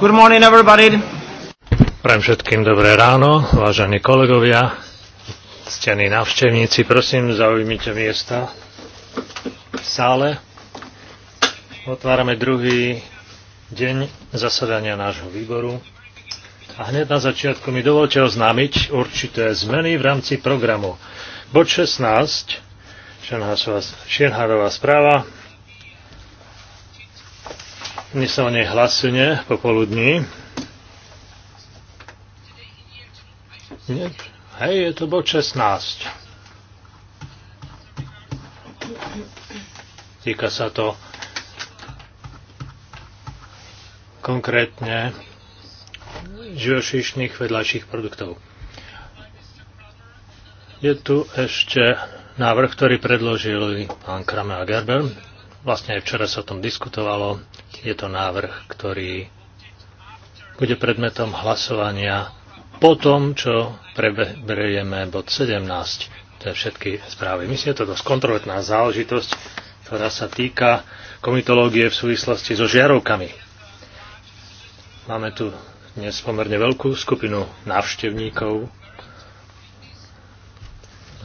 Good morning, everybody. Prajem všetkým dobré ráno, vážení kolegovia, ctení návštevníci, prosím, zaujímite miesta v sále. Otvárame druhý deň zasadania nášho výboru. A hneď na začiatku mi dovolte oznámiť určité zmeny v rámci programu. Bod 16, Šenhárová správa, Dnes sa o nej hlasuje popoludní. Nie, hej, je to bod 16. Týka sa to konkrétne živočíšnych vedľajších produktov. Je tu ešte návrh, ktorý predložili pán Krame a Gerber Vlastne aj včera sa o tom diskutovalo. Je to návrh, ktorý bude predmetom hlasovania po tom, čo preberieme bod 17, to je všetky správy. Myslím, je to dosť kontroletná záležitosť, ktorá sa týka komitológie v súvislosti so žiarovkami. Máme tu dnes pomerne veľkú skupinu návštevníkov.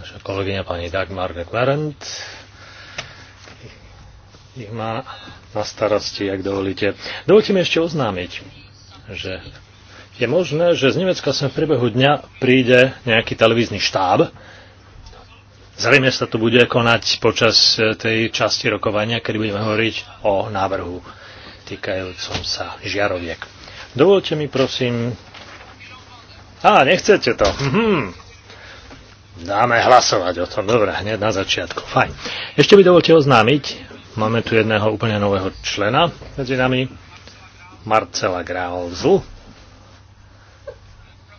Naša kolegyňa pani Dagmar de Clarent, ich má na starosti, ak dovolíte. Dovolte mi ešte oznámiť, že je možné, že z Nemecka sem v priebehu dňa príde nejaký televízny štáb. Zrejme sa to bude konať počas e, tej časti rokovania, kedy budeme hovoriť o návrhu týkajúcom sa žiaroviek. Dovolte mi prosím... Á, nechcete to. Mhm. Dáme hlasovať o tom. Dobre, hneď na začiatku. Fajn. Ešte mi dovolte oznámiť, Máme tu jedného úplne nového člena medzi nami, Marcela Graalzu,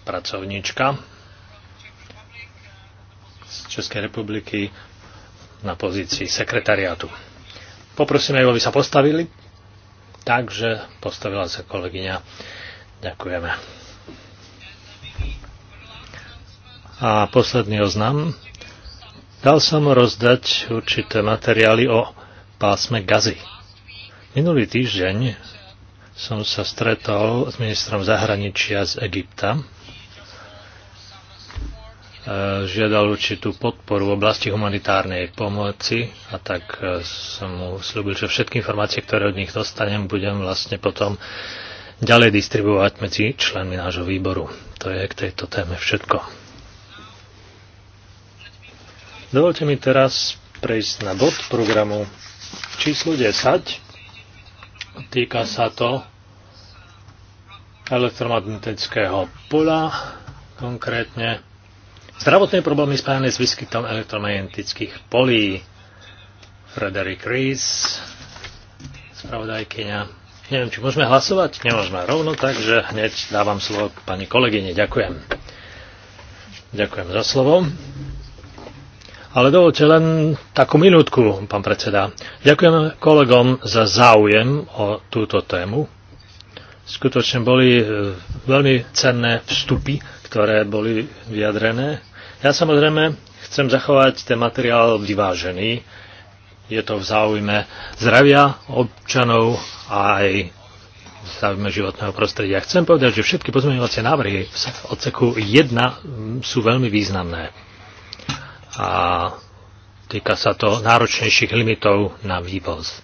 pracovníčka z Českej republiky na pozícii sekretariátu. Poprosíme ju, aby sa postavili. Takže postavila sa kolegyňa. Ďakujeme. A posledný oznam. Dal som rozdať určité materiály o pásme Gazy. Minulý týždeň som sa stretol s ministrom zahraničia z Egypta. E, žiadal určitú podporu v oblasti humanitárnej pomoci a tak e, som mu slúbil, že všetky informácie, ktoré od nich dostanem, budem vlastne potom ďalej distribuovať medzi členmi nášho výboru. To je k tejto téme všetko. Dovolte mi teraz prejsť na bod programu číslo 10. Týka sa to elektromagnetického pola, konkrétne zdravotné problémy spájane s výskytom elektromagnetických polí. Frederick Rees, spravodajkyňa. Neviem, či môžeme hlasovať? Nemôžeme rovno, takže hneď dávam slovo pani kolegyne. Ďakujem. Ďakujem za slovo. Ale dovolte len takú minútku, pán predseda. Ďakujem kolegom za záujem o túto tému. Skutočne boli e, veľmi cenné vstupy, ktoré boli vyjadrené. Ja samozrejme chcem zachovať ten materiál vyvážený. Je to v záujme zdravia občanov a aj v záujme životného prostredia. Chcem povedať, že všetky pozmeňovacie návrhy v odseku 1 sú veľmi významné a týka sa to náročnejších limitov na vývoz.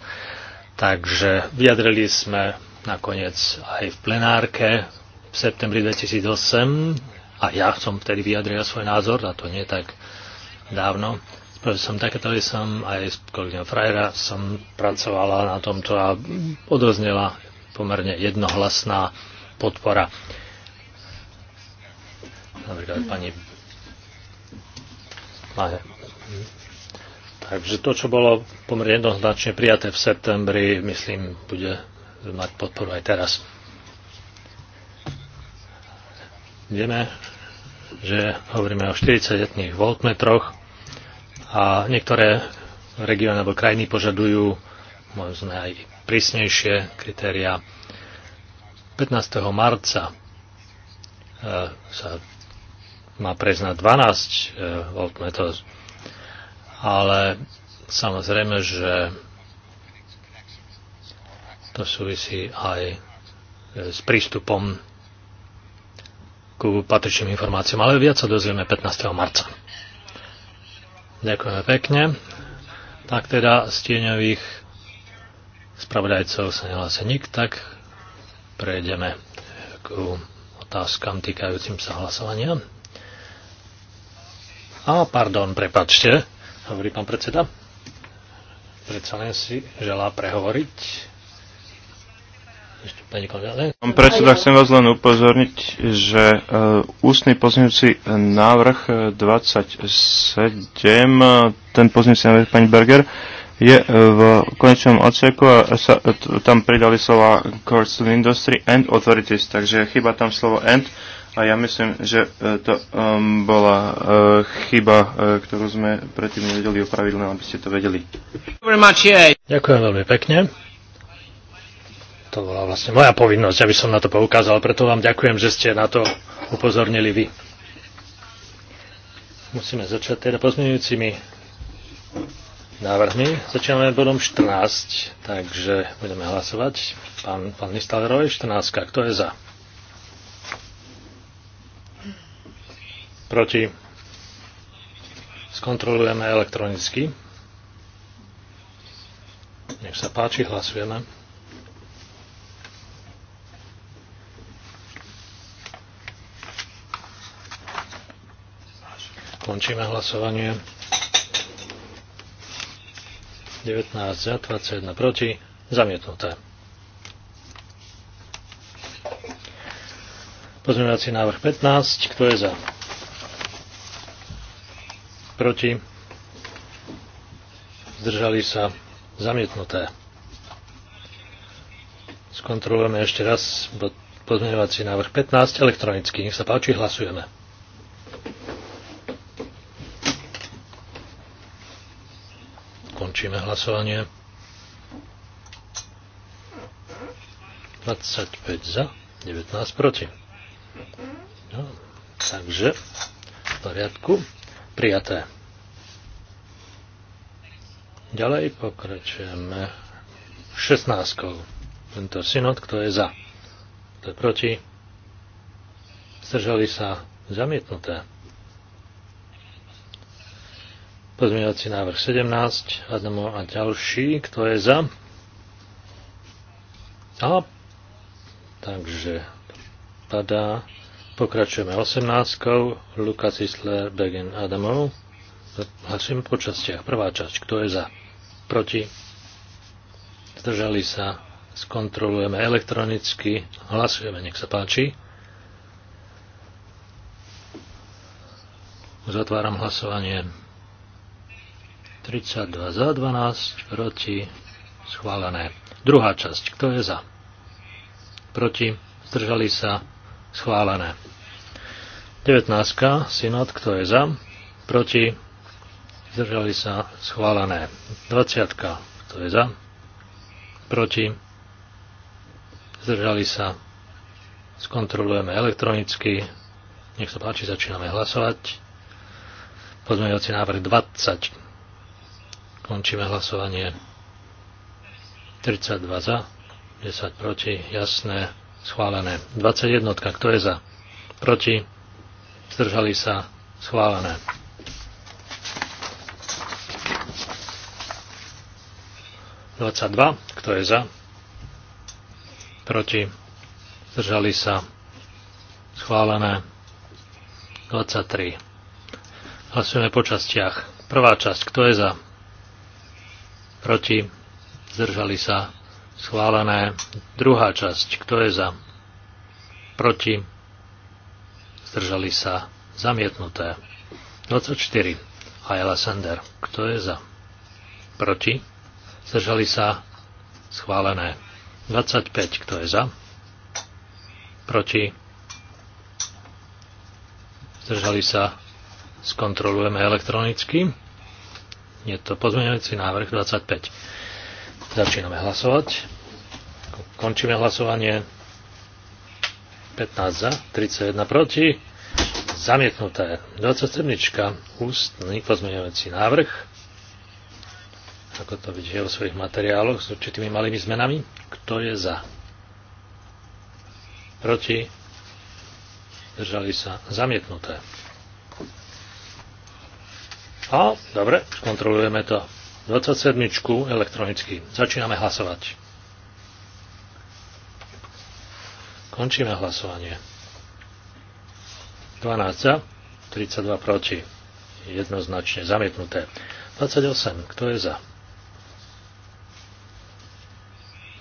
Takže vyjadrili sme nakoniec aj v plenárke v septembri 2008 a ja som vtedy vyjadril svoj názor, a to nie tak dávno. Spravil som takéto, som aj s kolegyňou Frajera som pracovala na tomto a odoznela pomerne jednohlasná podpora. Napríklad pani Lahe. Takže to, čo bolo pomerne jednoznačne prijaté v septembri, myslím, bude mať podporu aj teraz. Vieme, že hovoríme o 40-etných voltmetroch a niektoré regióny alebo krajiny požadujú možno aj prísnejšie kritéria. 15. marca eh, sa má prejsť na 12 V metód. Ale samozrejme, že to súvisí aj e, s prístupom ku patričným informáciám, ale viac sa dozvieme 15. marca. Ďakujeme pekne. Tak teda z tieňových spravodajcov sa nehlási nik, tak prejdeme k otázkam týkajúcim sa hlasovania. A, pardon, prepačte, hovorí pán predseda. Predsa len si želá prehovoriť. Pán predseda, chcem vás len upozorniť, že eh, ústny pozmeňujúci návrh 27, eh, ten pozmeňujúci návrh pani Berger, je eh, v konečnom odseku a sa, tam pridali slova course in industry and authorities, takže chyba tam slovo and A ja myslím, že e, to um, bola uh, chyba, uh, ktorú sme predtým nevedeli opraviť, len aby ste to vedeli. Ďakujem veľmi pekne. To bola vlastne moja povinnosť, aby som na to poukázal, preto vám ďakujem, že ste na to upozornili vy. Musíme začať teda pozmeňujúcimi návrhmi. Začíname bodom 14, takže budeme hlasovať. Pán, pán Nistalroj, 14, kto je za? Proti. Skontrolujeme elektronicky. Nech sa páči, hlasujeme. Končíme hlasovanie. 19 za, 21 proti, zamietnuté. Pozmeňovací návrh 15, kto je za? proti, zdržali sa zamietnuté. Skontrolujeme ešte raz pozmeňovací návrh 15 elektronicky. Nech sa páči, hlasujeme. Končíme hlasovanie. 25 za, 19 proti. No, takže v poriadku. Prijaté. Ďalej pokračujeme 16. Tento synod, kto je za, kto je proti, zdržali sa zamietnuté. Pozmeňovací návrh 17, Adamo a ďalší, kto je za. A takže padá Pokračujeme 18. Luka Cisler, Begin Adamov. Hlasujem po častiach. Prvá časť. Kto je za? Proti? Zdržali sa? Skontrolujeme elektronicky. Hlasujeme. Nech sa páči. Uzatváram hlasovanie. 32 za, 12 proti. Schválené. Druhá časť. Kto je za? Proti? Zdržali sa? Schválené. 19. Synod, kto je za? Proti? Zdržali sa? Schválené. 20. Kto je za? Proti? Zdržali sa? Skontrolujeme elektronicky. Nech sa páči, začíname hlasovať. Pozmeňovací návrh 20. Končíme hlasovanie. 32 za, 10 proti, jasné, schválené. 21. Kto je za? Proti? Zdržali sa? Schválené. Dvadsaťdva. Kto je za? Proti? Zdržali sa? Schválené. 23. Hlasujeme po častiach. Prvá časť. Kto je za? Proti? Zdržali sa? Schválené. Druhá časť. Kto je za? Proti? Zdržali sa. Zamietnuté. 24. Ayala Sender. Kto je za? Proti? Zdržali sa. Schválené. 25. Kto je za? Proti? Zdržali sa. Skontrolujeme elektronicky. Je to pozmeňujúci návrh 25. Začíname hlasovať. Končíme hlasovanie. 15 za, 31 proti. Zamietnuté. 27. Ústny pozmeňovací návrh. Ako to vidíte vo svojich materiáloch s určitými malými zmenami. Kto je za? Proti? Držali sa zamietnuté. A, dobre, skontrolujeme to 27 elektronicky. Začíname hlasovať. Končíme hlasovanie. 12 za, 32 proti. Jednoznačne zamietnuté. 28. Kto je za?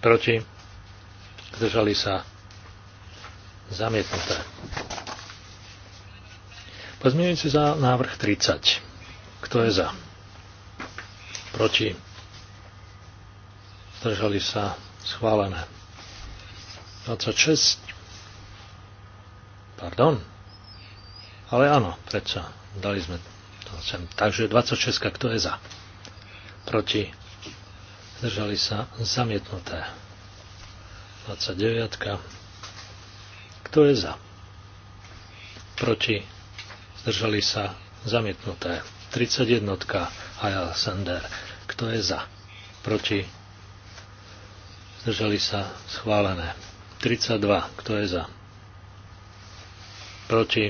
Proti? Zdržali sa? Zamietnuté. Pozmienujúci za návrh 30. Kto je za? proti, zdržali sa, schválené. 26, pardon, ale áno, predsa, dali sme to sem. Takže 26, kto je za? Proti, zdržali sa, zamietnuté. 29, kto je za? Proti, zdržali sa, zamietnuté. 31 Hayal Sander. Kto je za? Proti? Zdržali sa schválené. 32. Kto je za? Proti?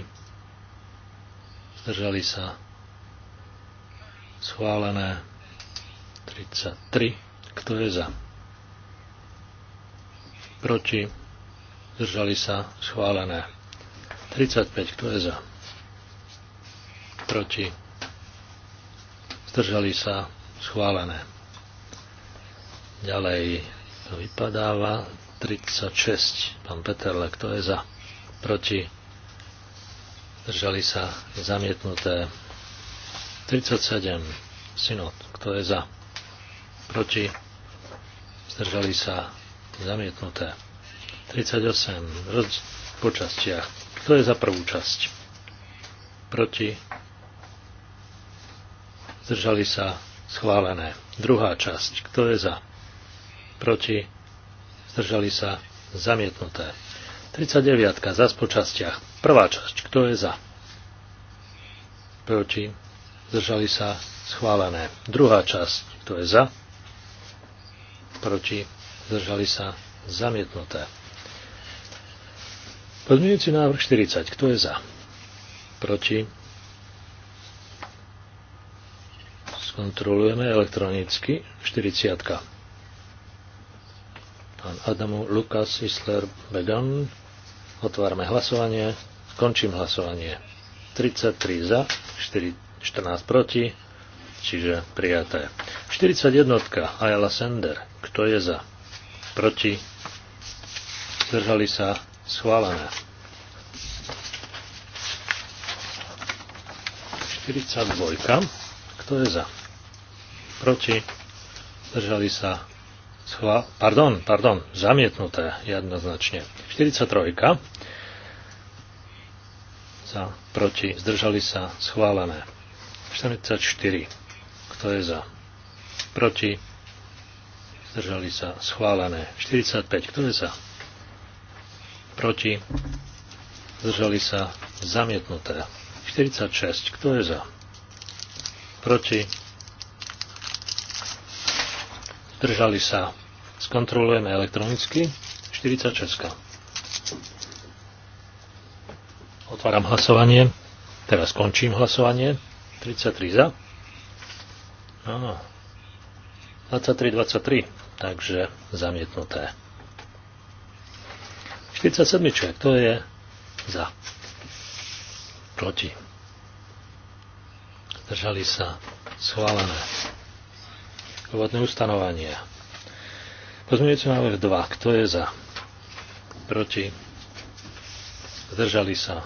Zdržali sa schválené. 33. Kto je za? Proti? Zdržali sa schválené. 35. Kto je za? Proti? Zdržali sa Schválené. Ďalej to vypadáva 36. Pán Peterle, kto je za? Proti? Držali sa zamietnuté. 37. Synod, kto je za? Proti? Zdržali sa zamietnuté. 38. Roz... Po častiach. Kto je za prvú časť? Proti? Zdržali sa Schválené. Druhá časť. Kto je za? Proti? Zdržali sa? Zamietnuté. 39. Zas po častiach. Prvá časť. Kto je za? Proti? Zdržali sa? Schválené. Druhá časť. Kto je za? Proti? Zdržali sa? Zamietnuté. Pozmienujúci návrh 40. Kto je za? Proti? Skontrolujeme elektronicky. 40. -ka. Pán Adamu, Lukas, Isler, Began. Otvárame hlasovanie. Končím hlasovanie. 33 za, 4, 14 proti, čiže prijaté. 41. Ayala Sender. Kto je za? Proti? Zdržali sa? Schválené. 42. Kto je za? proti, zdržali sa schvá... pardon, pardon, zamietnuté jednoznačne. 43 za, proti, zdržali sa, schválené. 44, kto je za, proti, zdržali sa, schválené. 45, kto je za, proti, zdržali sa, zamietnuté. 46, kto je za, proti, Zdržali sa. Skontrolujeme elektronicky. 46. Otváram hlasovanie. Teraz končím hlasovanie. 33 za. Áno. 23-23. Takže zamietnuté. 47. To je za. Proti. Zdržali sa. Schválené úvodné ustanovanie. Pozmeňujúci návrh 2. Kto je za? Proti? Zdržali sa?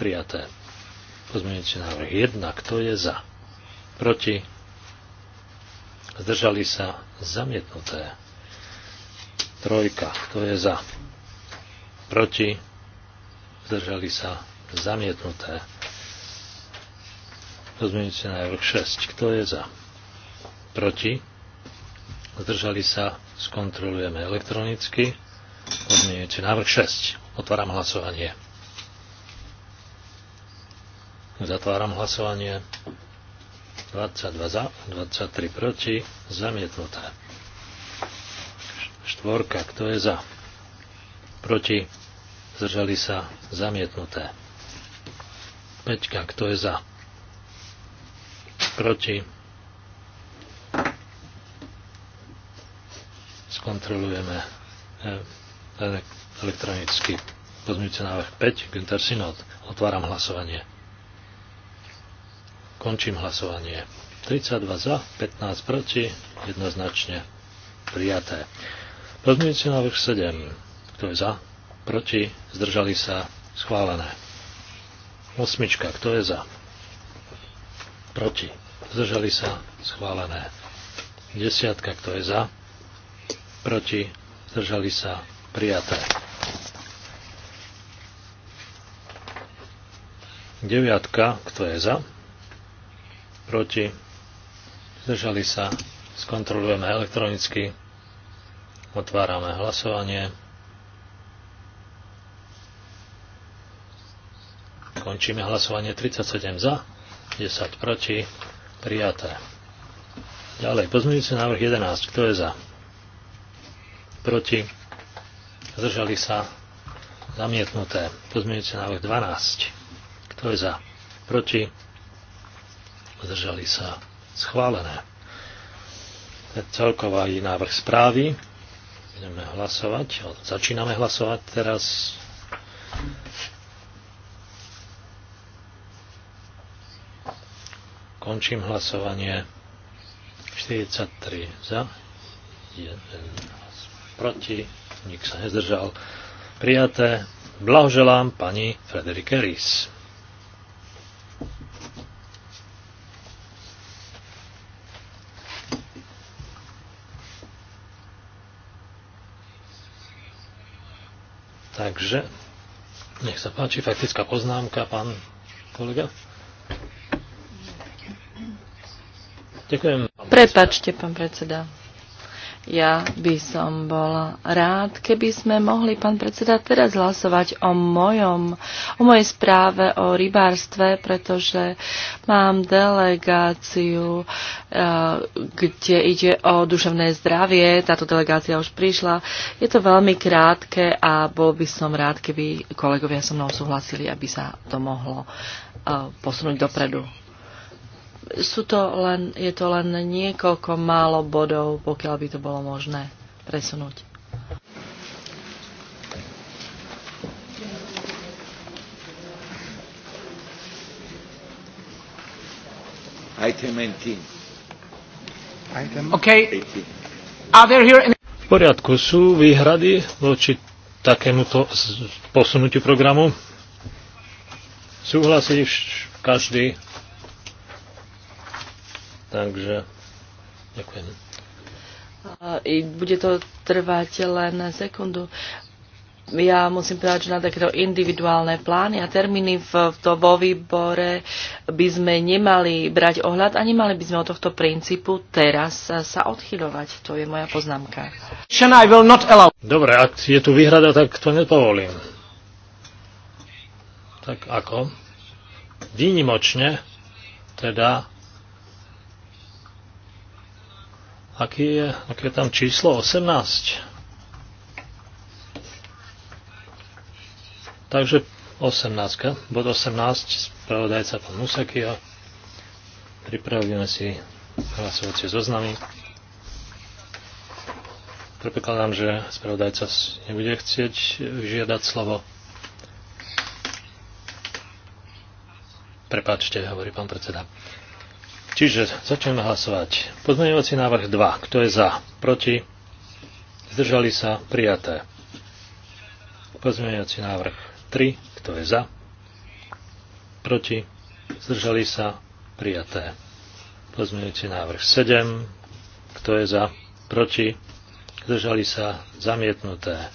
Prijaté. Pozmeňujúci návrh 1. Kto je za? Proti? Zdržali sa? Zamietnuté. Trojka. Kto je za? Proti? Zdržali sa? Zamietnuté. Pozmeňujúci návrh 6. Kto je za? proti, zdržali sa, skontrolujeme elektronicky. Pozmienujúci návrh 6. Otváram hlasovanie. Zatváram hlasovanie. 22 za, 23 proti, zamietnuté. Štvorka, kto je za? Proti, zdržali sa, zamietnuté. Peťka, kto je za? Proti, skontrolujeme e, elektronicky. Pozmite návrh 5, Günther Synod. Otváram hlasovanie. Končím hlasovanie. 32 za, 15 proti, jednoznačne prijaté. Pozmite návrh 7. Kto je za? Proti? Zdržali sa? Schválené. Osmička. Kto je za? Proti. Zdržali sa? Schválené. Desiatka. Kto je za? proti, zdržali sa, prijaté. 9. Kto je za? Proti? Zdržali sa? Skontrolujeme elektronicky. Otvárame hlasovanie. Končíme hlasovanie 37 za, 10 proti, prijaté. Ďalej, pozmeňujúci návrh 11. Kto je za? proti, zdržali sa, zamietnuté. Pozmienujúci návrh 12. Kto je za? Proti, zdržali sa, schválené. Celková je návrh správy. Budeme hlasovať. Začíname hlasovať teraz. Končím hlasovanie. 43 za, 1 proti, nik sa nezdržal. Prijaté. Blahoželám pani Frederike Ries. Takže, nech sa páči, faktická poznámka, pán kolega. Ďakujem. Prepačte, pán predseda. Ja by som bol rád, keby sme mohli, pán predseda, teraz hlasovať o, mojom, o mojej správe o rybárstve, pretože mám delegáciu, eh, kde ide o duševné zdravie. Táto delegácia už prišla. Je to veľmi krátke a bol by som rád, keby kolegovia so mnou súhlasili, aby sa to mohlo eh, posunúť dopredu sú to len, je to len niekoľko málo bodov, pokiaľ by to bolo možné presunúť. Item 18. Okay. Are there here any... V poriadku, sú výhrady voči takémuto posunutiu programu? Súhlasí každý? Takže ďakujem. I bude to trvať len sekundu ja musím povedať, že na takéto individuálne plány a termíny v, v to vo výbore by sme nemali brať ohľad a nemali by sme od tohto princípu teraz sa odchyľovať. To je moja poznámka. Dobre, ak je tu výhrada, tak to nepovolím. Tak ako? Výnimočne, teda Aký je, aké je tam číslo? 18. Takže 18, bod 18, spravodajca pán Musakio. Pripravíme si hlasovacie zoznamy. Predpokladám, že spravodajca nebude chcieť žiadať slovo. Prepáčte, hovorí pán predseda. Čiže začneme hlasovať. Pozmeňovací návrh 2. Kto je za? Proti? Zdržali sa? Prijaté. Pozmeňovací návrh 3. Kto je za? Proti? Zdržali sa? Prijaté. Pozmeňujúci návrh 7. Kto je za? Proti? Zdržali sa? Zamietnuté.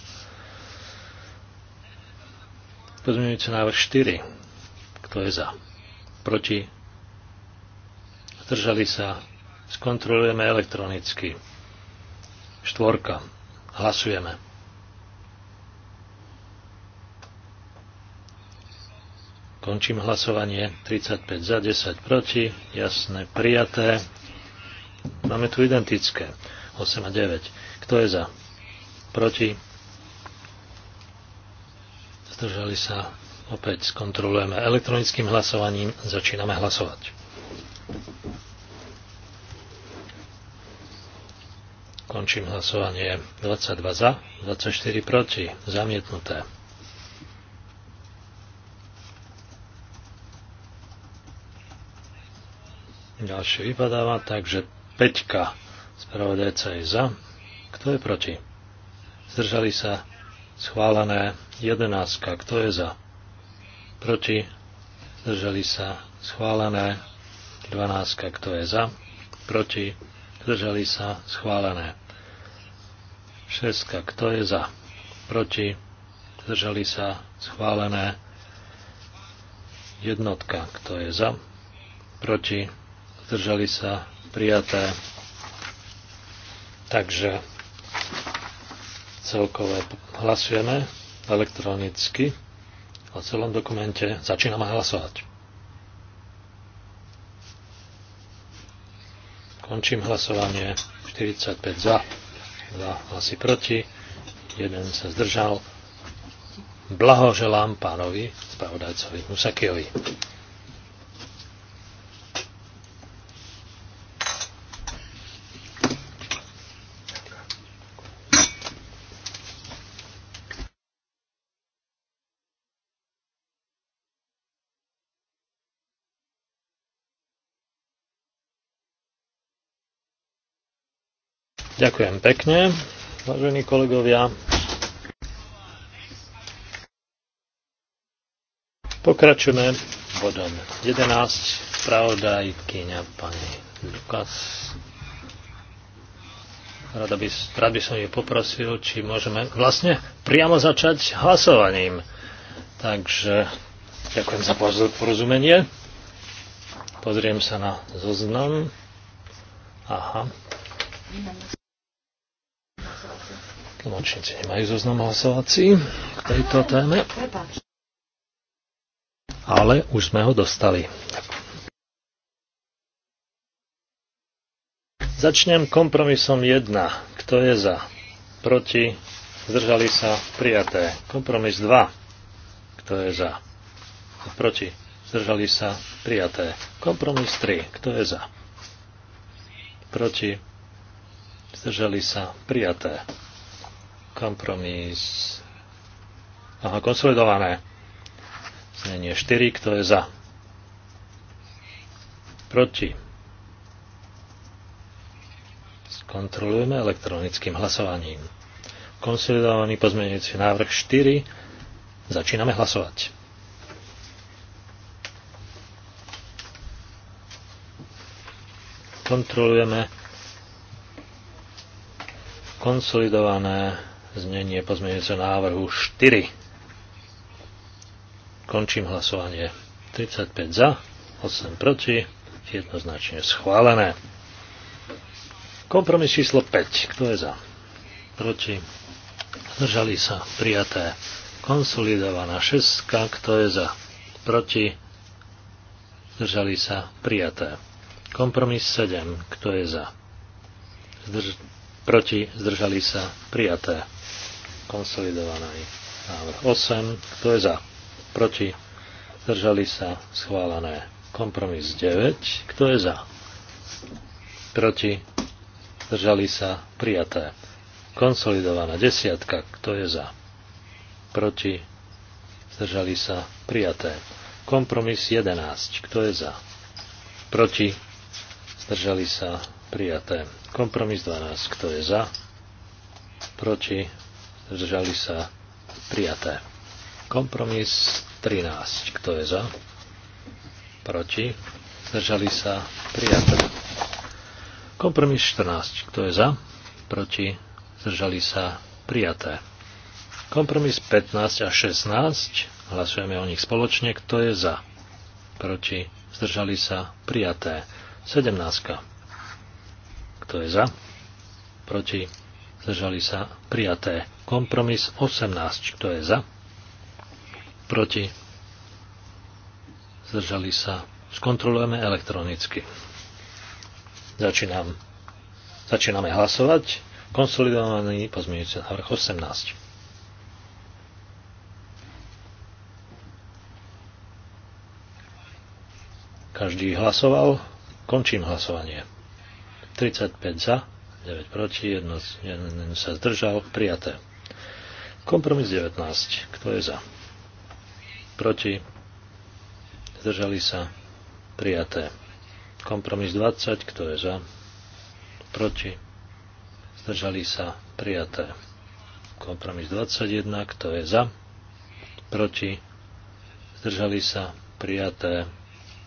Pozmeňujúci návrh 4. Kto je za? Proti? zdržali sa, skontrolujeme elektronicky. Štvorka, hlasujeme. Končím hlasovanie. 35 za, 10 proti. Jasné, prijaté. Máme tu identické. 8 a 9. Kto je za? Proti? Zdržali sa. Opäť skontrolujeme elektronickým hlasovaním. Začíname hlasovať. Končím hlasovanie. 22 za, 24 proti. Zamietnuté. Ďalšie vypadáva, takže 5. Spravodajca je za. Kto je proti? Zdržali sa. Schválené 11. Kto je za? Proti. Zdržali sa. Schválené 12. Kto je za? Proti zdržali sa, schválené. 6. Kto je za? Proti? Zdržali sa? Schválené. Jednotka. Kto je za? Proti? Zdržali sa? Prijaté. Takže celkové hlasujeme elektronicky o celom dokumente. Začíname hlasovať. Končím hlasovanie. 45 za, 2 hlasy proti, 1 sa zdržal. Blahoželám pánovi spravodajcovi Musakijovi. Ďakujem pekne, vážení kolegovia. Pokračujeme bodom 11, spravodajkyňa pani Lukas. Rada by, rád by som ju poprosil, či môžeme vlastne priamo začať hlasovaním. Takže ďakujem za porozumenie. Pozriem sa na zoznam. Aha. Tlmočníci nemajú zoznam hlasovací k tejto téme. Ale už sme ho dostali. Začnem kompromisom 1. Kto je za? Proti? Zdržali sa? Prijaté. Kompromis 2. Kto je za? Proti? Zdržali sa? Prijaté. Kompromis 3. Kto je za? Proti? Zdržali sa? Prijaté. Kompromis. Aha, konsolidované. Znenie 4, kto je za? Proti. Skontrolujeme elektronickým hlasovaním. Konsolidovaný pozmeňujúci návrh 4. Začíname hlasovať. Kontrolujeme konsolidované znenie pozmeňujúceho návrhu 4. Končím hlasovanie. 35 za, 8 proti, jednoznačne schválené. Kompromis číslo 5. Kto je za? Proti. Zdržali sa. Prijaté. Konsolidovaná 6. Kto je za? Proti. Zdržali sa. Prijaté. Kompromis 7. Kto je za? Zdrž proti, zdržali sa, prijaté. Konsolidovaný návrh 8, kto je za, proti, zdržali sa, schválené. Kompromis 9, kto je za, proti, zdržali sa, prijaté. Konsolidovaná desiatka, kto je za, proti, zdržali sa, prijaté. Kompromis 11, kto je za, proti, zdržali sa, Prijaté. Kompromis 12. Kto je za? Proti? Zdržali sa? Prijaté. Kompromis 13. Kto je za? Proti? Zdržali sa? Prijaté. Kompromis 14. Kto je za? Proti? Zdržali sa? Prijaté. Kompromis 15 a 16. Hlasujeme o nich spoločne. Kto je za? Proti? Zdržali sa? Prijaté. 17. Kto je za? Proti? Zdržali sa? Prijaté. Kompromis 18. Kto je za? Proti? Zdržali sa? Skontrolujeme elektronicky. Začínam. Začíname hlasovať. Konsolidovaný pozmeňujúci návrh 18. Každý hlasoval. Končím hlasovanie. 35 za, 9 proti, 1, 1 sa zdržal, prijaté. Kompromis 19. Kto je za? Proti? Zdržali sa? Prijaté. Kompromis 20. Kto je za? Proti? Zdržali sa? Prijaté. Kompromis 21. Kto je za? Proti? Zdržali sa? Prijaté.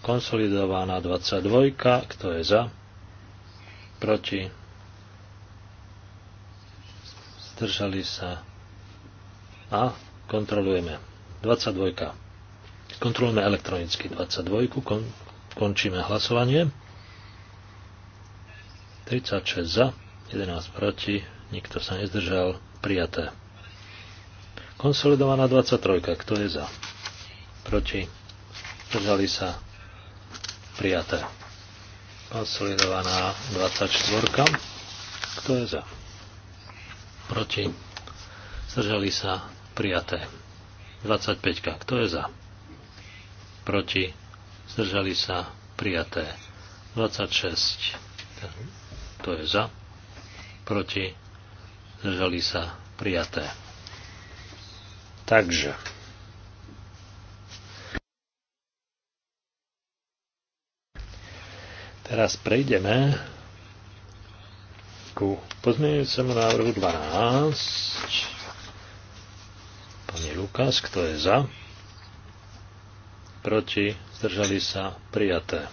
Konsolidovaná 22. Kto je za? proti, zdržali sa a kontrolujeme. 22. Kontrolujeme elektronicky 22. Kon, končíme hlasovanie. 36 za, 11 proti, nikto sa nezdržal, prijaté. Konsolidovaná 23. Kto je za? Proti? Zdržali sa? Prijaté. Konsolidovaná 24. Kto je za? Proti? Zdržali sa prijaté. 25. Kto je za? Proti? Zdržali sa prijaté. 26. Kto je za? Proti? Zdržali sa prijaté. Takže. Teraz prejdeme ku pozmeňujúcemu návrhu 12. Pani Lukas, kto je za? Proti? Zdržali sa? Prijaté.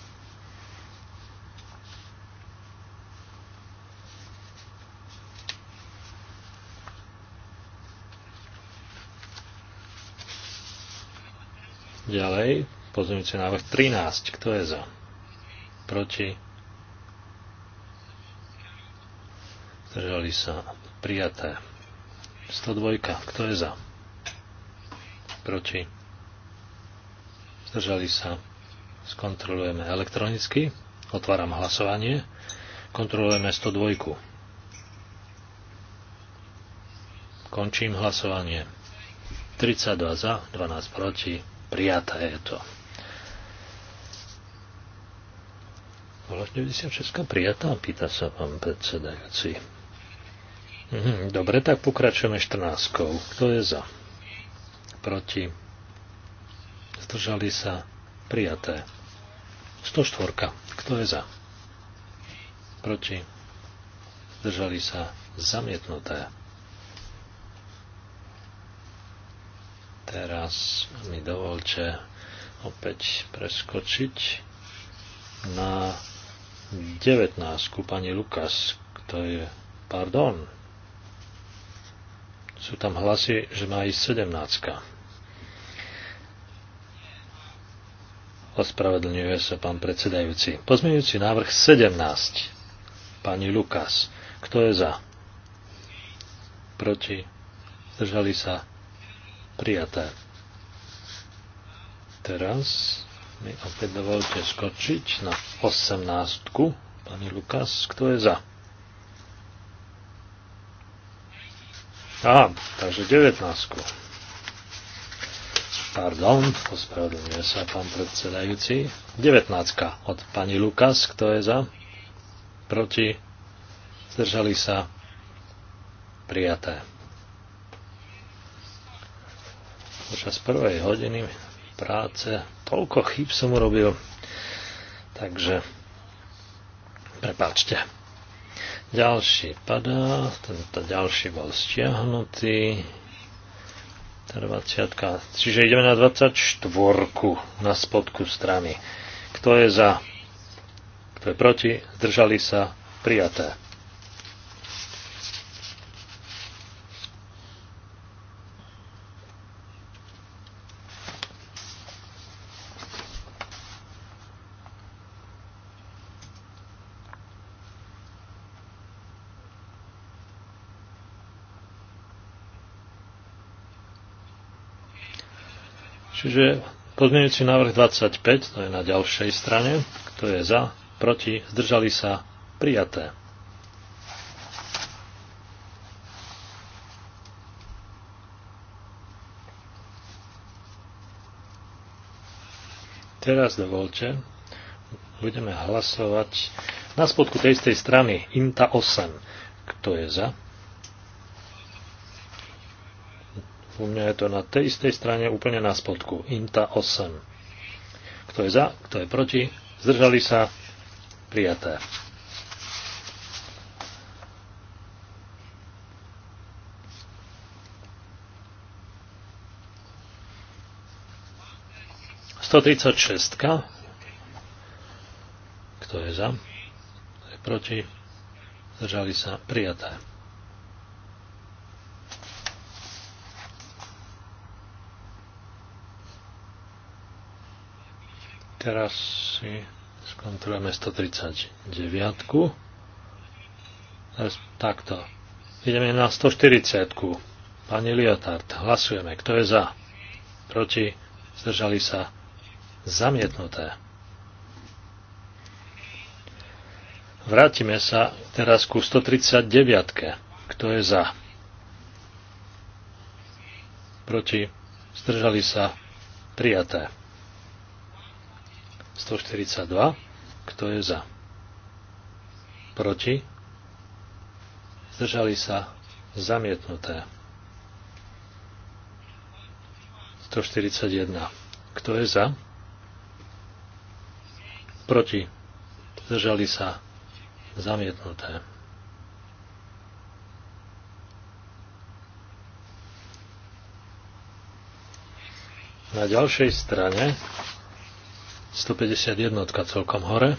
Ďalej, pozmeňujúci návrh 13. Kto je za? proti, zdržali sa prijaté. 102, kto je za, proti, zdržali sa, skontrolujeme elektronicky, otváram hlasovanie, kontrolujeme 102. Končím hlasovanie. 32 za, 12 proti, prijaté je to. bola 96 prijatá, pýta sa pán predsedajúci. Mhm, dobre, tak pokračujeme 14. Kto je za? Proti? Zdržali sa? Prijaté. 104. Kto je za? Proti? Zdržali sa? Zamietnuté. Teraz mi dovolte opäť preskočiť na 19 pani Lukas, to je, pardon, sú tam hlasy, že má ísť 17. Ospravedlňuje sa pán predsedajúci. Pozmeňujúci návrh 17. Pani Lukas, kto je za? Proti? Zdržali sa? Prijaté. Teraz mi opäť dovolte skočiť na 18. Pani Lukas, kto je za? Á, takže 19. Pardon, ospravedlňuje sa pán predsedajúci. 19. od pani Lukas, kto je za? Proti? Zdržali sa? Prijaté. Počas prvej hodiny práce. Toľko chýb som urobil. Takže prepáčte. Ďalší padá, tento ďalší bol stiahnutý. Tá 20. Čiže ideme na 24. na spodku strany. Kto je za? Kto je proti? Zdržali sa? Prijaté. Takže pozmeňujúci návrh 25, to je na ďalšej strane. Kto je za? Proti? Zdržali sa? Prijaté. Teraz dovolte, budeme hlasovať na spodku tej istej strany, INTA 8. Kto je za? U mňa je to na tej istej strane úplne na spodku. Inta 8. Kto je za, kto je proti, zdržali sa, prijaté. Sto tridsať šestka. Kto je za? Kto je proti? Zdržali sa prijaté. teraz si skontrolujeme 139. Teraz takto. Ideme na 140. Pani Liotard, hlasujeme. Kto je za? Proti? Zdržali sa? Zamietnuté. Vrátime sa teraz ku 139. Kto je za? Proti? Zdržali sa? Prijaté. 142. Kto je za? Proti? Zdržali sa zamietnuté. 141. Kto je za? Proti? Zdržali sa zamietnuté. Na ďalšej strane 151 celkom hore.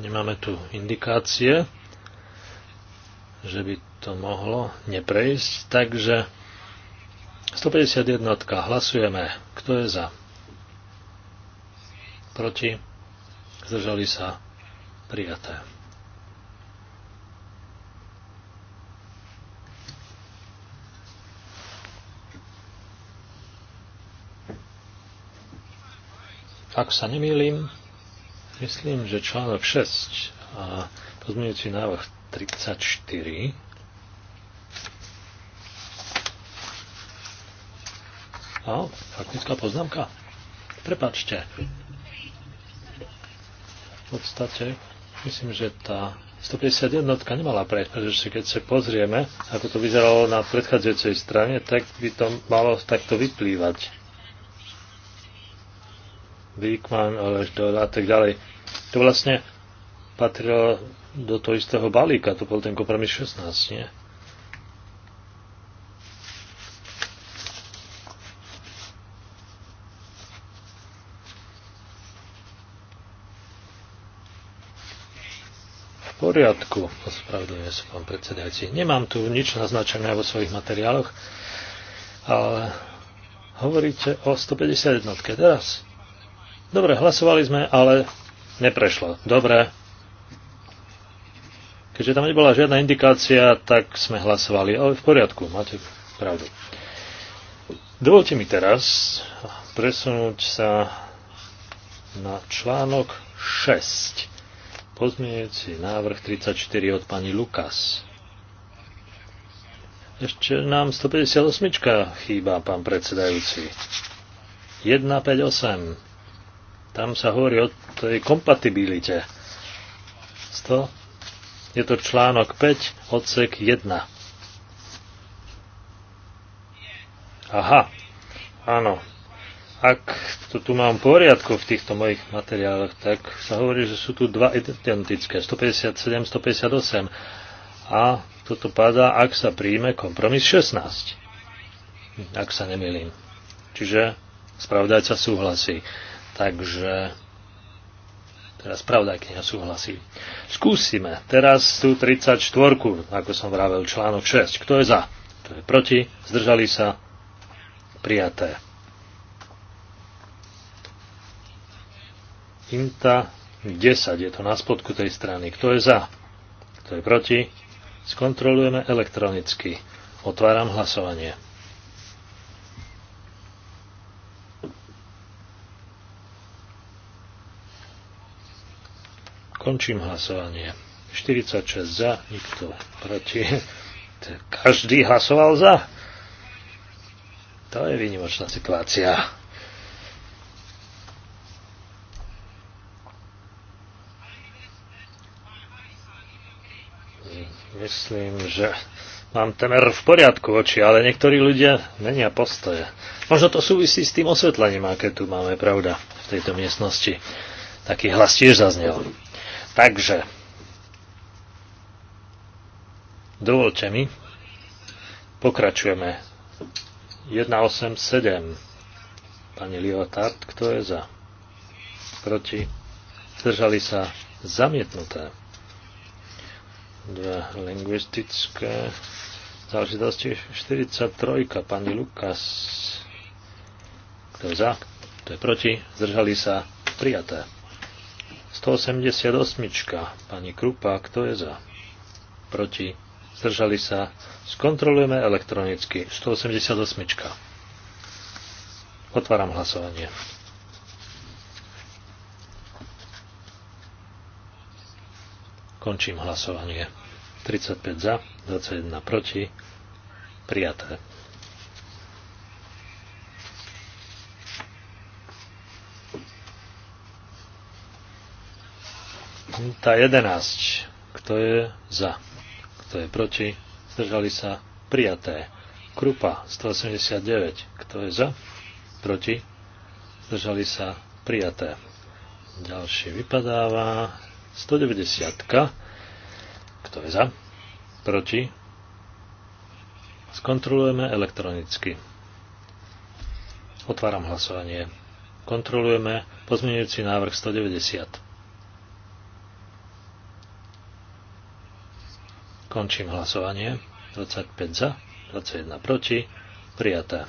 Nemáme tu indikácie, že by to mohlo neprejsť, takže 151 hlasujeme. Kto je za? proti, zdržali sa prijaté. Ak sa nemýlim, myslím, že článok 6 a pozmeňujúci návrh 34 a faktická poznámka. Prepačte, podstate myslím, že tá 151 nemala prejsť, pretože keď sa pozrieme, ako to vyzeralo na predchádzajúcej strane, tak by to malo takto vyplývať. Víkman, Oleždor a tak ďalej. To vlastne patrilo do toho istého balíka, to bol ten kompromis 16, nie? poriadku, ospravedlňuje sa pán predsedajúci. Nemám tu nič naznačené vo svojich materiáloch, ale hovoríte o 151 teraz. Dobre, hlasovali sme, ale neprešlo. Dobre. Keďže tam nebola žiadna indikácia, tak sme hlasovali. Ale v poriadku, máte pravdu. Dovolte mi teraz presunúť sa na článok 6 pozmiejúci návrh 34 od pani Lukas. Ešte nám 158 chýba, pán predsedajúci. 158. Tam sa hovorí o tej kompatibilite. 100. Je to článok 5, odsek 1. Aha, áno, Ak to tu mám poriadku v týchto mojich materiáloch, tak sa hovorí, že sú tu dva identické, 157, 158. A toto padá, ak sa príjme kompromis 16. Ak sa nemilím. Čiže spravdajca súhlasí. Takže teraz pravda kniha súhlasí. Skúsime teraz tú 34, ako som vravel, článok 6. Kto je za? Kto je proti? Zdržali sa? Prijaté. INTA 10, je to na spodku tej strany. Kto je za? Kto je proti? Skontrolujeme elektronicky. Otváram hlasovanie. Končím hlasovanie. 46 za, nikto proti. Každý hlasoval za. To je výnimočná situácia. myslím, že mám temer v poriadku oči, ale niektorí ľudia menia postoje. Možno to súvisí s tým osvetlením, aké tu máme, pravda, v tejto miestnosti. Taký hlas tiež zaznel. Takže, dovolte mi, pokračujeme. 187. Pani Liotard, kto je za? Proti? Zdržali sa zamietnuté dla lingwistické záležitosti 43, pán Lukas. Kto je za, kto je proti, zdržali sa, prijaté. 188, pani Krupa, kto je za, proti, zdržali sa, skontrolujeme elektronicky. 188. Otváram hlasovanie. Končím hlasovanie. 35 za, 21 proti. Prijaté. Tá 11. Kto je za? Kto je proti? Zdržali sa? Prijaté. Krupa 189. Kto je za? Proti? Zdržali sa? Prijaté. Ďalší vypadáva. 190. -ka. Kto je za? Proti? Skontrolujeme elektronicky. Otváram hlasovanie. Kontrolujeme pozmeňujúci návrh 190. Končím hlasovanie. 25 za, 21 proti. Prijaté.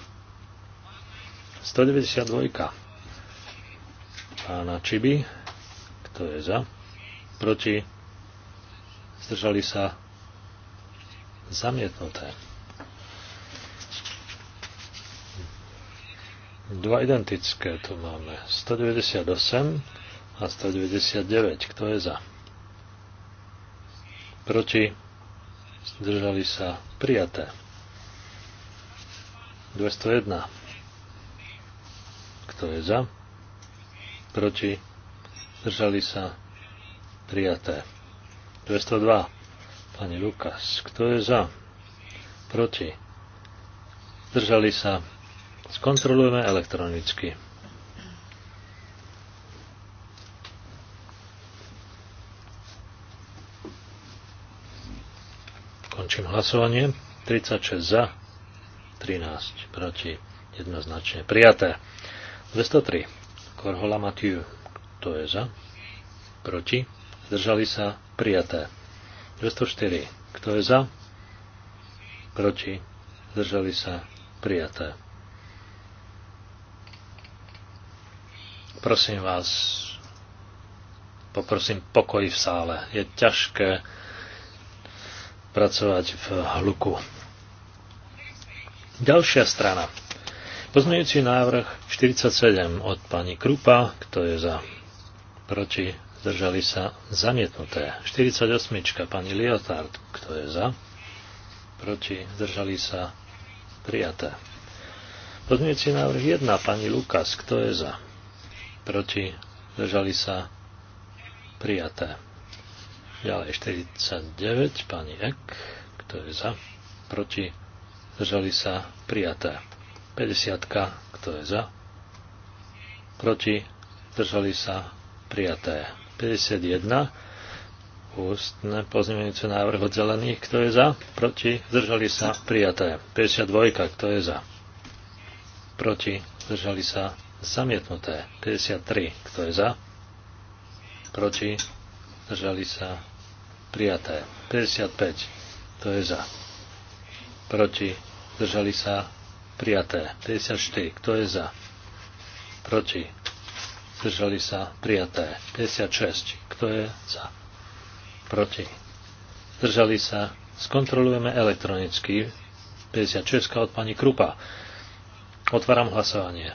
192. Pána Čiby. Kto je za? proti, zdržali sa zamietnuté. Dva identické tu máme. 198 a 199. Kto je za? Proti? Zdržali sa prijaté. 201. Kto je za? Proti? Zdržali sa prijaté. 202. Pani Lukas. Kto je za? Proti. Zdržali sa. Skontrolujeme elektronicky. Končím hlasovanie. 36 za, 13 proti, jednoznačne prijaté. 203. Korhola Matiu. Kto je za? Proti? zdržali sa, prijaté. 204. Kto je za? Proti, zdržali sa, prijaté. Prosím vás, poprosím pokoj v sále. Je ťažké pracovať v hluku. Ďalšia strana. Pozmeňujúci návrh 47 od pani Krupa, kto je za proti zdržali sa zamietnuté. 48. pani Liotard, kto je za, proti, zdržali sa prijaté. Pozmieci návrh 1, pani Lukas, kto je za, proti, zdržali sa prijaté. Ďalej 49, pani Ek, kto je za, proti, zdržali sa prijaté. 50, kto je za, proti, zdržali sa prijaté. 51, ústne pozmeňujúce návrh od zelených, kto je za, proti, zdržali sa, prijaté. 52, kto je za, proti, zdržali sa, zamietnuté. 53, kto je za, proti, zdržali sa, prijaté. 55, kto je za, proti, zdržali sa, prijaté. 54, kto je za, proti, zdržali sa prijaté. 56. Kto je za? Proti. Zdržali sa. Skontrolujeme elektronicky. 56 od pani Krupa. Otváram hlasovanie.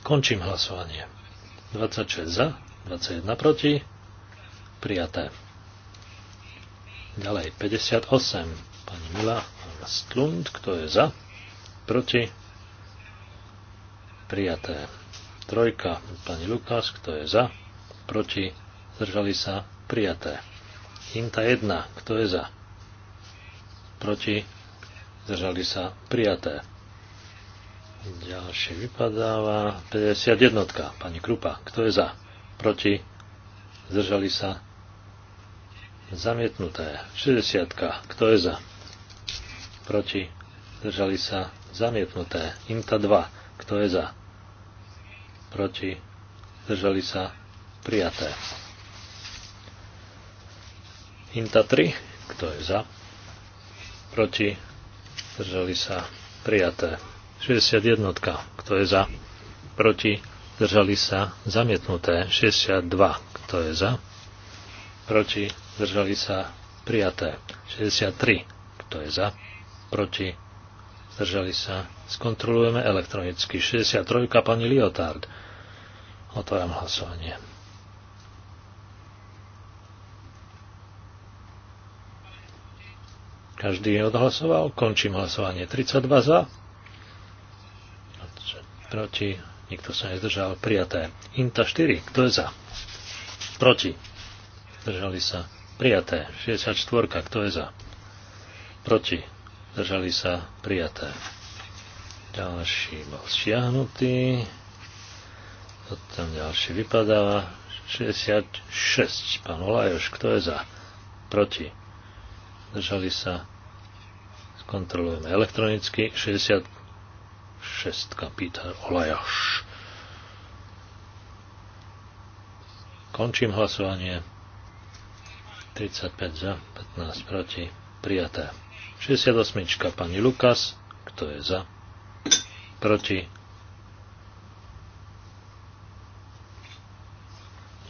Končím hlasovanie. 26 za, 21 proti. Prijaté. Ďalej 58. Pani Mila Stlund, kto je za? Proti prijaté. Trojka, pani Lukas, kto je za, proti, zdržali sa, prijaté. Inta 1, kto je za, proti, zdržali sa, prijaté. Ďalšie vypadáva 51, pani Krupa, kto je za, proti, zdržali sa, zamietnuté. 60, kto je za, proti, zdržali sa, zamietnuté. Inta 2, kto je za, proti, zdržali sa, prijaté. Inta 3, kto je za, proti, zdržali sa, prijaté. 61, kto je za, proti, zdržali sa, zamietnuté. 62, kto je za, proti, zdržali sa, prijaté. 63, kto je za, proti, zdržali sa, Skontrolujeme elektronicky. 63. pani Liotard. Otváram hlasovanie. Každý odhlasoval. Končím hlasovanie. 32 za. Proti. Nikto sa nezdržal. Prijaté. Inta 4. Kto je za? Proti. Zdržali sa. Prijaté. 64. Kto je za? Proti. Zdržali sa. Prijaté. Ďalší bol stiahnutý. Potom ďalší vypadáva. 66. Pán Olajoš, kto je za? Proti. Držali sa. Skontrolujeme elektronicky. 66. Peter Olajoš. Končím hlasovanie. 35 za, 15 proti. Prijaté. 68. Pani Lukas. Kto je za? Proti.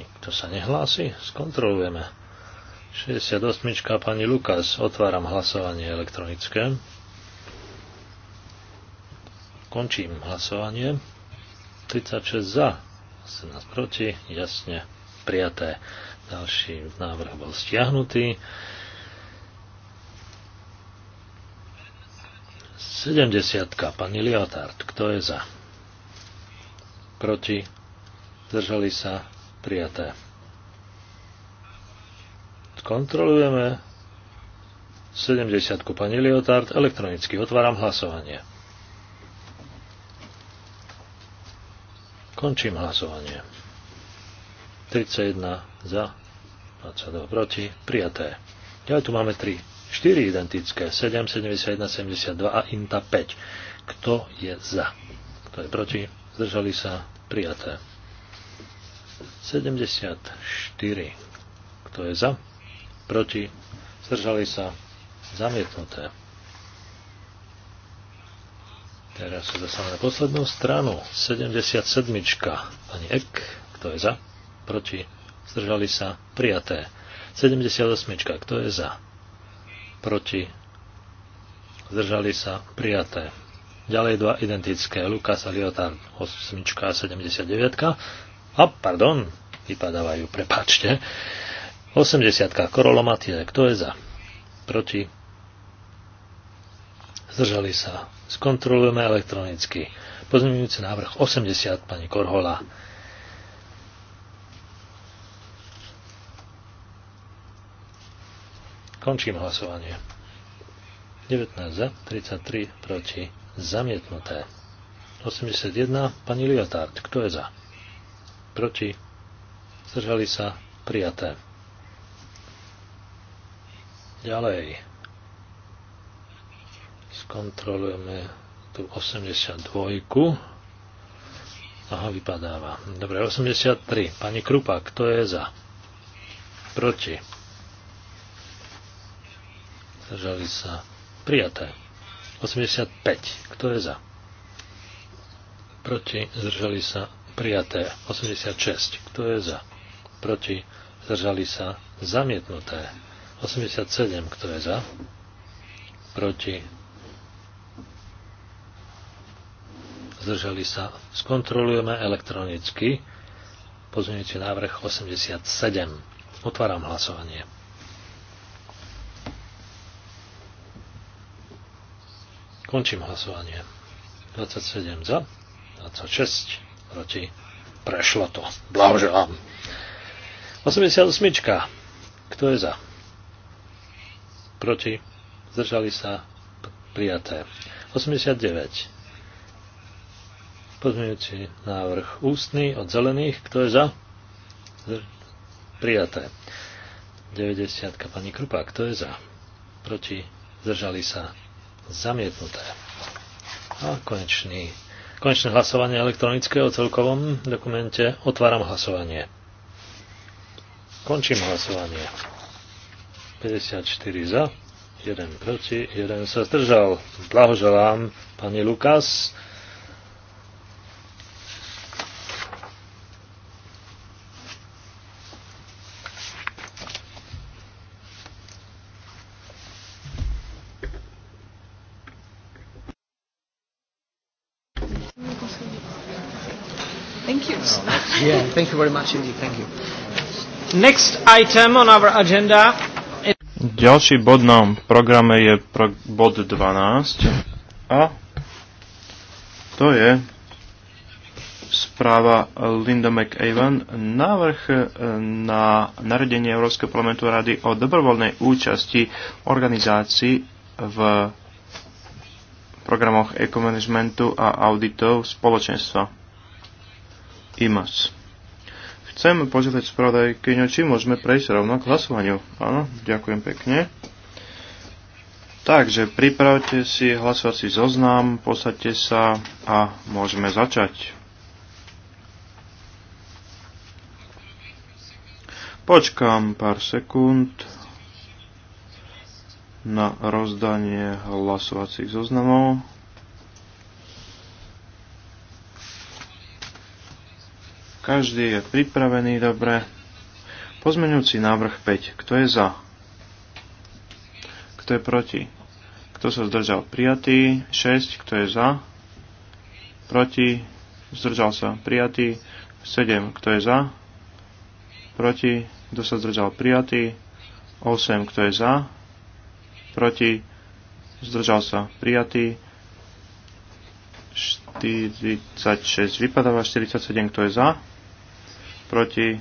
Nikto sa nehlási? Skontrolujeme. 68. pani Lukas. Otváram hlasovanie elektronické. Končím hlasovanie. 36 za, 18 proti, jasne prijaté. Ďalší návrh bol stiahnutý. 70. Pani Liotard. Kto je za? Proti? Zdržali sa? Prijaté. Kontrolujeme 70. Pani Liotard. Elektronicky otváram hlasovanie. Končím hlasovanie. 31 za, 22 proti, prijaté. Ďalej tu máme 3 4 identické, 7, 71, 72 a INTA 5. Kto je za? Kto je proti? Zdržali sa? Prijaté. 74. Kto je za? Proti? Zdržali sa? Zamietnuté. Teraz sa dostávame na poslednú stranu. 77. Pani Ek. Kto je za? Proti? Zdržali sa? Prijaté. 78. Kto je za? proti, zdržali sa, prijaté. Ďalej dva identické, Lukas a Liotan, 8 a 79. A, pardon, vypadávajú, prepáčte. 80. Korolomatie, kto je za? Proti? Zdržali sa. Skontrolujeme elektronicky. Pozmeňujúci návrh 80, pani Korhola. Končím hlasovanie. 19 za, 33 proti, zamietnuté. 81, pani Liotard, kto je za? Proti, zdržali sa, prijaté. Ďalej. Skontrolujeme tu 82. Aha, vypadáva. Dobre, 83. Pani Krupa, kto je za? Proti zdržali sa prijaté. 85. Kto je za? Proti zdržali sa prijaté. 86. Kto je za? Proti zdržali sa zamietnuté. 87. Kto je za? Proti zdržali sa. Skontrolujeme elektronicky. Pozmeňujúci návrh 87. Otváram hlasovanie. Končím hlasovanie. 27 za, 26 proti. Prešlo to. Blahoželám. 88. Kto je za? Proti. Zdržali sa. Prijaté. 89. Pozmeňujúci návrh ústny od zelených. Kto je za? Prijaté. 90. Pani Krupa. Kto je za? Proti. Zdržali sa. Zamietnuté. A konečný, konečné hlasovanie elektronické o celkovom dokumente. Otváram hlasovanie. Končím hlasovanie. 54 za, 1 proti, 1 sa zdržal. Blahoželám pani Lukas. points. Oh, yeah, thank you very much indeed. Thank you. Next item on our agenda. Ďalší bod na programe je pro bod 12 a to je správa Linda McAvan, návrh eh, na naredenie Európskeho parlamentu rady o dobrovoľnej účasti organizácií v programoch ekomanagementu a auditov spoločenstva. IMAS. Chcem požiadať spravodajkyňu, či môžeme prejsť rovno k hlasovaniu. Áno, ďakujem pekne. Takže pripravte si hlasovací zoznam, posaďte sa a môžeme začať. Počkám pár sekúnd na rozdanie hlasovacích zoznamov. Každý je pripravený, dobre. Pozmeňujúci návrh 5. Kto je za? Kto je proti? Kto sa zdržal? Prijatý. 6. Kto je za? Proti. Zdržal sa. Prijatý. 7. Kto je za? Proti. Kto sa zdržal? Prijatý. 8. Kto je za? Proti. Zdržal sa. Prijatý. 46 vypadáva, 47 kto je za, proti,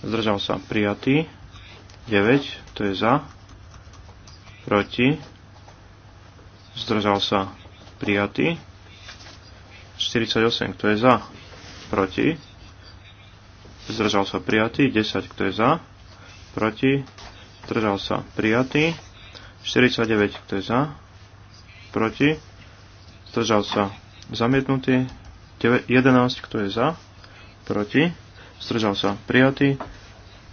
zdržal sa prijatý, 9, to je za, proti, zdržal sa prijatý, 48, kto je za, proti, zdržal sa prijatý, 10, kto je za, proti, zdržal sa prijatý, 49, kto je za, proti, zdržal sa zamietnutý, 11, kto je za, proti, zdržal sa prijatý,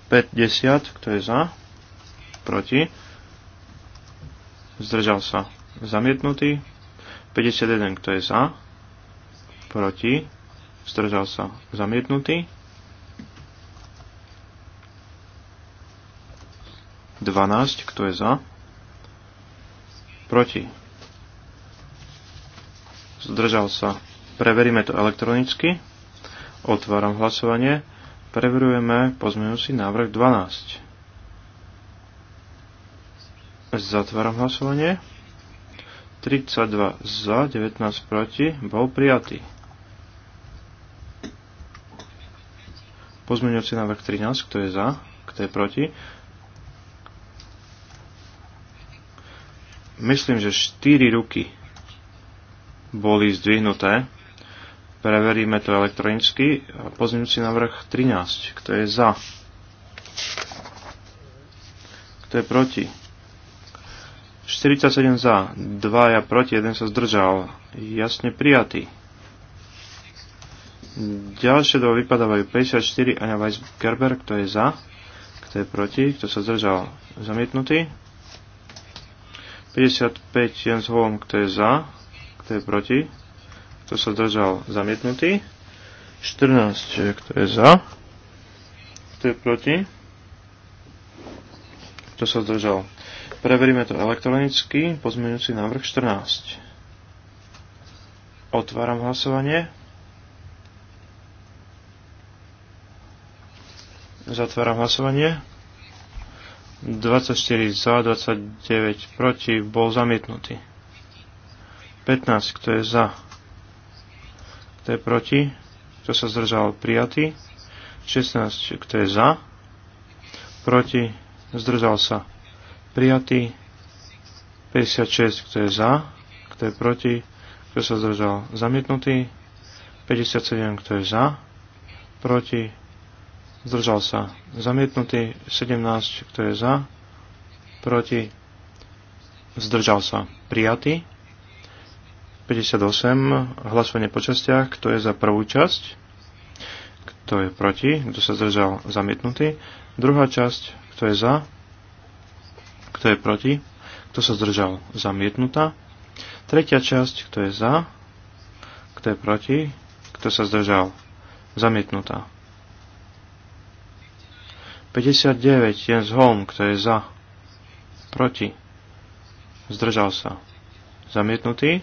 50, kto je za, proti, zdržal sa zamietnutý, 51, kto je za, proti, zdržal sa zamietnutý, 12, kto je za, proti, zdržal sa, preveríme to elektronicky, Otváram hlasovanie. Preverujeme pozmeňujúci návrh 12. Zatváram hlasovanie. 32 za, 19 proti, bol prijatý. Pozmeňujúci návrh 13, kto je za, kto je proti. Myslím, že 4 ruky boli zdvihnuté. Preveríme to elektronicky. Pozmeňujúci návrh 13. Kto je za? Kto je proti? 47 za, 2 ja proti, 1 sa zdržal. Jasne prijatý. Ďalšie dva vypadávajú 54 Aňa Weisgerber, kto je za, kto je proti, kto sa zdržal zamietnutý. 55 Jens Holm, kto je za, kto je proti, kto sa zdržal zamietnutý, 14, kto je za, kto je proti, kto sa zdržal. Preveríme to elektronicky, pozmeňujúci návrh 14. Otváram hlasovanie. Zatváram hlasovanie. 24 za, 29 proti, bol zamietnutý. 15, kto je za, Kto je proti? Kto sa zdržal? Prijatý. 16. Kto je za? Proti? Zdržal sa. Prijatý. 56. Kto je za? Kto je proti? Kto sa zdržal? Zamietnutý. 57. Kto je za? Proti? Zdržal sa. Zamietnutý. 17. Kto je za? Proti? Zdržal sa. Prijatý. 58, hlasovanie po častiach, kto je za prvú časť, kto je proti, kto sa zdržal zamietnutý, druhá časť, kto je za, kto je proti, kto sa zdržal zamietnutá, tretia časť, kto je za, kto je proti, kto sa zdržal zamietnutá. 59, Jens Holm, kto je za, proti, zdržal sa, zamietnutý,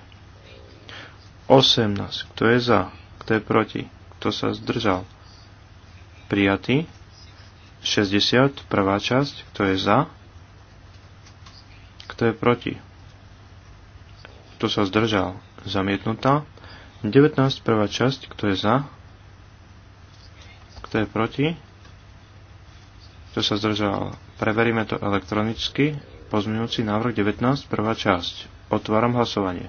18. Kto je za? Kto je proti? Kto sa zdržal? Prijatý. 60. Prvá časť. Kto je za? Kto je proti? Kto sa zdržal? Zamietnutá. 19. Prvá časť. Kto je za? Kto je proti? Kto sa zdržal? Preveríme to elektronicky. Pozmeňujúci návrh 19. Prvá časť. Otváram hlasovanie.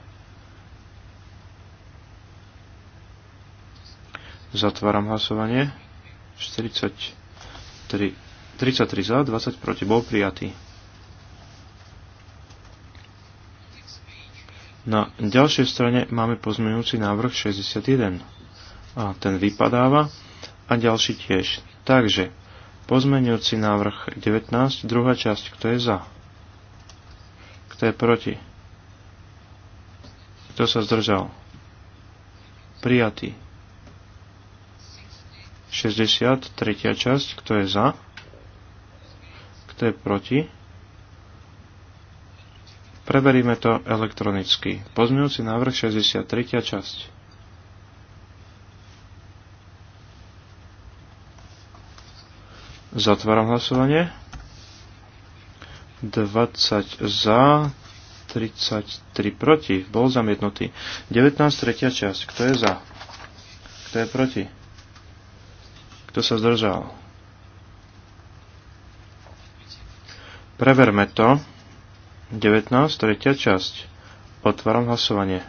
Zatváram hlasovanie. 43, 33 za, 20 proti. Bol prijatý. Na ďalšej strane máme pozmeňujúci návrh 61. A ten vypadáva a ďalší tiež. Takže pozmeňujúci návrh 19, druhá časť, kto je za? Kto je proti? Kto sa zdržal? Prijatý. 60, tretia časť, kto je za, kto je proti. Preveríme to elektronicky. Pozmeňujúci návrh 63. časť. Zatváram hlasovanie. 20 za, 33 proti. Bol zamietnutý. 19. tretia časť. Kto je za? Kto je proti? Kto sa zdržal? Preverme to. 19. tretia časť. Otváram hlasovanie.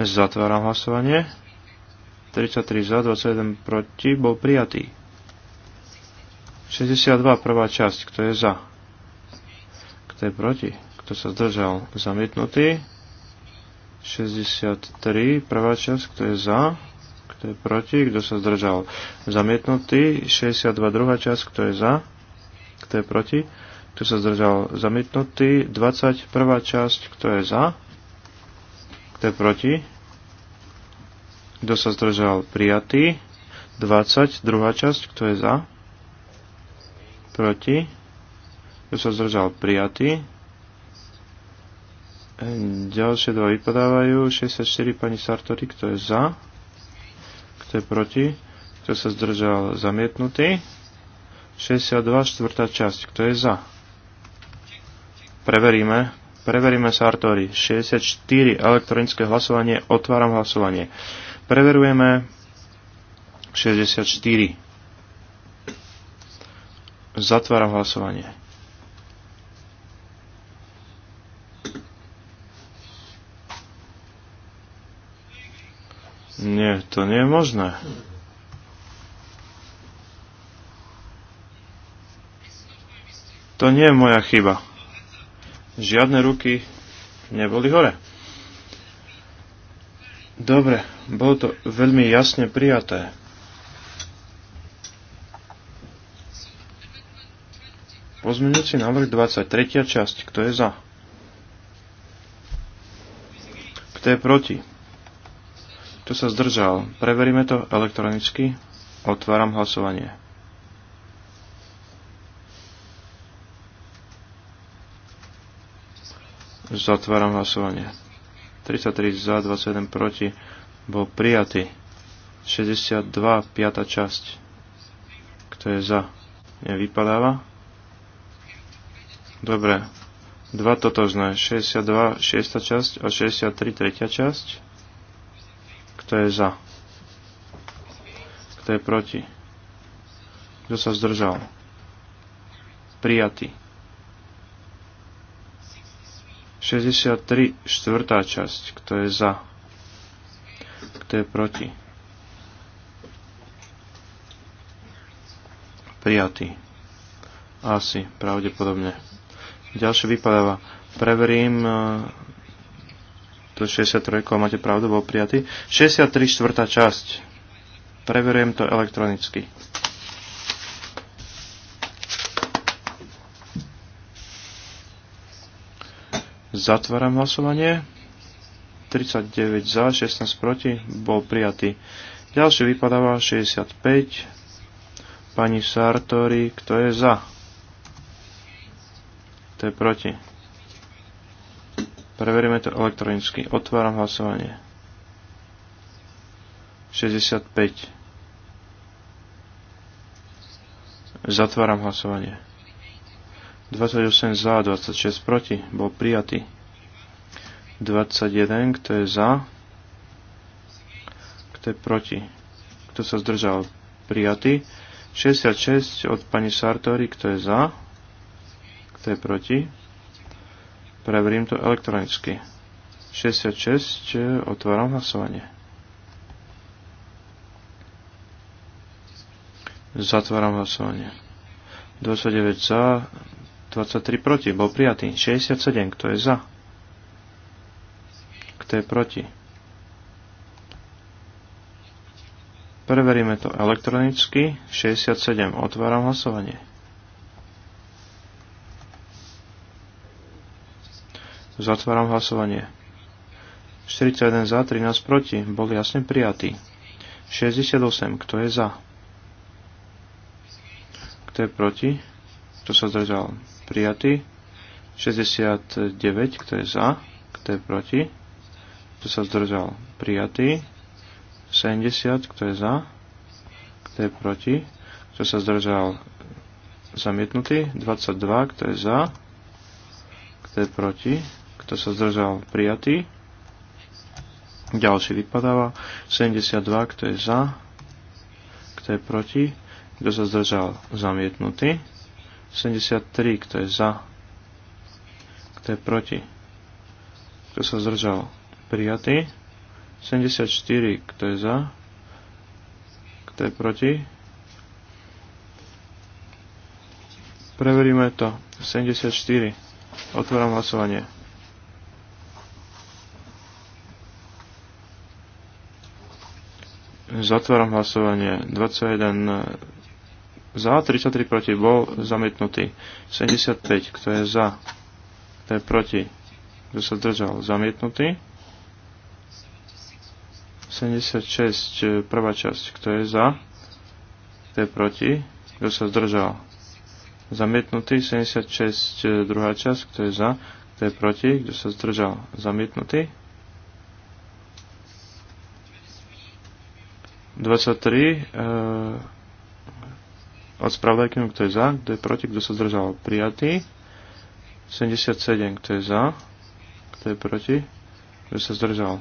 Zatváram hlasovanie. 33 za, 21 proti, bol prijatý. 62, prvá časť, kto je za? Kto je proti? Kto sa zdržal? Zamietnutý. 63, prvá časť, kto je za? kto je proti, kto sa zdržal. Zamietnutý, 62 druhá časť, kto je za, kto je proti, kto sa zdržal. Zamietnutý, 21 časť, kto je za, kto je proti, kto sa zdržal. Prijatý, 20 druhá časť, kto je za, proti, kto sa zdržal. Prijatý, Ďalšie dva vypadávajú. 64 pani Sartori, kto je za? kto je proti, kto sa zdržal zamietnutý. 62, štvrtá časť, kto je za. Preveríme, preveríme Sartori. 64, elektronické hlasovanie, otváram hlasovanie. Preverujeme 64. Zatváram hlasovanie. Nie, to nie je možné. To nie je moja chyba. Žiadne ruky neboli hore. Dobre, bolo to veľmi jasne prijaté. Pozmeňujúci návrh 23. časť. Kto je za? Kto je proti? Kto sa zdržal? Preveríme to elektronicky. Otváram hlasovanie. Zatváram hlasovanie. 33 za, 27 proti. Bol prijatý. 62, 5. časť. Kto je za? Nevypadáva? Dobre. Dva totožné. 62, 6. časť a 63, 3. časť. Kto je za? Kto je proti? Kto sa zdržal? Prijatý. 63. Štvrtá časť. Kto je za? Kto je proti? Prijatý. Asi, pravdepodobne. Ďalšie vypadáva. Preverím to 63, máte pravdu, bol prijatý. 63, štvrtá časť. Preverujem to elektronicky. Zatváram hlasovanie. 39 za, 16 proti, bol prijatý. Ďalšie vypadáva 65. Pani Sartori, kto je za? Kto je proti? Preveríme to elektronicky. Otváram hlasovanie. 65. Zatváram hlasovanie. 28 za, 26 proti. Bol prijatý. 21, kto je za, kto je proti. Kto sa zdržal? Prijatý. 66 od pani Sartori, kto je za, kto je proti Preverím to elektronicky. 66, otváram hlasovanie. Zatváram hlasovanie. 29 za, 23 proti, bol prijatý. 67, kto je za? Kto je proti? Preveríme to elektronicky. 67, otváram hlasovanie. Zatváram hlasovanie. 41 za, 13 proti. Bol jasne prijatý. 68. Kto je za? Kto je proti? Kto sa zdržal? Prijatý. 69. Kto je za? Kto je proti? Kto sa zdržal? Prijatý. 70. Kto je za? Kto je proti? Kto sa zdržal? Zamietnutý. 22. Kto je za? Kto je proti? Kto sa zdržal? Prijatý. Ďalší vypadáva. 72. Kto je za? Kto je proti? Kto sa zdržal? Zamietnutý. 73. Kto je za? Kto je proti? Kto sa zdržal? Prijatý. 74. Kto je za? Kto je proti? Preveríme to. 74. Otváram hlasovanie. Zatváram hlasovanie. 21 e, za, 33 proti. Bol zamietnutý. 75. Kto je za? Kto je proti? Kto sa držal? Zamietnutý. 76. E, prvá časť. Kto je za? Kto je proti? Kto sa zdržal? Zamietnutý. 76. E, druhá časť. Kto je za? Kto je proti? Kto sa zdržal? Zamietnutý. 23 e, od spravodajkyňu, kto je za, kto je proti, kto sa zdržal, prijatý. 77, kto je za, kto je proti, kto sa zdržal,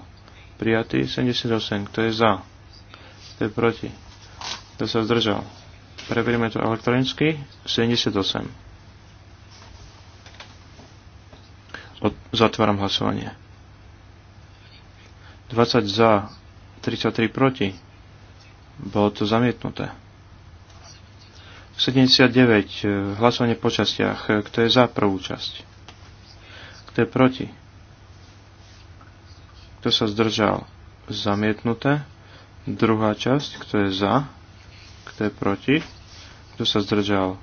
prijatý. 78, kto je za, kto je proti, kto sa zdržal. Preveríme to elektronicky. 78. Od, zatváram hlasovanie. 20 za, 33 proti. Bolo to zamietnuté. 79. Eh, hlasovanie po častiach. Eh, kto je za prvú časť? Kto je proti? Kto sa zdržal? Zamietnuté. Druhá časť. Kto je za? Kto je proti? Kto sa zdržal?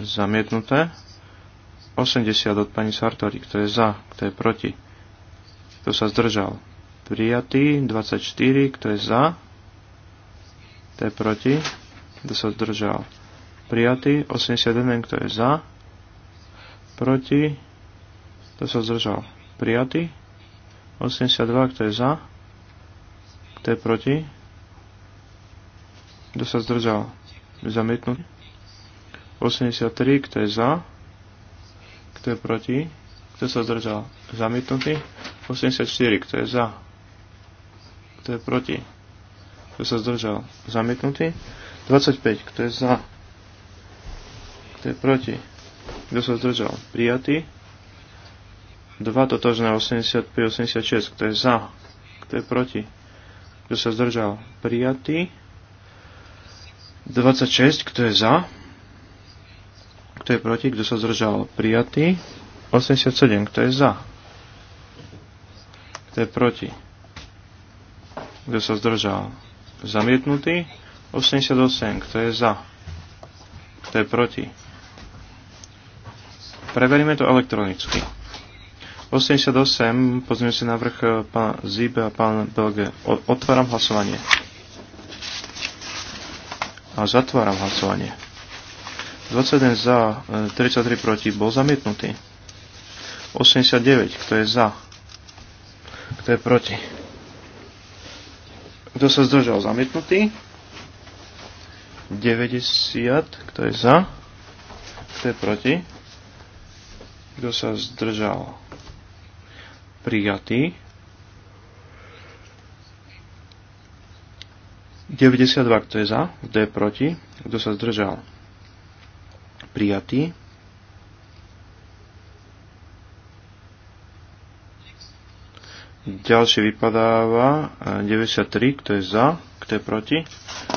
Zamietnuté. 80 od pani Sartori. Kto je za? Kto je proti? Kto sa zdržal? Prijatý. 24. Kto je za? Kto je proti? Kto sa zdržal? Prijatý. 81. Kto je za? Proti? Kto sa zdržal? Prijatý. 82. Kto je za? Kto je proti? Kto sa zdržal? Zamietnutý. 83. Kto je za? Kto je proti? Kto sa zdržal? Zamietnutý. 84. Kto je za? Kto je proti? Kto sa zdržal? Zamietnutý. 25. Kto je za? Kto je proti? Kto sa zdržal? Prijatý. 2 totožné 85, 86. Kto je za? Kto je proti? Kto sa zdržal? Prijatý. 26. Kto je za? Kto je proti? Kto sa zdržal? Prijatý. 87. Kto je za? Kto je proti? Kto sa zdržal? Zamietnutý. 88. Kto je za? Kto je proti? Preveríme to elektronicky. 88, pozrieme si návrh eh, pán Zibe a pán Belge. Otváram hlasovanie. A zatváram hlasovanie. 21 za, 33 eh, proti, bol zamietnutý. 89, kto je za? Kto je proti? Kto sa zdržal? Zamietnutý. 90. Kto je za? Kto je proti? Kto sa zdržal? Prijatý. 92. Kto je za? Kto je proti? Kto sa zdržal? Prijatý. Ďalší vypadáva 93, kto je za, kto je proti,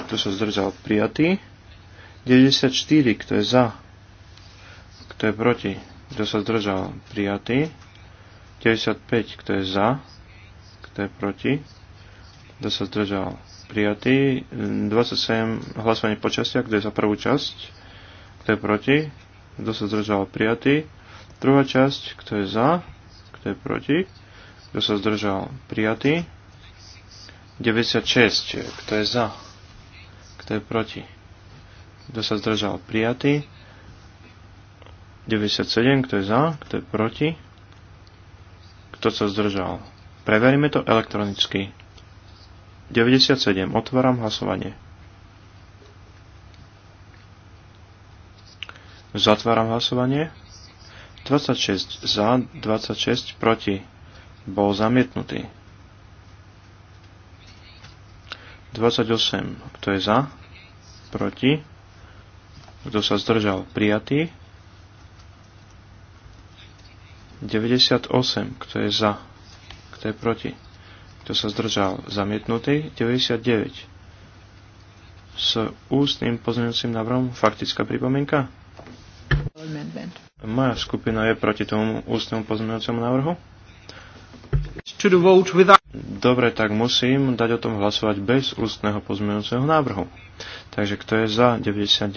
kto sa zdržal prijatý. 94, kto je za, kto je proti, kto sa zdržal prijatý. 95, kto je za, kto je proti, kto sa zdržal prijatý. 27, hlasovanie počasia, kto je za prvú časť, kto je proti, kto sa zdržal prijatý. Druhá časť, kto je za, kto je proti, Kto sa zdržal? Prijatý. 96. Kto je za? Kto je proti? Kto sa zdržal? Prijatý. 97. Kto je za? Kto je proti? Kto sa zdržal? Preveríme to elektronicky. 97. Otváram hlasovanie. Zatváram hlasovanie. 26 za, 26 proti bol zamietnutý. 28. Kto je za? Proti? Kto sa zdržal? Prijatý. 98. Kto je za? Kto je proti? Kto sa zdržal? Zamietnutý. 99. S ústnym pozmeňujúcim návrhom faktická pripomienka? Moja skupina je proti tomu ústnemu pozmeňujúcemu návrhu. Dobre, tak musím dať o tom hlasovať bez ústneho pozmeňujúceho návrhu. Takže kto je za 99?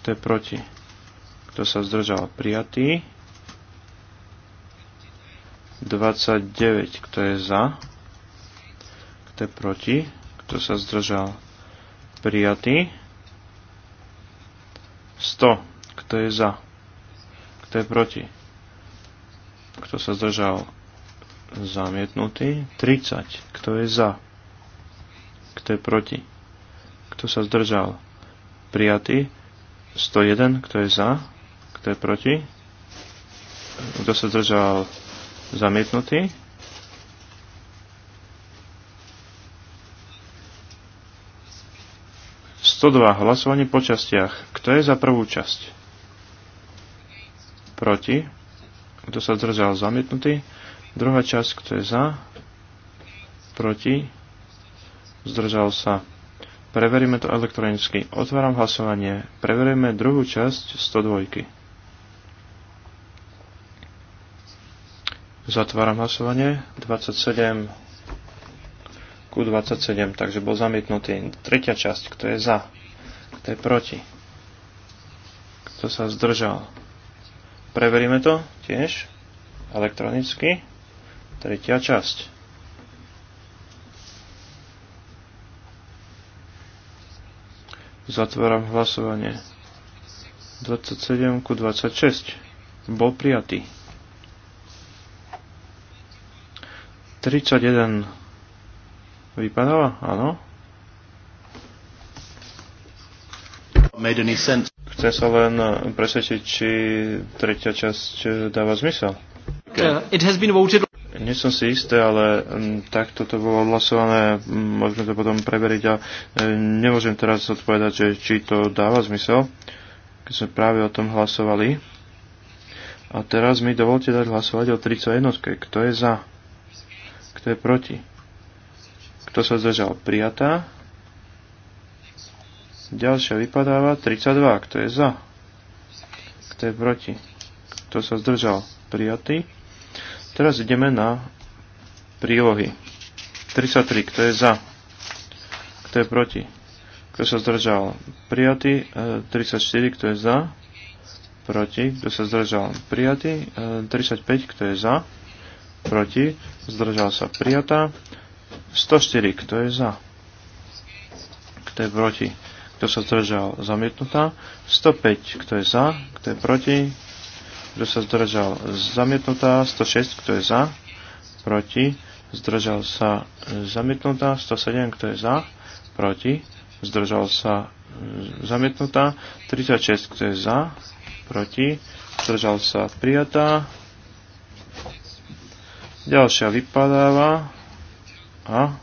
Kto je proti? Kto sa zdržal? Prijatý. 29. Kto je za? Kto je proti? Kto sa zdržal? Prijatý. 100. Kto je za? Kto je proti? Kto sa zdržal? zamietnutý. 30. Kto je za? Kto je proti? Kto sa zdržal? Prijatý. 101. Kto je za? Kto je proti? Kto sa zdržal? Zamietnutý. dva Hlasovanie po častiach. Kto je za prvú časť? Proti. Kto sa zdržal? Zamietnutý. Druhá časť, kto je za, proti, zdržal sa. Preveríme to elektronicky. Otváram hlasovanie. Preveríme druhú časť 102. Zatváram hlasovanie. 27 ku 27, takže bol zamietnutý. Tretia časť, kto je za, kto je proti, kto sa zdržal. Preveríme to tiež elektronicky. Tretia časť. Zatváram hlasovanie. 27 ku 26. Bol prijatý. 31 vypadáva? Áno. Chcem sa len eh, presvedčiť, či tretia časť eh, dáva zmysel. Okay. Uh, it has been voted nie som si istý, ale mm, takto to bolo odhlasované, mm, môžeme to potom preveriť a e, nemôžem teraz odpovedať, že či to dáva zmysel, keď sme práve o tom hlasovali. A teraz mi dovolte dať hlasovať o 31. Kto je za? Kto je proti? Kto sa zdržal? Prijatá. Ďalšia vypadáva 32. Kto je za? Kto je proti? Kto sa zdržal? Prijatý. Teraz ideme na prílohy. 33. Kto je za? Kto je proti? Kto sa zdržal? Prijatý. 34. E, kto je za? Proti. Kto sa zdržal? Prijatý. 35. E, kto je za? Proti. Zdržal sa. Prijatá. 104. Kto je za? Kto je proti? Kto sa zdržal? Zamietnutá. 105. Kto je za? Kto je proti? kto sa zdržal zamietnutá, 106, kto je za, proti, zdržal sa zamietnutá, 107, kto je za, proti, zdržal sa zamietnutá, 36, kto je za, proti, zdržal sa prijatá, ďalšia vypadáva a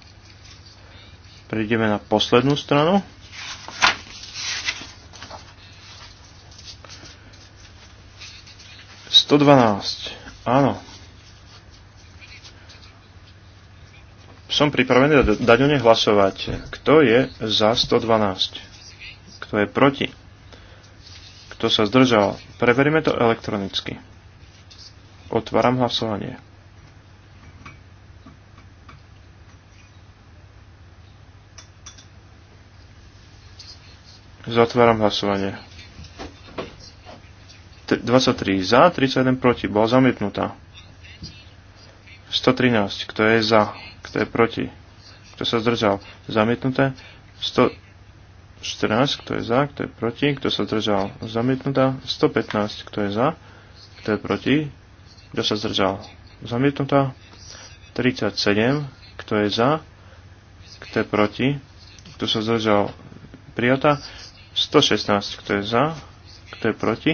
prejdeme na poslednú stranu. 112. Áno. Som pripravený dať o nej hlasovať. Kto je za 112? Kto je proti? Kto sa zdržal? Preveríme to elektronicky. Otváram hlasovanie. Zatváram hlasovanie. 23 za, 31 proti. Bola zamietnutá. 113. Kto je za? Kto je proti? Kto sa zdržal? Zamietnuté. 114. Kto je za? Kto je proti? Kto sa zdržal? Zamietnutá. 115. Kto je za? Kto je proti? Kto sa zdržal? Zamietnutá. 37. Kto je za? Kto je proti? Kto sa zdržal? Prijatá. 116. Kto je za? Kto je proti?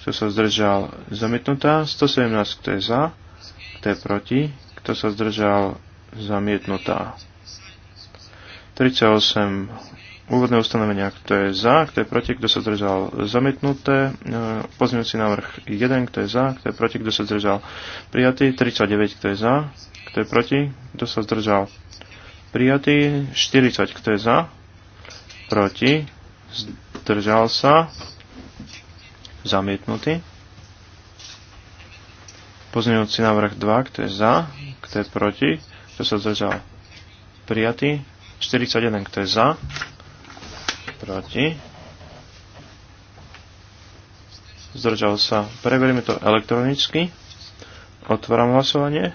kto sa zdržal zamietnutá, 117 kto je za, kto je proti, kto sa zdržal zamietnutá. 38 úvodné ustanovenia, kto je za, kto je proti, kto sa zdržal zamietnuté, e, pozmeňujúci návrh 1, kto je za, kto je proti, kto sa zdržal prijatý, 39, kto je za, kto je proti, kto sa zdržal prijatý, 40, kto je za, proti, zdržal sa, Zamietnutý. Pozmeňujúci návrh 2, kto je za, kto je proti, kto sa zdržal. Prijatý. 41, kto je za, proti. Zdržal sa. Preveríme to elektronicky. Otváram hlasovanie.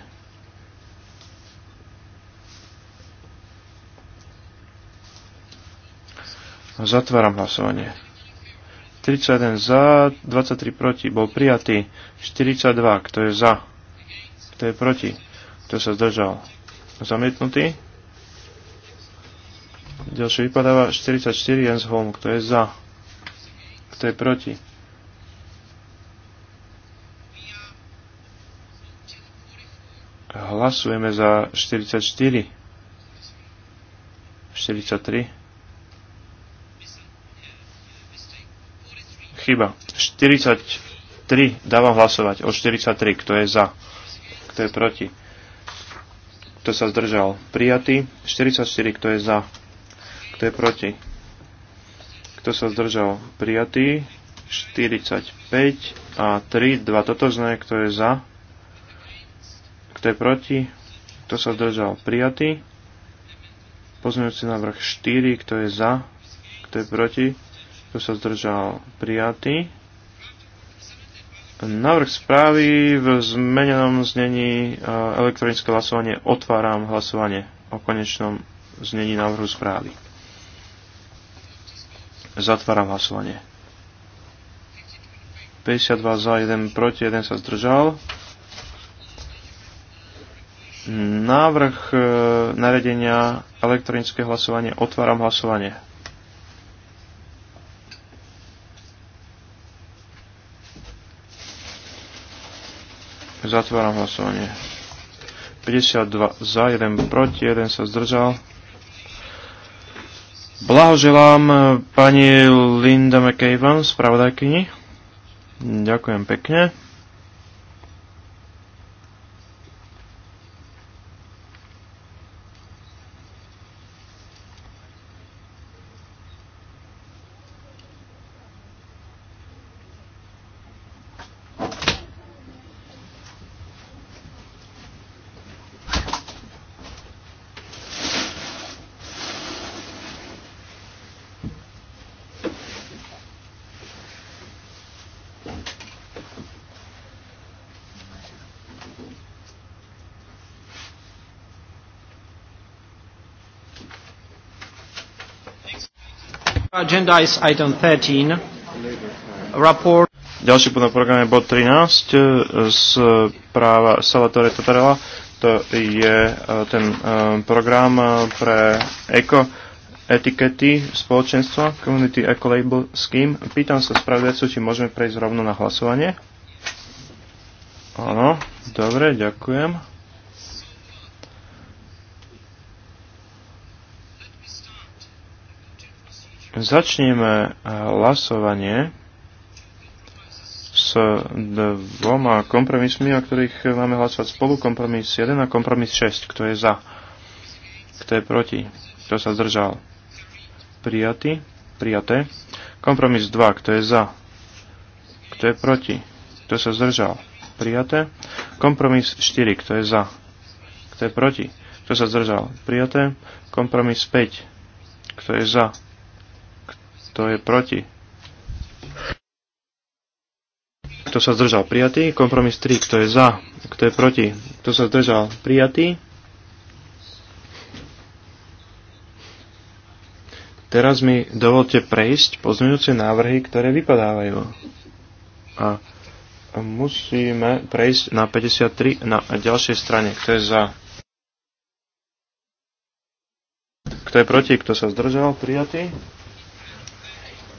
Zatváram hlasovanie. 41 za, 23 proti, bol prijatý. 42, kto je za, kto je proti, kto sa zdržal. Zamietnutý. Ďalšie vypadáva 44 Jens Holm, kto je za, kto je proti. Hlasujeme za 44. 43. Chyba. 43. Dávam hlasovať. Od 43. Kto je za? Kto je proti? Kto sa zdržal? Prijatý. 44. Kto je za? Kto je proti? Kto sa zdržal? Prijatý. 45 a 3, 2 totožné, kto je za, kto je proti, kto sa zdržal, prijatý. Pozmeňujúci návrh 4, kto je za, kto je proti, kto sa zdržal, prijatý. Návrh správy v zmenenom znení e, elektronické hlasovanie. Otváram hlasovanie o konečnom znení návrhu správy. Zatváram hlasovanie. 52 za, 1 proti, 1 sa zdržal. Návrh e, nariadenia elektronické hlasovanie. Otváram hlasovanie. Zatváram hlasovanie. 52 za, 1 proti, 1 sa zdržal. Blahoželám eh, pani Linda McCaven, spravodajkyni. Ďakujem pekne. agenda is item 13. Rapport. Ďalší bod na programe bod 13 e, z e, práva Salvatore Tatarela. To je e, ten program pre eko etikety spoločenstva Community Eco Label Scheme. Pýtam sa spravodajcu, či môžeme prejsť rovno na hlasovanie. Áno, dobre, ďakujem. Začneme eh, hlasovanie s dvoma kompromismi, o ktorých máme hlasovať spolu. Kompromis 1 a kompromis 6. Kto je za? Kto je proti? Kto sa zdržal? Prijatý? Prijaté. Kompromis 2. Kto je za? Kto je proti? Kto sa zdržal? Prijaté. Kompromis 4. Kto je za? Kto je proti? Kto sa zdržal? Prijaté. Kompromis 5. Kto je za? Kto je proti? Kto sa zdržal? Prijatý. Kompromis 3. Kto je za? Kto je proti? Kto sa zdržal? Prijatý. Teraz mi dovolte prejsť pozmeňujúce návrhy, ktoré vypadávajú. A musíme prejsť na 53 na ďalšej strane. Kto je za? Kto je proti? Kto sa zdržal? Prijatý.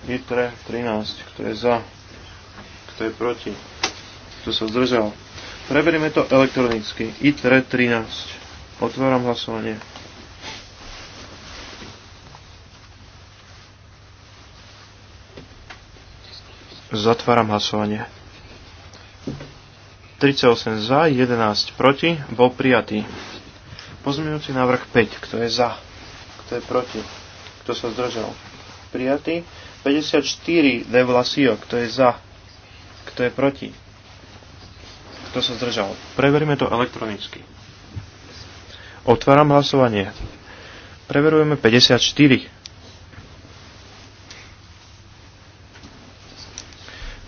ITRE 13. Kto je za? Kto je proti? Kto sa zdržal? Preberieme to elektronicky. ITRE 13. Otváram hlasovanie. Zatváram hlasovanie. 38 za, 11 proti, bol prijatý. Pozmeňujúci návrh 5. Kto je za? Kto je proti? Kto sa zdržal? Prijatý. 54 Devlasio, kto je za, kto je proti, kto sa zdržal. Preveríme to elektronicky. Otváram hlasovanie. Preverujeme 54.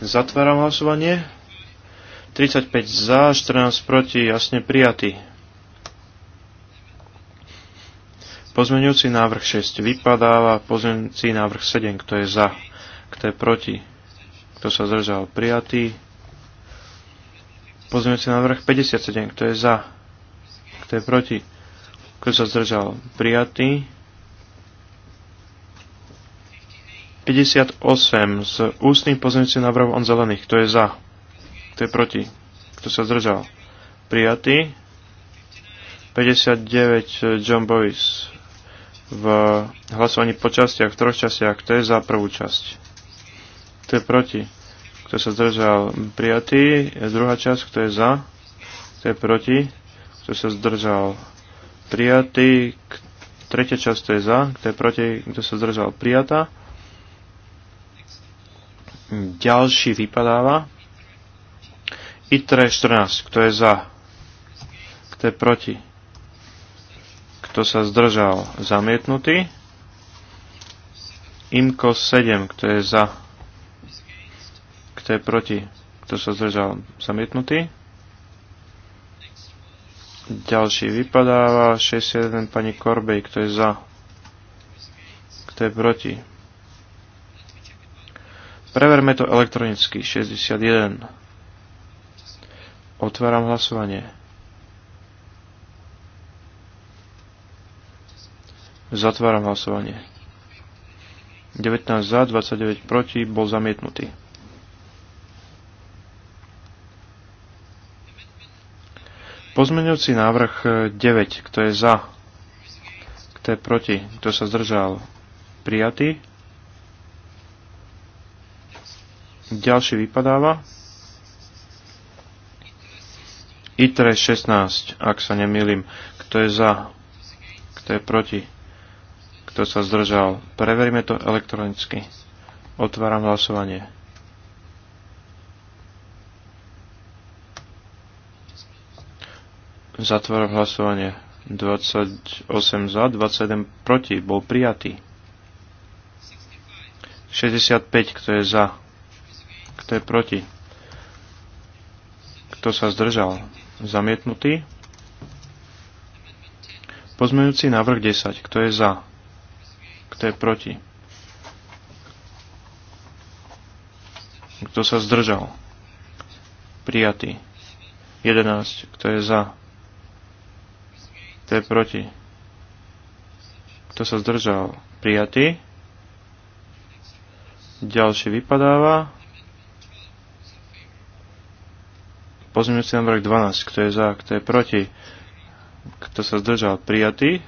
Zatváram hlasovanie. 35 za, 14 proti, jasne prijatý. Pozmeňujúci návrh 6 vypadáva, pozmeňujúci návrh 7, kto je za, kto je proti, kto sa zdržal prijatý. Pozmeňujúci návrh 57, kto je za, kto je proti, kto sa zdržal prijatý. 58 s ústnym pozmeňujúcim návrhom on zelených, kto je za, kto je proti, kto sa zdržal prijatý. 59 John Boyce v hlasovaní po častiach, v troch častiach. Kto je za prvú časť? Kto je proti? Kto sa zdržal? Prijatý. Druhá časť. Kto je za? Kto je proti? Kto sa zdržal? Prijatý. Tretia časť. Kto je za? Kto je proti? Kto sa zdržal? Prijatá. Ďalší vypadáva. ITRE 14. Kto je za? Kto je proti? kto sa zdržal, zamietnutý. Imko 7, kto je za, kto je proti, kto sa zdržal, zamietnutý. Ďalší vypadáva 61 pani Korbej, kto je za, kto je proti. Preverme to elektronicky. 61. Otváram hlasovanie. Zatváram hlasovanie. 19 za, 29 proti, bol zamietnutý. Pozmeňujúci návrh 9, eh, kto je za, kto je proti, kto sa zdržal, prijatý. Ďalší vypadáva. ITRE 16, ak sa nemýlim, kto je za, kto je proti, kto sa zdržal. Preveríme to elektronicky. Otváram hlasovanie. Zatváram hlasovanie. 28 za, 27 proti. Bol prijatý. 65, kto je za. Kto je proti. Kto sa zdržal. Zamietnutý. Pozmeňujúci návrh 10. Kto je za? Kto je proti? Kto sa zdržal? Prijatý. 11. Kto je za? Kto je proti? Kto sa zdržal? Prijatý. Ďalší vypadáva. Pozmeňujúci návrh 12. Kto je za? Kto je proti? Kto sa zdržal? Prijatý.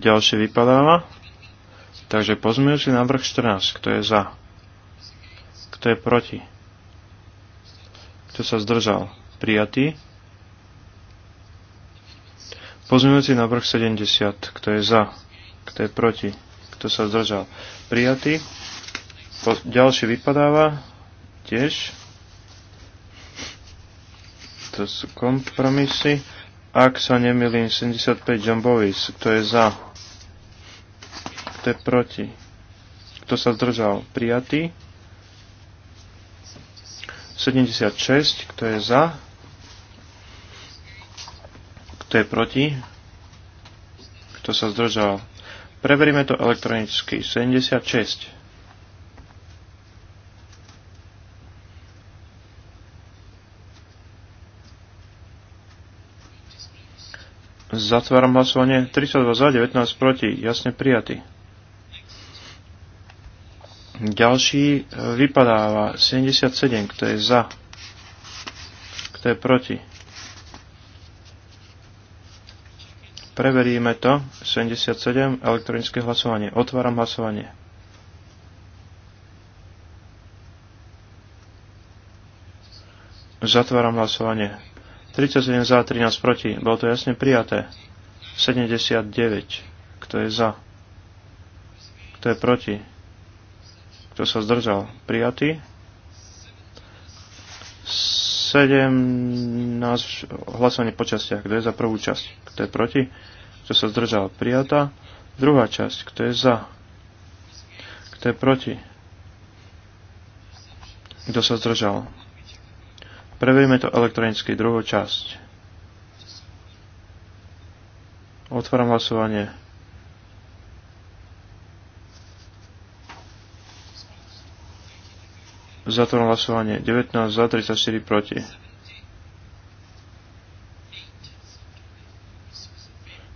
Ďalšie vypadáva. Takže pozmeňujúci návrh 14. Kto je za? Kto je proti? Kto sa zdržal? Prijatý. Pozmeňujúci návrh 70. Kto je za? Kto je proti? Kto sa zdržal? Prijatý. Po, ďalší vypadáva. Tiež. To sú kompromisy. Ak sa nemilím, 75 Jumbovis. Kto je za? kto je proti, kto sa zdržal, prijatý. 76, kto je za, kto je proti, kto sa zdržal. Preveríme to elektronicky. 76. Zatváram hlasovanie. 32 za, 19 proti. Jasne prijatý. Ďalší e, vypadáva 77, kto je za, kto je proti. Preveríme to. 77, elektronické hlasovanie. Otváram hlasovanie. Zatváram hlasovanie. 37 za, 13 proti. Bolo to jasne prijaté. 79. Kto je za? Kto je proti? Kto sa zdržal? Prijatý. 17 hlasovanie po častiach. Kto je za prvú časť? Kto je proti? Kto sa zdržal? Prijatá. Druhá časť. Kto je za? Kto je proti? Kto sa zdržal? Preveríme to elektronicky. Druhú časť. Otváram hlasovanie. Zatvorím hlasovanie. 19 za, 34 proti. 8.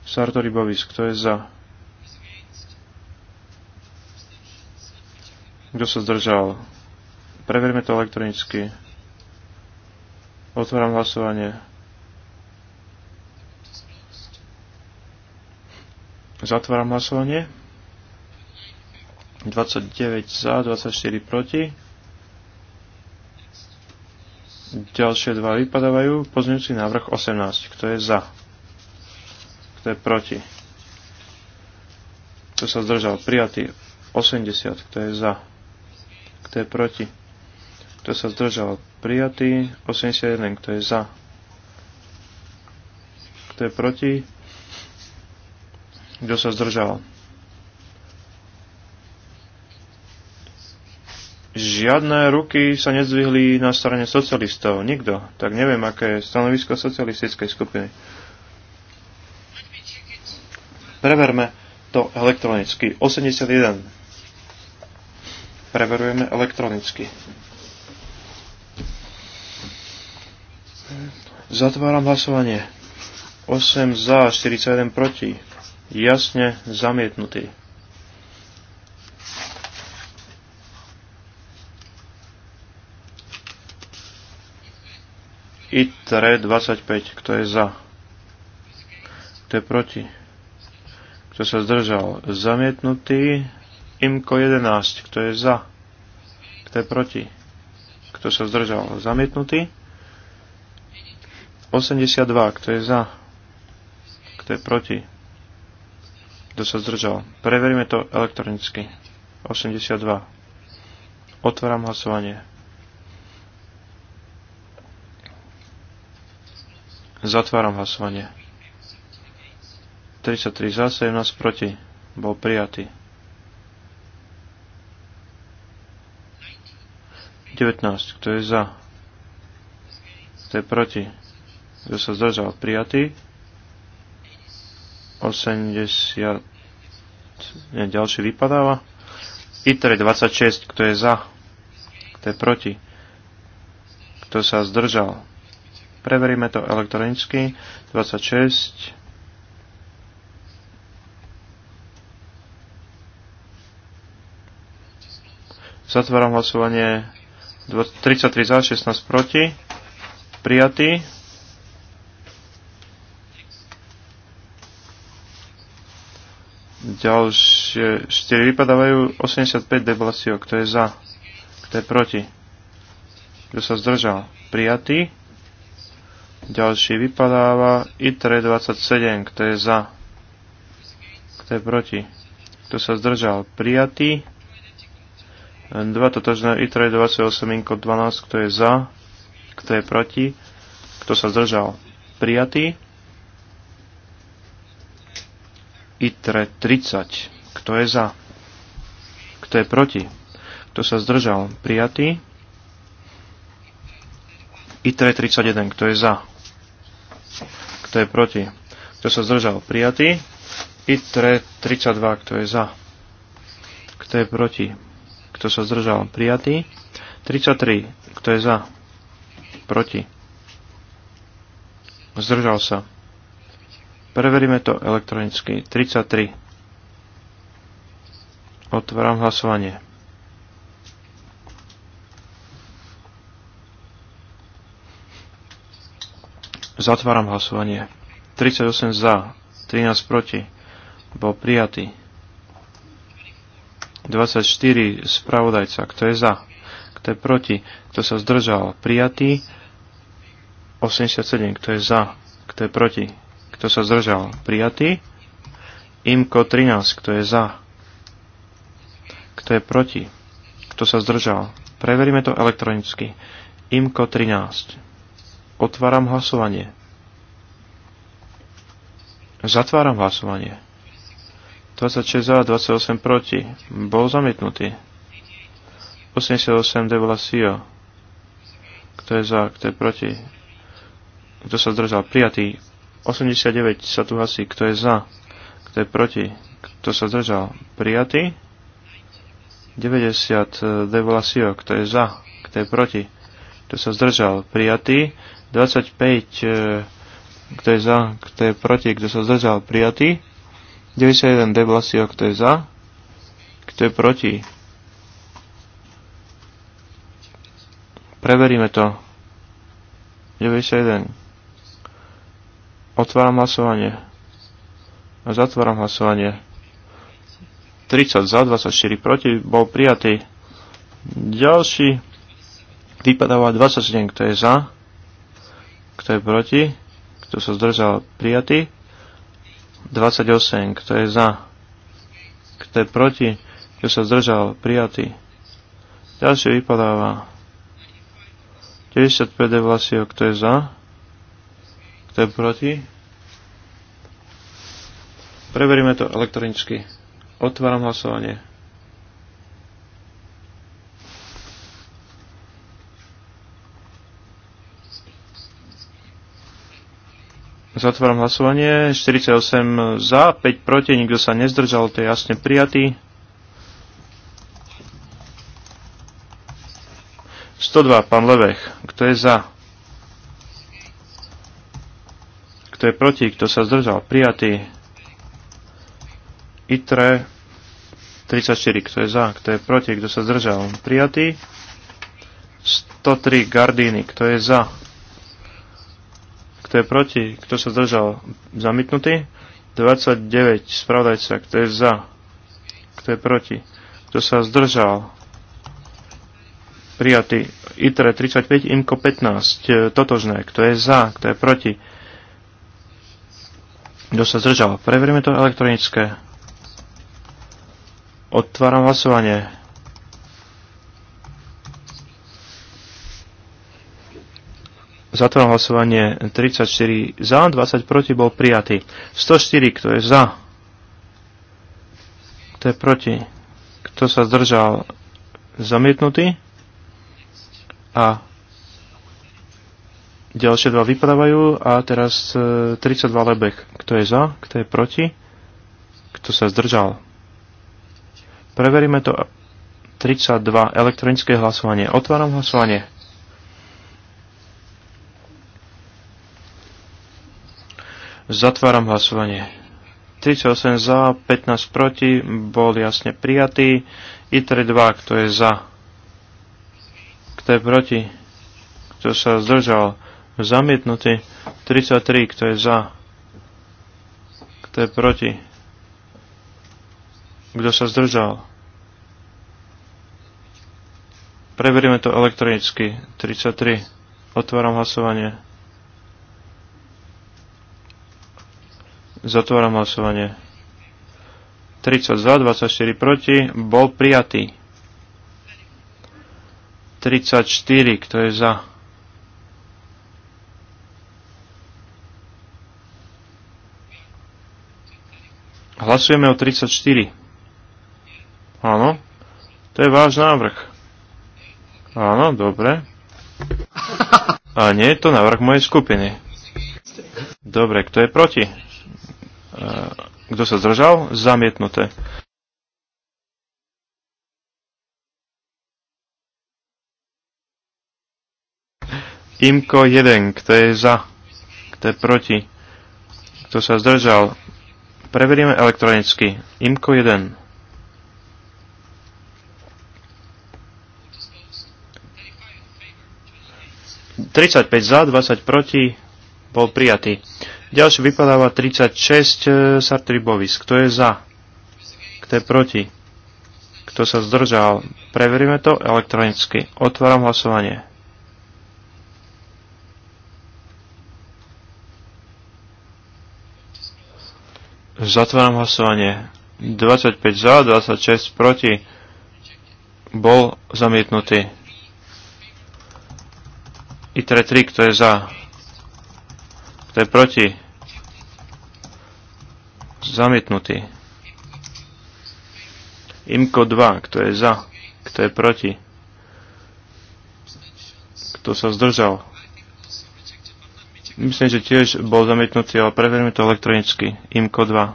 Sartori Bovis, kto je za? Kto sa zdržal? Preverme to elektronicky. Otváram hlasovanie. Zatváram hlasovanie. 29 za, 24 proti. Ďalšie dva vypadávajú. Pozmeňujúci návrh 18. Kto je za? Kto je proti? Kto sa zdržal? Prijatý. 80. Kto je za? Kto je proti? Kto sa zdržal? Prijatý. 81. Kto je za? Kto je proti? Kto sa zdržal? žiadne ruky sa nezdvihli na strane socialistov. Nikto. Tak neviem, aké je stanovisko socialistickej skupiny. Preverme to elektronicky. 81. Preverujeme elektronicky. Zatváram hlasovanie. 8 za, 41 proti. Jasne zamietnutý. ITRE 25. Kto je za? Kto je proti? Kto sa zdržal? Zamietnutý. IMKO 11. Kto je za? Kto je proti? Kto sa zdržal? Zamietnutý. 82. Kto je za? Kto je proti? Kto sa zdržal? Preveríme to elektronicky. 82. Otváram hlasovanie. Zatváram hlasovanie. 33 za, 17 proti. Bol prijatý. 19. Kto je za? Kto je proti? Kto sa zdržal? Prijatý. 80. Nie, ďalší vypadáva. ITRE 26. Kto je za? Kto je proti? Kto sa zdržal? Preveríme to elektronicky. 26. Zatváram hlasovanie 33 za, 16 proti. Prijatý. Ďalšie 4 vypadávajú 85 deblasio. Kto je za? Kto je proti? Kto sa zdržal? Prijatý. Ďalší vypadáva ITRE 27, kto je za, kto je proti, kto sa zdržal, prijatý. 2 totožné ITRE 28, 12, kto je za, kto je proti, kto sa zdržal, prijatý. ITRE 30, kto je za, kto je proti, kto sa zdržal, prijatý. ITRE 31, kto je za, kto je proti, kto sa zdržal, prijatý. ITRE 32, kto je za, kto je proti, kto sa zdržal, prijatý. 33, kto je za, proti, zdržal sa. Preveríme to elektronicky. 33. Otváram hlasovanie. Zatváram hlasovanie. 38 za, 13 proti. Bol prijatý. 24 spravodajca. Kto je za? Kto je proti? Kto sa zdržal? Prijatý. 87. Kto je za? Kto je proti? Kto sa zdržal? Prijatý. Imko 13. Kto je za? Kto je proti? Kto sa zdržal? Preveríme to elektronicky. Imko 13. Otváram hlasovanie. Zatváram hlasovanie. 26 za, 28 proti. Bol zamietnutý. 88 de Blasio. Kto je za, kto je proti? Kto sa zdržal? Prijatý. 89 sa tu hasí. Kto je za? Kto je proti? Kto sa zdržal? Prijatý. 90 de Blasio. Kto je za? Kto je proti? Kto sa zdržal? Prijatý. 25, e, kto je za, kto je proti, kto sa zdržal, prijatý. 91 Deblasio, kto je za, kto je proti. Preveríme to. 91. Otváram hlasovanie. A zatváram hlasovanie. 30 za, 24 proti, bol prijatý. Ďalší vypadáva 27, kto je za, Kto je proti? Kto sa zdržal? Prijatý. 28. Kto je za? Kto je proti? Kto sa zdržal? Prijatý. Ďalšie vypadáva. 95 je vlasio. Kto je za? Kto je proti? Preveríme to elektronicky. Otváram hlasovanie. Zatváram hlasovanie. 48 za, 5 proti, nikto sa nezdržal, to je jasne prijatý. 102, pán Levech. Kto je za? Kto je proti? Kto sa zdržal? Prijatý. ITRE 34. Kto je za? Kto je proti? Kto sa zdržal? Prijatý. 103, Gardíny. Kto je za? Kto je proti? Kto sa zdržal? Zamietnutý. 29. Spravodajca. Kto je za? Kto je proti? Kto sa zdržal? Prijatý. ITRE 35, IMKO 15. E, Totožné. Kto je za? Kto je proti? Kto sa zdržal? Preveríme to elektronické. Otváram hlasovanie. Zatváram hlasovanie 34 za, 20 proti bol prijatý. 104, kto je za, kto je proti, kto sa zdržal, zamietnutý. A ďalšie dva vypadávajú a teraz 32 e, lebek. Kto je za, kto je proti, kto sa zdržal. Preveríme to 32 elektronické hlasovanie. Otváram hlasovanie. Zatváram hlasovanie. 38 za, 15 proti, bol jasne prijatý. ITR 2, kto je za, kto je proti, kto sa zdržal, zamietnutý. 33, kto je za, kto je proti, kto sa zdržal. Preveríme to elektronicky. 33. Otváram hlasovanie. Zatváram hlasovanie. 30 za, 24 proti. Bol prijatý. 34, kto je za? Hlasujeme o 34. Áno. To je váš návrh. Áno, dobre. A nie je to návrh mojej skupiny. Dobre, kto je proti? E, kto sa zdržal? Zamietnuté. Imko 1, kto je za, kto je proti, kto sa zdržal. Preveríme elektronicky. Imko 1. Tridsaťpäť za, 20 proti, bol prijatý. Ďalšie vypadáva 36 e, Sartribovis. Kto je za? Kto je proti? Kto sa zdržal? Preveríme to elektronicky. Otváram hlasovanie. Zatváram hlasovanie. 25 za, 26 proti. Bol zamietnutý. ITRE 3, kto je za? Kto je proti? Zamietnutý. Imko 2. Kto je za? Kto je proti? Kto sa zdržal? Myslím, že tiež bol zamietnutý, ale preveríme to elektronicky. IMCO 2.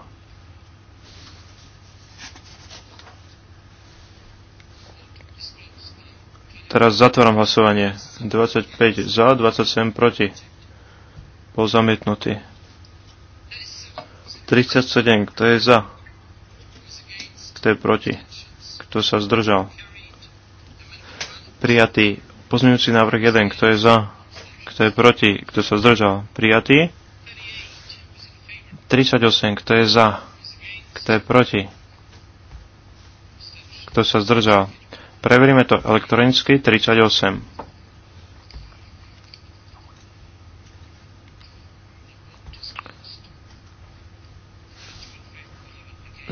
Teraz zatváram hlasovanie. 25 za, 27 proti bol zamietnutý. 37. Kto je za? Kto je proti? Kto sa zdržal? Prijatý. Pozmeňujúci návrh 1. Kto je za? Kto je proti? Kto sa zdržal? Prijatý. 38. Kto je za? Kto je proti? Kto sa zdržal? Preveríme to elektronicky. 38.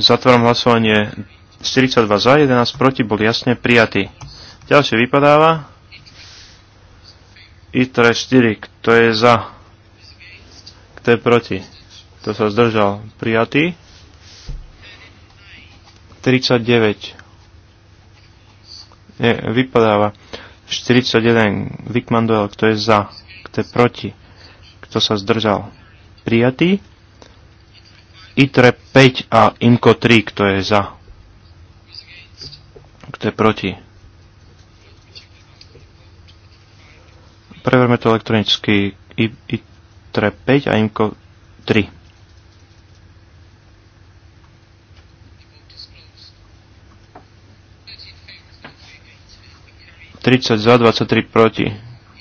Zatváram hlasovanie 42 za, 11 proti, bol jasne prijatý. Ďalšie vypadáva. ITRE 4, kto je za? Kto je proti? Kto sa zdržal? Prijatý. 39. Nie, vypadáva. 41. Vic Manduel, kto je za? Kto je proti? Kto sa zdržal? Prijatý. ITRE 5 a IMCO 3, kto je za? Kto je proti? Preverme to elektronicky. ITRE 5 a IMCO 3. Tridsať za, 23 proti.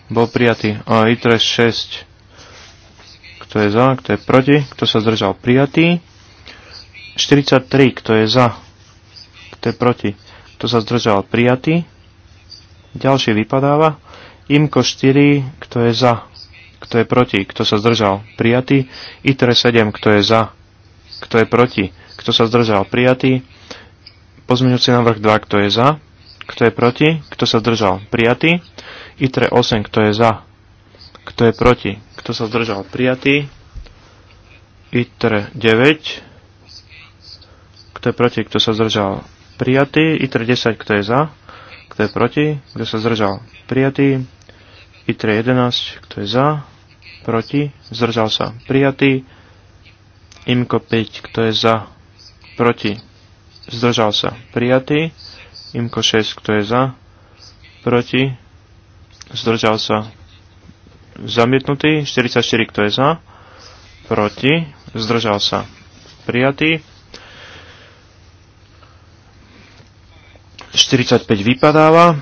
Bol prijatý. A ITRE 6. Kto je za, kto je proti, kto sa zdržal prijatý. 43, kto je za, kto je proti, kto sa zdržal, prijatý. Ďalšie vypadáva. Imko 4, kto je za, kto je proti, kto sa zdržal, prijatý. ITRE 7, kto je za, kto je proti, kto sa zdržal, prijatý. Pozmeňujúci návrh 2, kto je za, kto je proti, kto sa zdržal, prijatý. ITRE 8, kto je za, kto je proti, kto sa zdržal, prijatý. ITRE 9, kto je proti, kto sa zdržal. Prijatý, ITR 10, kto je za, kto je proti, kto sa zdržal. Prijatý, ITR 11, kto je za, proti, zdržal sa. Prijatý, IMKO 5, kto je za, proti, zdržal sa. Prijatý, IMKO 6, kto je za, proti, zdržal sa. Zamietnutý, 44, kto je za, proti, zdržal sa. Prijatý, 45 vypadáva.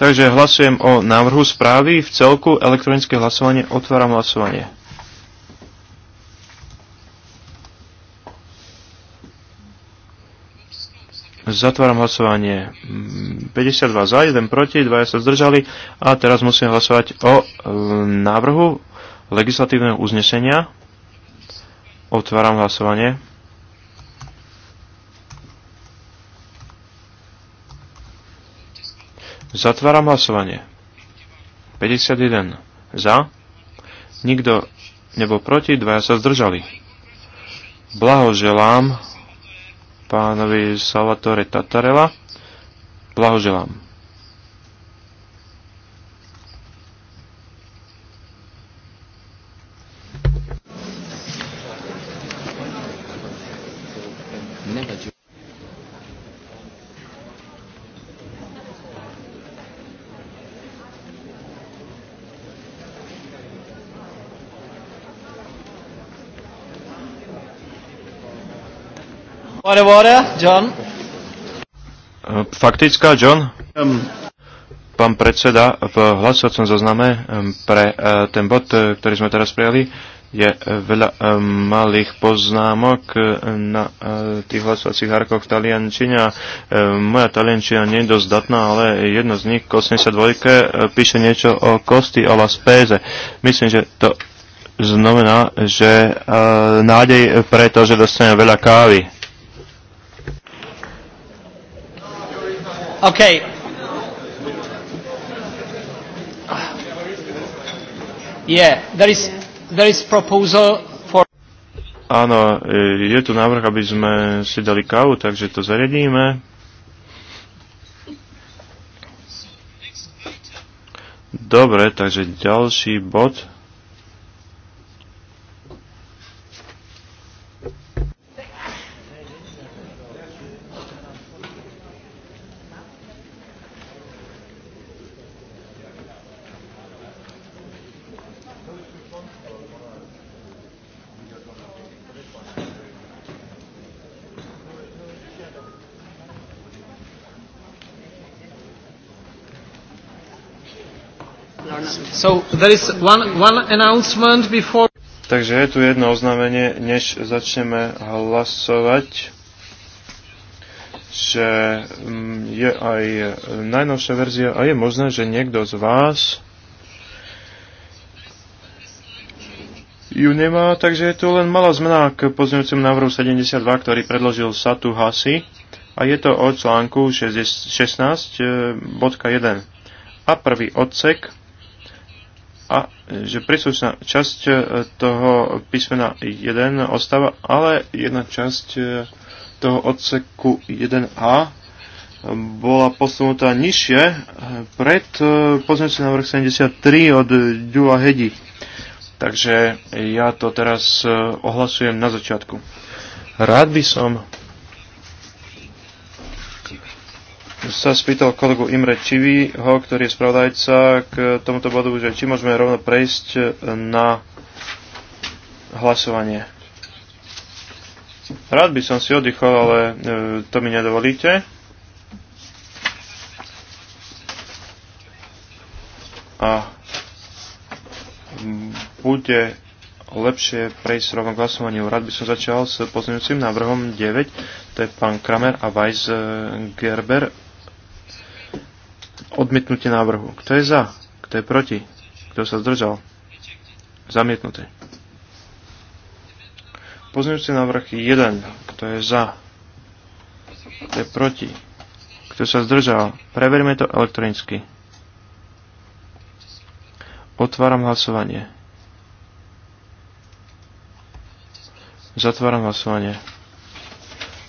Takže hlasujem o návrhu správy v celku elektronické hlasovanie. Otváram hlasovanie. Zatváram hlasovanie. 52 za, 1 proti, 2 sa zdržali. A teraz musíme hlasovať o e, návrhu legislatívneho uznesenia. Otváram hlasovanie. Zatváram hlasovanie. 51 za. Nikto nebol proti, dvaja sa zdržali. Blahoželám pánovi Salvatore Tatarela. Blahoželám. water, John. Faktická, John. Pán predseda, v hlasovacom zozname pre e, ten bod, e, ktorý sme teraz prijali, je e, veľa malých poznámok na tých hlasovacích harkoch v Taliančine. Moja Taliančina nie je dosť zdatná, ale jedno z nich, 82, píše niečo o kosti a la spéze. Myslím, že to znamená, že nádej pre to, že dostane veľa kávy. Okay. Yeah, there is, there is proposal for... Áno, e, je tu návrh, aby sme si dali kávu, takže to zariadíme. Dobre, takže ďalší bod. there is one, one announcement before... Takže je tu jedno oznámenie, než začneme hlasovať že mm, je aj najnovšia verzia a je možné, že niekto z vás ju nemá, takže je to len malá zmena k pozňujúcemu návrhu 72, ktorý predložil Satu Hasi a je to o článku 16.1 eh, a prvý odsek a že príslušná časť e, toho písmena 1 ostáva, ale jedna časť e, toho odseku 1a e, bola posunutá nižšie pred pozmeňujúci návrh 73 od Ďula Hedi. Takže ja to teraz ohlasujem na začiatku. Rád by som sa spýtal kolegu Imre Čivího, ktorý je spravodajca k tomuto bodu, že či môžeme rovno prejsť na hlasovanie. Rád by som si oddychol, ale e, to mi nedovolíte. A bude lepšie prejsť rovno k hlasovaniu. Rád by som začal s pozmeňujúcim návrhom 9, to je pán Kramer a Weiss e, Gerber Odmietnutie návrhu. Kto je za? Kto je proti? Kto sa zdržal? Zamietnuté. Pozmeňujúci návrh 1. Kto je za? Kto je proti? Kto sa zdržal? Preverme to elektronicky. Otváram hlasovanie. Zatváram hlasovanie.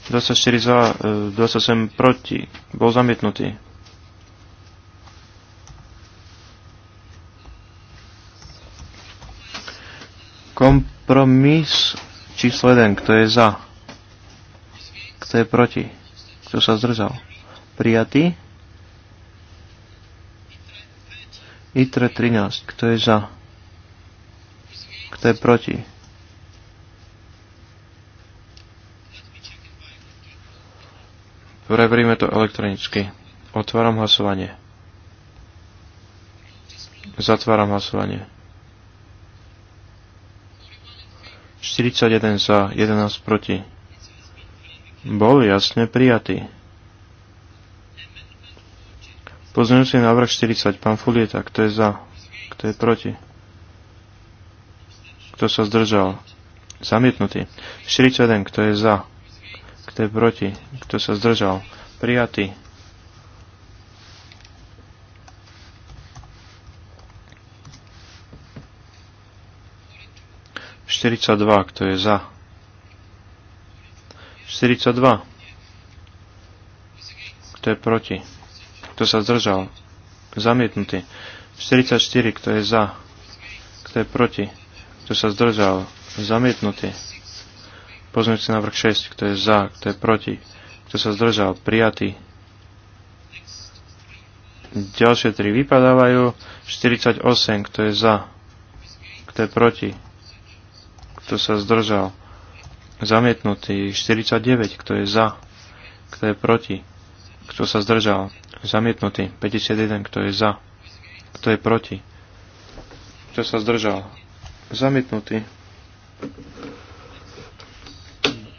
24 za, 27 e, proti. Bol zamietnutý. Kompromis číslo 1. Kto je za? Kto je proti? Kto sa zdržal? Prijatý? ITRE 13. Kto je za? Kto je proti? Preveríme to elektronicky. Otváram hlasovanie. Zatváram hlasovanie. 41 za, 11 proti. Bol jasne prijatý. Pozmeňujúci návrh 40. Pán Fulieta, kto je za? Kto je proti? Kto sa zdržal? Zamietnutý. 41. Kto je za? Kto je proti? Kto sa zdržal? Prijatý. 42, kto je za? 42. Kto je proti? Kto sa zdržal? Zamietnutý. 44, kto je za? Kto je proti? Kto sa zdržal? Zamietnutý. Pozmeňujúci návrh 6, kto je za? Kto je proti? Kto sa zdržal? Prijatý. Ďalšie 3 vypadávajú. 48, kto je za? Kto je proti? kto sa zdržal. Zamietnutý 49, kto je za, kto je proti, kto sa zdržal. Zamietnutý 51, kto je za, kto je proti, kto sa zdržal. Zamietnutý.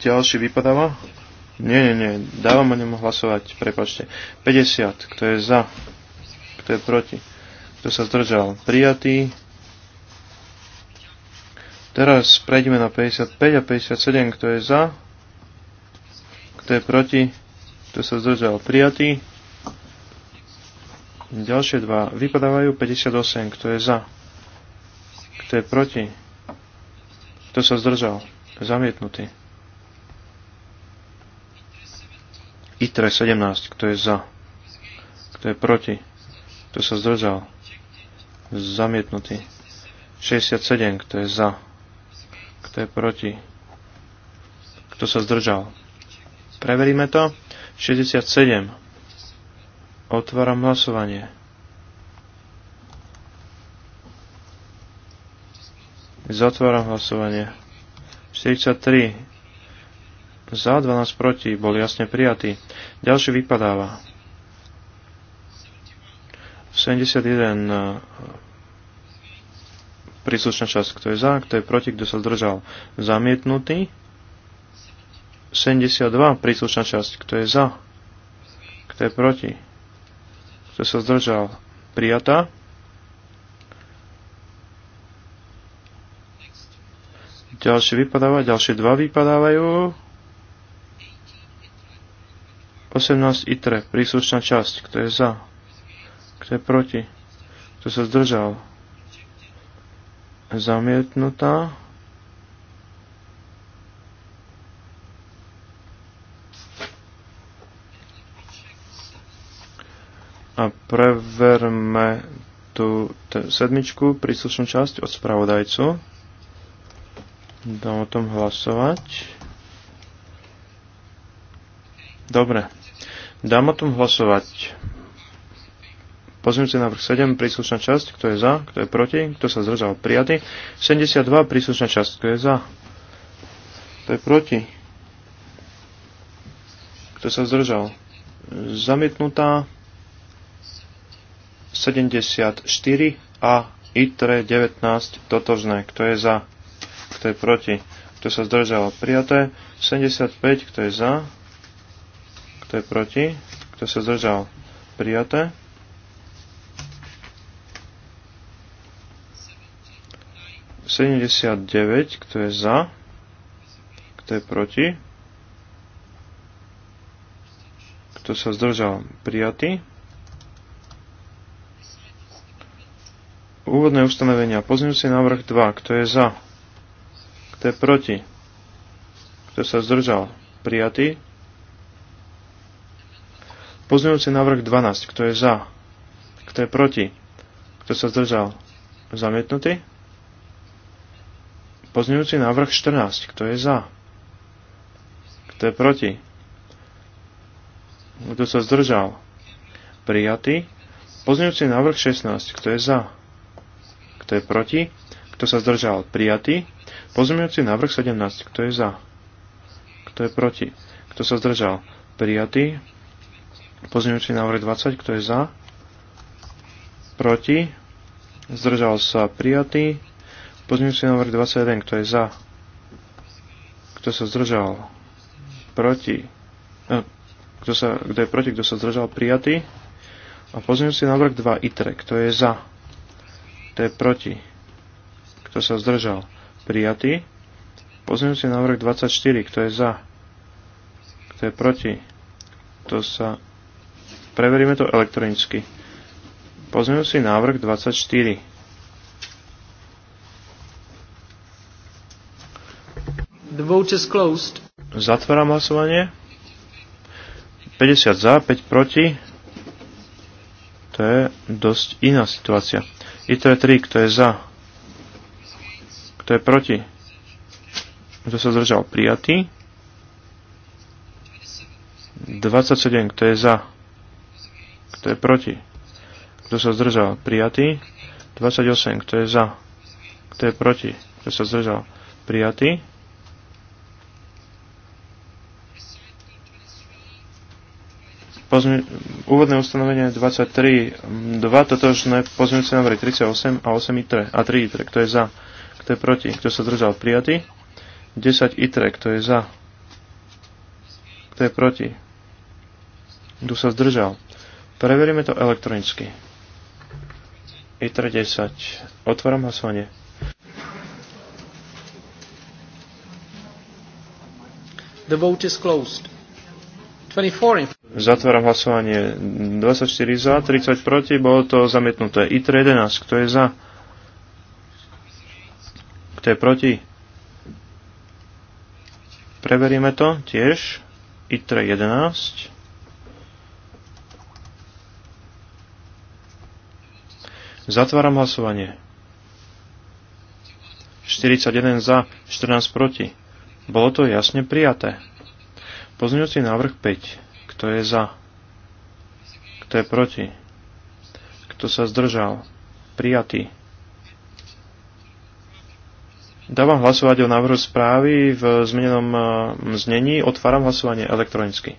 Ďalší vypadáva? Nie, nie, nie. Dávam o ňom hlasovať, prepačte. 50, kto je za, kto je proti, kto sa zdržal. Prijatý. Teraz prejdeme na 55 a 57, kto je za, kto je proti, kto sa zdržal prijatý. Ďalšie dva vypadávajú 58, kto je za, kto je proti, kto sa zdržal, zamietnutý. ITRE 17, kto je za, kto je proti, kto sa zdržal, zamietnutý. 67, kto je za, Kto je proti? Kto sa zdržal? Preveríme to. 67. Otváram hlasovanie. Zatváram hlasovanie. 43. Za 12 proti bol jasne prijatý. Ďalší vypadáva. 71 Príslušná časť, kto je za, kto je proti, kto sa zdržal. Zamietnutý. 72. Príslušná časť, kto je za, kto je proti, kto sa zdržal. Prijatá. Ďalšie vypadáva, ďalšie dva vypadávajú. 18 itre, príslušná časť, kto je za, kto je proti, kto sa zdržal zamietnutá. A preverme tú sedmičku, príslušnú časť od spravodajcu. Dám o tom hlasovať. Dobre. Dám o tom hlasovať. Pozmeňujúci návrh 7, príslušná časť, kto je za, kto je proti, kto sa zdržal, prijatý. 72, príslušná časť, kto je za, kto je proti, kto sa zdržal, zamietnutá. 74 a ITRE 19 totožné, kto je za, kto je proti, kto sa zdržal, prijaté. 75, kto je za, kto je proti, kto sa zdržal, prijaté. 79, kto je za, kto je proti, kto sa zdržal, prijatý. Úvodné ustanovenia. Pozmeňujúci návrh 2. Kto je za? Kto je proti? Kto sa zdržal? Prijatý. Pozmeňujúci návrh 12. Kto je za? Kto je proti? Kto sa zdržal? Zamietnutý. Pozmeňujúci návrh 14. Kto je za? Kto je proti? Kto sa zdržal? Prijatý. Pozmeňujúci návrh 16. Kto je za? Kto je proti? Kto sa zdržal? Prijatý. Pozmeňujúci návrh 17. Kto je za? Kto je proti? Kto sa zdržal? Prijatý. Pozmeňujúci návrh 20. Kto je za? Proti? Zdržal sa prijatý. Pozmeňujúci návrh 21, kto je za? Kto sa zdržal? Proti? E, kto, sa, kto je proti? Kto sa zdržal? Prijatý? A pozmeňujúci návrh 2, ITRE, kto je za? Kto je proti? Kto sa zdržal? Prijatý? Pozmeňujúci návrh 24, kto je za? Kto je proti? Kto sa... Preveríme to elektronicky. Pozmeňujúci návrh 24. vote is closed. Zatváram hlasovanie. 50 za, 5 proti. To je dosť iná situácia. ITR 3, kto je za? Kto je proti? Kto sa zdržal? Prijatý. 27, kto je za? Kto je proti? Kto sa zdržal? Prijatý. 28, kto je za? Kto je proti? Kto sa zdržal? Prijatý. Pozmi- úvodné ustanovenie 23, 2 totožné pozmeňujúce návrhy 38 a 8 itre a 3 itre, kto je za, kto je proti, kto sa zdržal prijatý, 10 itre, kto je za, kto je proti, kto sa zdržal. Preveríme to elektronicky. ITRE 10. Otváram hlasovanie. The vote is closed. 24 in Zatváram hlasovanie 24 za, 30 proti, bolo to zamietnuté. ITR 11, kto je za? Kto je proti? Preveríme to tiež. ITR 11. Zatváram hlasovanie. 41 za, 14 proti. Bolo to jasne prijaté. Pozňujúci návrh 5. Kto je za? Kto je proti? Kto sa zdržal? Prijatý. Dávam hlasovať o návrhu správy v zmenenom e, znení. Otváram hlasovanie elektronicky.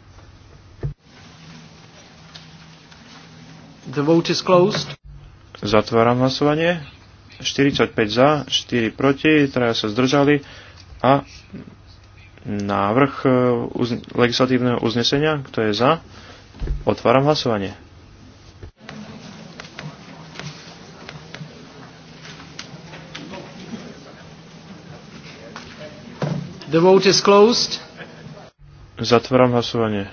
The vote is closed. Zatváram hlasovanie. 45 za, 4 proti, traja sa zdržali a návrh e, uz- legislatívneho uznesenia. Kto je za? Otváram hlasovanie. The vote is closed. Zatváram hlasovanie.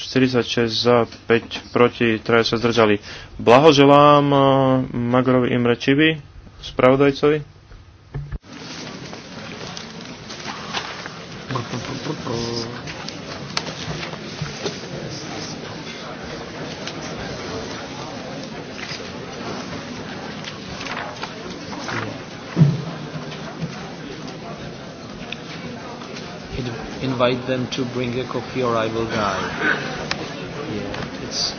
46 za, 5 proti, 3 sa zdržali. Blahoželám e, Magorovi Imrečivi, spravodajcovi. invite them to bring a coffee or I will die. Yeah, it's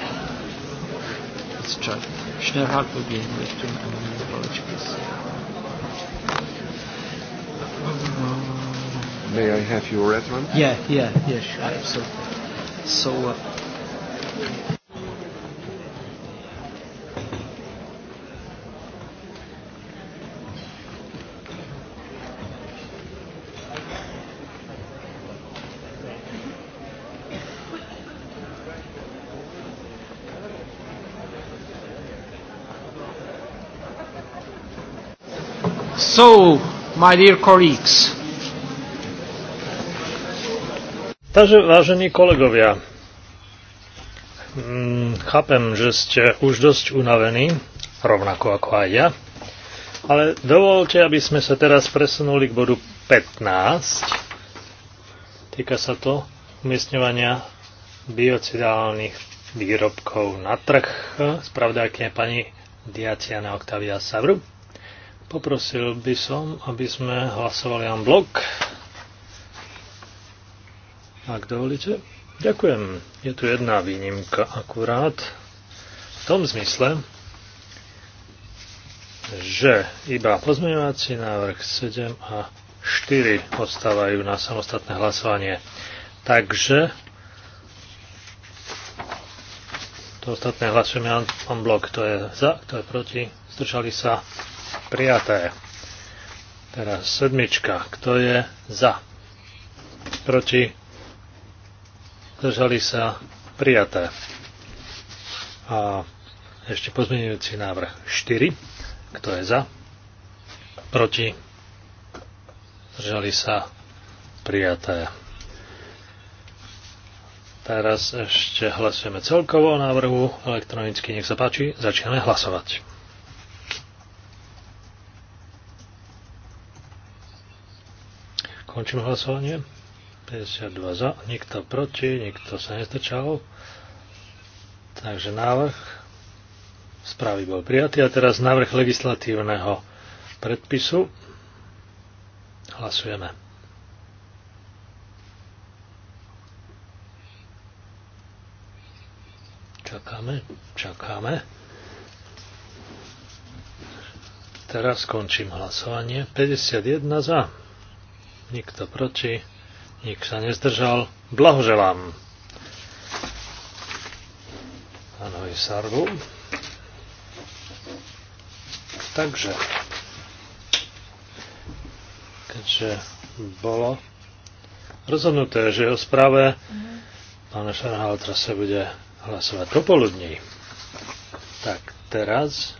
it's tragic. Schnellhardt will be in Richtung and an apology, please. May I have your red one? Yeah, yeah, yeah, sure, absolutely. So. Uh, So, my dear colleagues. Takže, vážení kolegovia, mm, chápem, že ste už dosť unavení, rovnako ako aj ja, ale dovolte, aby sme sa teraz presunuli k bodu 15. Týka sa to umiestňovania biocidálnych výrobkov na trh. Spravdajkne pani Diaciana Octavia Savru. Poprosil by som, aby sme hlasovali en blok. Ak dovolíte. Ďakujem. Je tu jedna výnimka akurát. V tom zmysle, že iba pozmeňovací návrh 7 a 4 odstávajú na samostatné hlasovanie. Takže to ostatné hlasujeme en blok. To je za, to je proti. Zdržali sa prijaté. Teraz sedmička. Kto je za? Proti? Zdržali sa prijaté. A ešte pozmeňujúci návrh 4. Kto je za? Proti? Zdržali sa prijaté. Teraz ešte hlasujeme celkovo o návrhu elektronicky. Nech sa páči, začíname hlasovať. Končím hlasovanie. 52 za, nikto proti, nikto sa nestrčal. Takže návrh správy bol prijatý a teraz návrh legislatívneho predpisu. Hlasujeme. Čakáme, čakáme. Teraz skončím hlasovanie. 51 za nikto proti, nik sa nezdržal. Blahoželám pánovi Sarvu. Takže, keďže bolo rozhodnuté, že o správe pána Šarhaltra sa bude hlasovať popoludní, tak teraz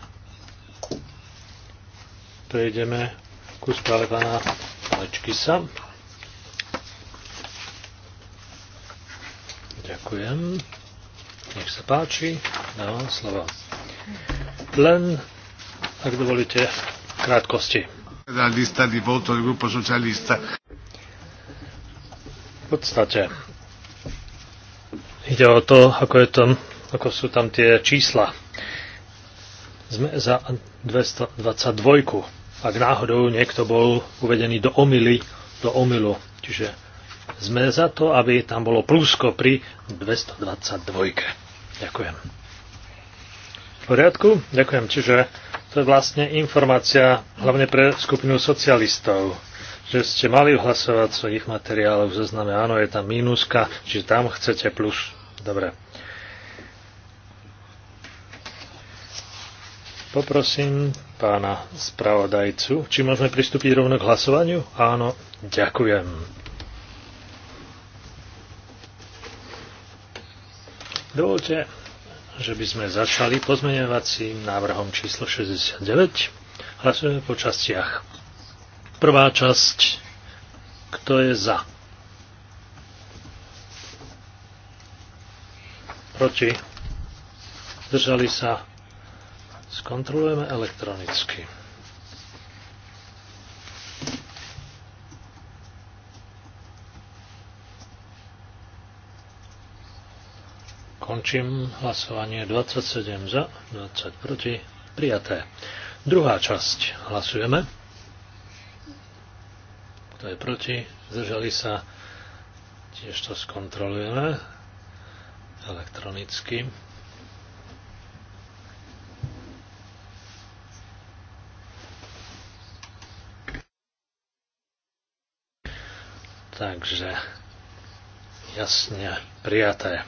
prejdeme ku správe pána páčky sa. Ďakujem. Nech sa páči, dávam slova. Len, ak dovolíte, krátkosti. V podstate ide o to, ako, je tam, ako sú tam tie čísla. Sme za 222 ak náhodou niekto bol uvedený do omily, do omylu. Čiže sme za to, aby tam bolo plusko pri 222. Ďakujem. V poriadku? Ďakujem. Čiže to je vlastne informácia hlavne pre skupinu socialistov, že ste mali hlasovať svojich materiálov v zozname. Áno, je tam mínuska, čiže tam chcete plus. Dobre. Poprosím pána spravodajcu. Či môžeme pristúpiť rovno k hlasovaniu? Áno, ďakujem. Dovolte, že by sme začali pozmeňovacím návrhom číslo 69. Hlasujeme po častiach. Prvá časť. Kto je za? Proti? Zdržali sa Skontrolujeme elektronicky. Končím hlasovanie 27 za, 20 proti, prijaté. Druhá časť. Hlasujeme. Kto je proti? Zdržali sa. Tiež to skontrolujeme elektronicky. Takže jasne prijaté.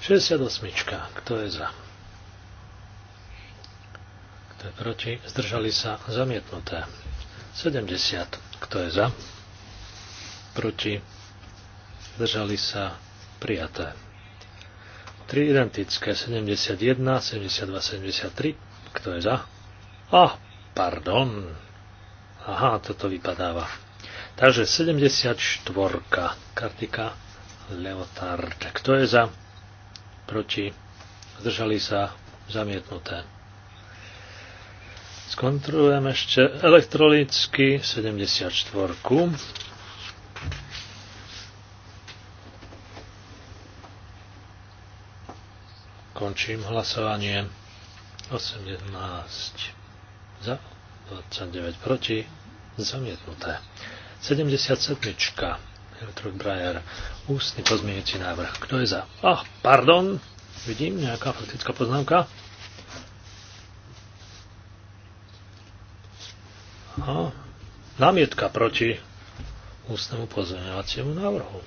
68. Kto je za? Kto je proti? Zdržali sa zamietnuté. 70. Kto je za? Proti? Zdržali sa prijaté. 3 identické. 71, 72, 73. Kto je za? A, ah, pardon. Aha, toto vypadáva. Takže 74. Kartika Leotard. Kto je za? Proti? Zdržali sa? Zamietnuté. Skontrolujem ešte elektronicky 74. Končím hlasovanie. 18 za, 29 proti, zamietnuté. 77. Gertrud Brajer. Ústny pozmeňujúci návrh. Kto je za? Ach, pardon. Vidím, nejaká faktická poznámka. A námietka proti ústnemu pozmeňovaciemu návrhu.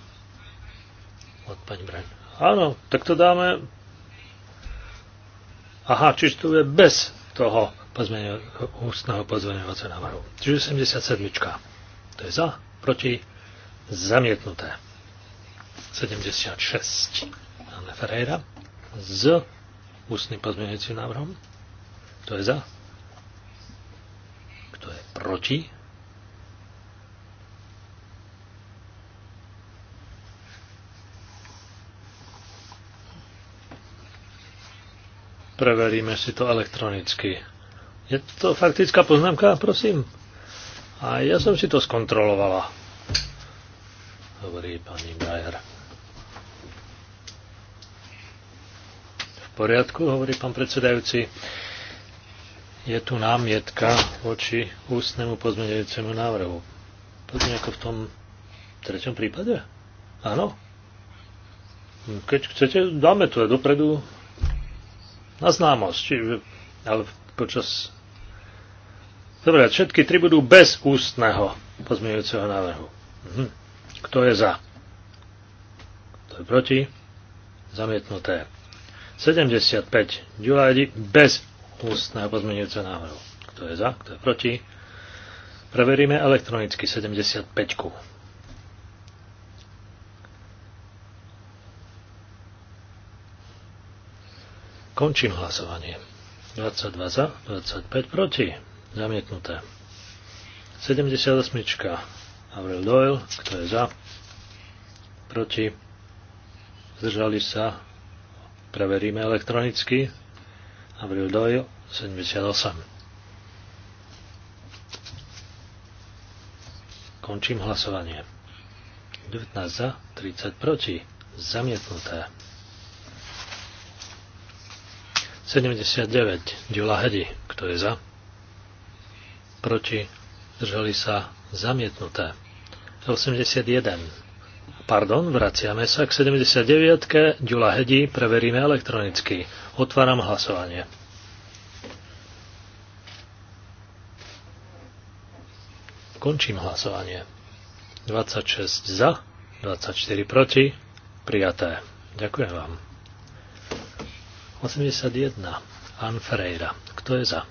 Od pani Braň. Áno, tak to dáme... Aha, čiže tu je bez toho pozmeňo... ústneho pozmeňovacieho návrhu. Čiže 77. To je za, proti, zamietnuté. 76. Anne Ferreira s ústnym pozmeňujúcim návrhom. Kto je za? Kto je proti? Preveríme si to elektronicky. Je to faktická poznámka, prosím? A ja som si to skontrolovala, hovorí pani Brajer. V poriadku, hovorí pán predsedajúci. Je tu námietka voči ústnemu pozmeňujúcemu návrhu. Podobne ako v tom treťom prípade? Áno. Keď chcete, dáme to dopredu na známosť. Či, ale počas Dobre, všetky tri budú bez ústneho pozmeňujúceho návrhu. Mhm. Kto je za? Kto je proti? Zamietnuté. 75. Ďulajdi bez ústneho pozmeňujúceho návrhu. Kto je za? Kto je proti? Preveríme elektronicky 75. -ku. Končím hlasovanie. 22 za, 25 proti. Zamietnuté. 78. Avril Doyle, kto je za? Proti? Zdržali sa? Preveríme elektronicky. Avril Doyle, 78. Končím hlasovanie. 19 za, 30 proti. Zamietnuté. 79. Dula Hedi. Kto je za? proti, zdržali sa zamietnuté. 81. Pardon, vraciame sa k 79. Ďula Hedi, preveríme elektronicky. Otváram hlasovanie. Končím hlasovanie. 26 za, 24 proti, prijaté. Ďakujem vám. 81. Ann Ferreira. Kto je za?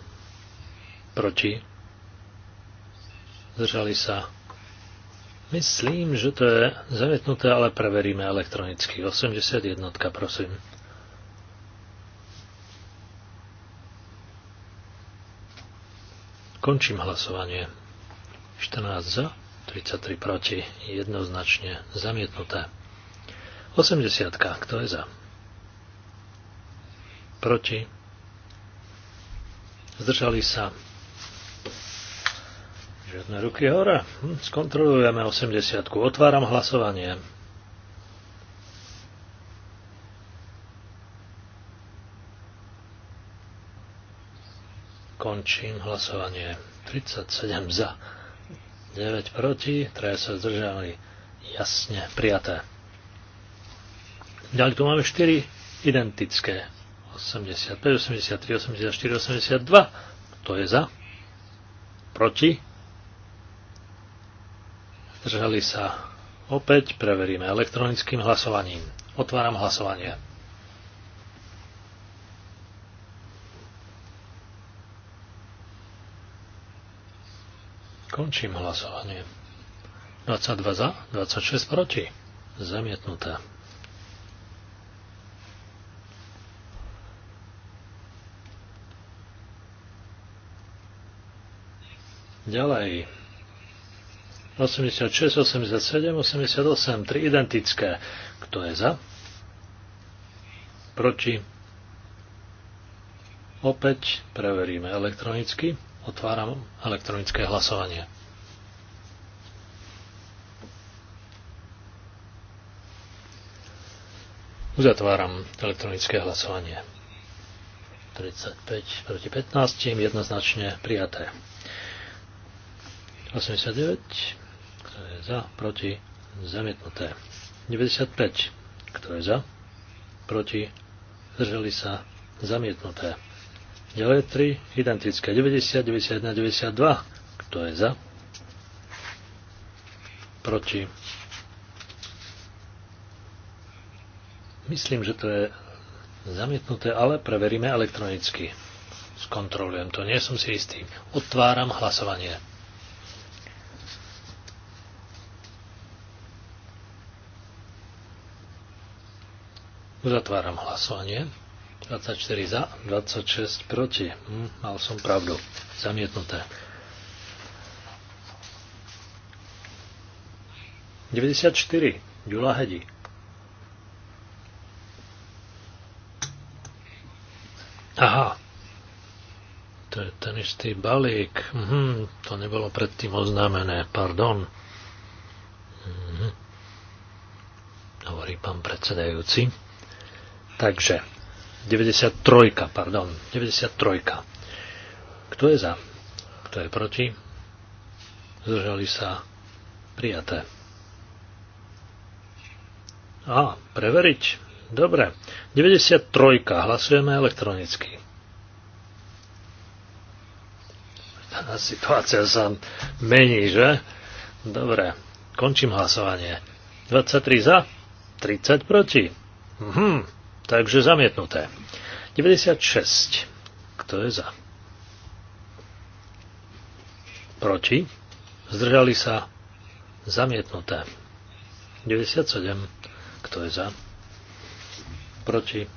Proti? Zdržali sa. Myslím, že to je zamietnuté, ale preveríme elektronicky. 81, prosím. Končím hlasovanie. 14 za, 33 proti, jednoznačne zamietnuté. 80. Kto je za? Proti. Zdržali sa Žiadne ruky hore. Hm, skontrolujeme 80. Otváram hlasovanie. Končím hlasovanie. 37 za, 9 proti, 3 sa zdržali. Jasne, prijaté. Ďalej tu máme 4 identické. 85, 83, 84, 82. Kto je za? Proti? Zdržali sa. Opäť preveríme elektronickým hlasovaním. Otváram hlasovanie. Končím hlasovanie. 22 za, 26 proti. Zamietnuté. Ďalej. 86, 87, 88, 3 identické. Kto je za? Proti? Opäť preveríme elektronicky. Otváram elektronické hlasovanie. Uzatváram elektronické hlasovanie. 35 proti 15, jednoznačne prijaté. 89 je za, proti, zamietnuté. 95. Kto je za? Proti? Zdržali sa? Zamietnuté. Ďalej 3 identické. 90, 91, 92. Kto je za? Proti? Myslím, že to je zamietnuté, ale preveríme elektronicky. Skontrolujem to, nie som si istý. Otváram hlasovanie. Uzatváram hlasovanie. 24 za, 26 proti. Hm, mal som pravdu. Zamietnuté. 94. Ďula Hedi. Aha. To je ten istý balík. Mhm, to nebolo predtým oznámené. Pardon. Mhm. Hovorí pán predsedajúci. Takže 93, pardon, 93. Kto je za? Kto je proti? Zdržali sa prijaté. A, preveriť. Dobre. 93. Hlasujeme elektronicky. Tá situácia sa mení, že? Dobre. Končím hlasovanie. 23 za, 30 proti. Mhm. Takže zamietnuté. 96. Kto je za? Proti? Zdržali sa? Zamietnuté. 97. Kto je za? Proti?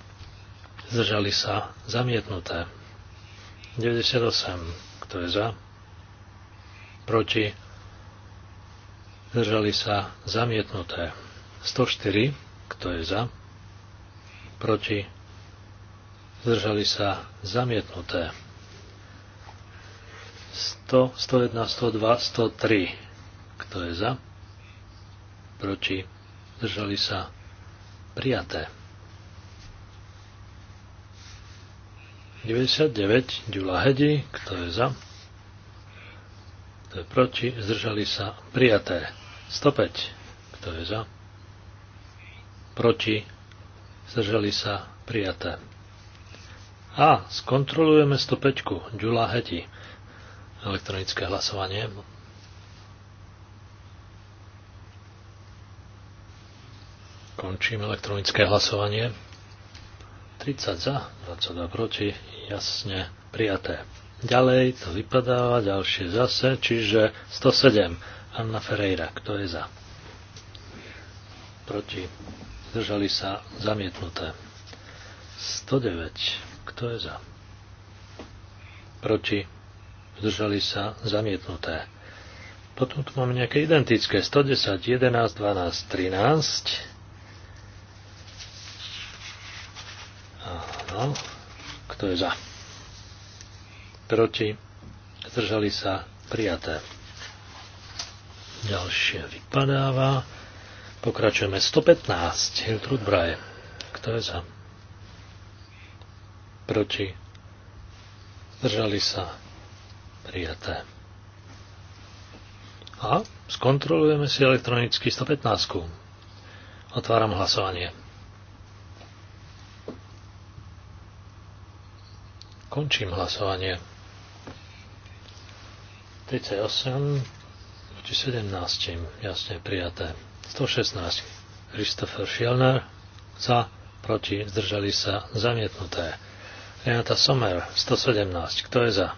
Zdržali sa? Zamietnuté. 98. Kto je za? Proti? Zdržali sa? Zamietnuté. 104. Kto je za? proti, zdržali sa zamietnuté. 100, 101, 102, 103. Kto je za? Proti, zdržali sa prijaté. 99, Ďula Hedi, kto je za? Kto je proti? Zdržali sa prijaté. 105, kto je za? Proti? zdržali sa prijaté. A skontrolujeme 105. Ďula Heti. Elektronické hlasovanie. Končím elektronické hlasovanie. 30 za, 22 proti, jasne prijaté. Ďalej to vypadáva, ďalšie zase, čiže 107. Anna Ferreira, kto je za? Proti zdržali sa zamietnuté. 109. Kto je za? Proti. Zdržali sa zamietnuté. Potom tu máme nejaké identické. 110, 11, 12, 13. Áno. Kto je za? Proti. Zdržali sa prijaté. Ďalšie vypadáva. Pokračujeme 115. Hiltrud Braje. Kto je za? Proti. Zdržali sa. Prijaté. A skontrolujeme si elektronicky 115. Otváram hlasovanie. Končím hlasovanie. 38 proti 17. Jasne prijaté. 116. Christopher Fielner za, proti, zdržali sa, zamietnuté. Renata Sommer, 117. Kto je za?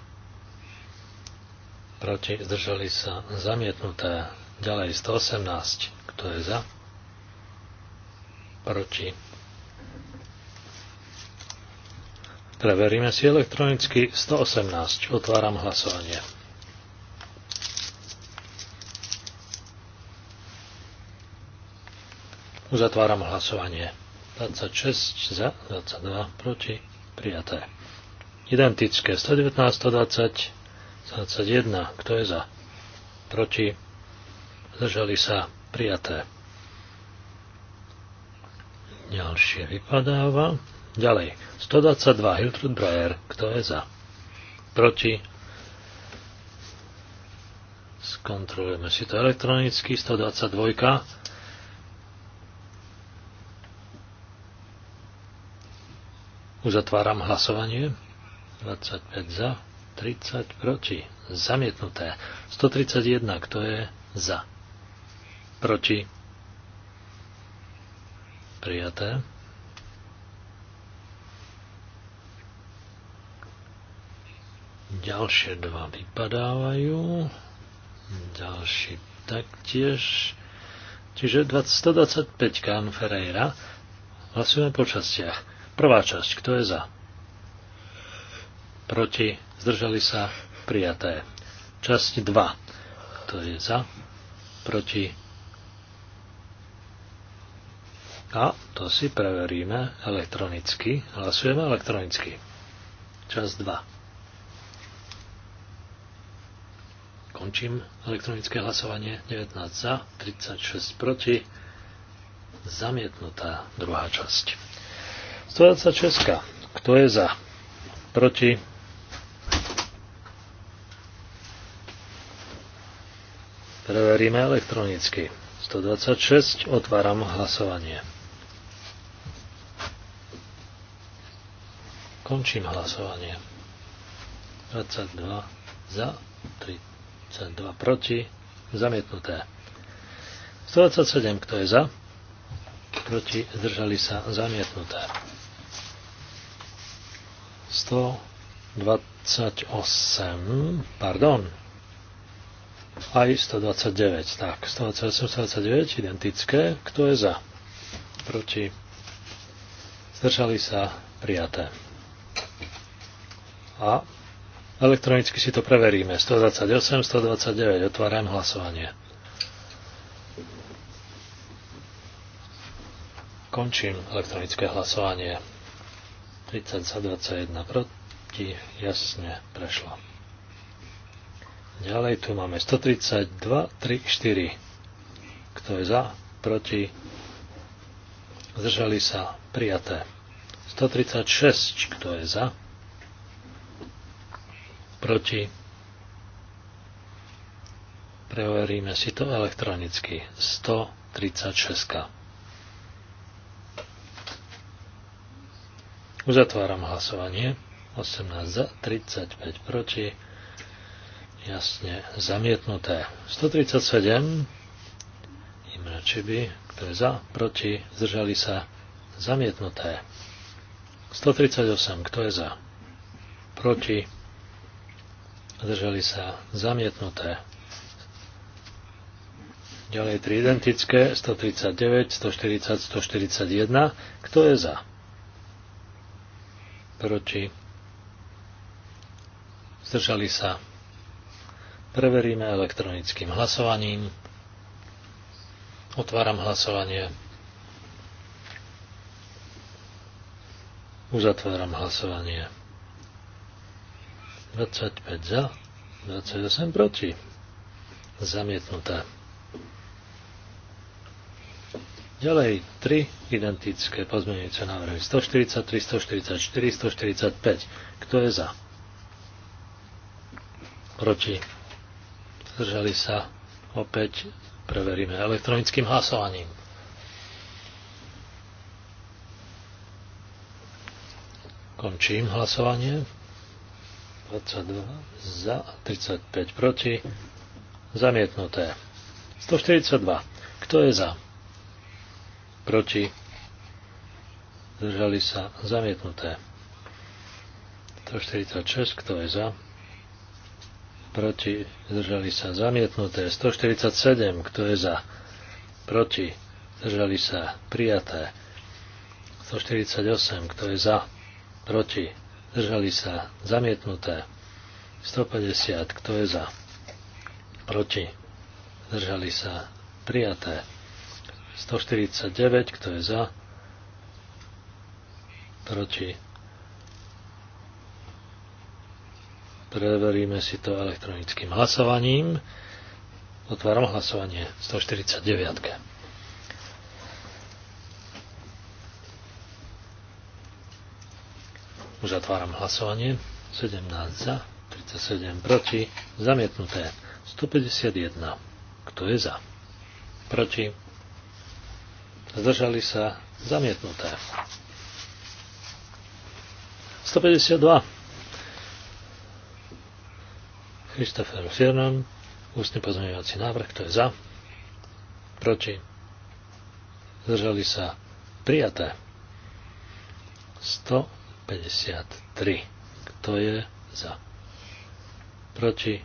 Proti, zdržali sa, zamietnuté. Ďalej 118. Kto je za? Proti. Preveríme si elektronicky 118. Otváram hlasovanie. Uzatváram hlasovanie. 26 za, 22 proti, prijaté. Identické 119, 120, 21. Kto je za? Proti. Zdržali sa prijaté. Ďalšie vypadáva. Ďalej. 122 Hiltrud Breyer. Kto je za? Proti. Skontrolujeme si to elektronicky. 122. Uzatváram hlasovanie. 25 za, 30 proti. Zamietnuté. 131, kto je za? Proti. Prijaté. Ďalšie dva vypadávajú. Ďalší taktiež. Čiže 125 Ferreira. Hlasujeme po častiach Prvá časť, kto je za? Proti, zdržali sa, prijaté. Časť 2, kto je za? Proti. A to si preveríme elektronicky. Hlasujeme elektronicky. Časť 2. Končím elektronické hlasovanie. 19 za, 36 proti. Zamietnutá druhá časť. 126. Kto je za? Proti? Preveríme elektronicky. 126. Otváram hlasovanie. Končím hlasovanie. 22 za, 32 proti, zamietnuté. 127, kto je za? Proti, zdržali sa, zamietnuté. 128, pardon, aj 129, tak, 128, 129, identické, kto je za? Proti? Zdržali sa prijaté. A elektronicky si to preveríme. 128, 129, otváram hlasovanie. Končím elektronické hlasovanie. 30 za 21 proti, jasne prešlo. Ďalej tu máme 132, 3, 4. Kto je za, proti, zdržali sa, prijaté. 136, kto je za, proti, preveríme si to elektronicky. 136. Uzatváram hlasovanie. 18 za, 35 proti. Jasne zamietnuté. 137. Imre Čiby, kto je za, proti, zdržali sa. Zamietnuté. 138. Kto je za? Proti. Zdržali sa. Zamietnuté. Ďalej tri identické, 139, 140, 141. Kto je za? proti, zdržali sa. Preveríme elektronickým hlasovaním. Otváram hlasovanie. Uzatváram hlasovanie. 25 za, 28 proti. Zamietnuté. Ďalej 3 identické pozmeňujúce návrhy 143, 144, 145. Kto je za? Proti? Zdržali sa? Opäť preveríme elektronickým hlasovaním. Končím hlasovanie. 22 za, 35 proti. Zamietnuté. 142. Kto je za? proti, zdržali sa zamietnuté. 146, kto je za, proti, zdržali sa zamietnuté. 147, kto je za, proti, zdržali sa prijaté. 148, kto je za, proti, zdržali sa zamietnuté. 150, kto je za, proti, zdržali sa prijaté. 149, kto je za? Proti? Preveríme si to elektronickým hlasovaním. Otváram hlasovanie 149. Uzatváram hlasovanie. 17 za, 37 proti, zamietnuté. 151. Kto je za? Proti? Zdržali sa zamietnuté. 152. Christopher Fiernan, ústny pozmeňovací návrh, kto je za, proti, zdržali sa prijaté. 153. Kto je za? Proti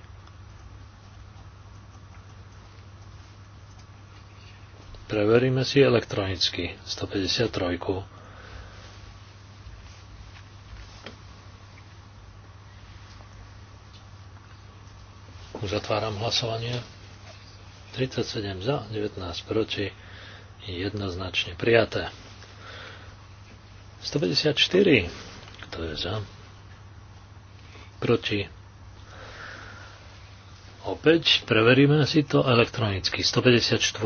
Preveríme si elektronicky 153. Uzatváram hlasovanie. 37 za, 19 proti, jednoznačne prijaté. 154. Kto je za? Proti. Opäť preveríme si to elektronicky. 154.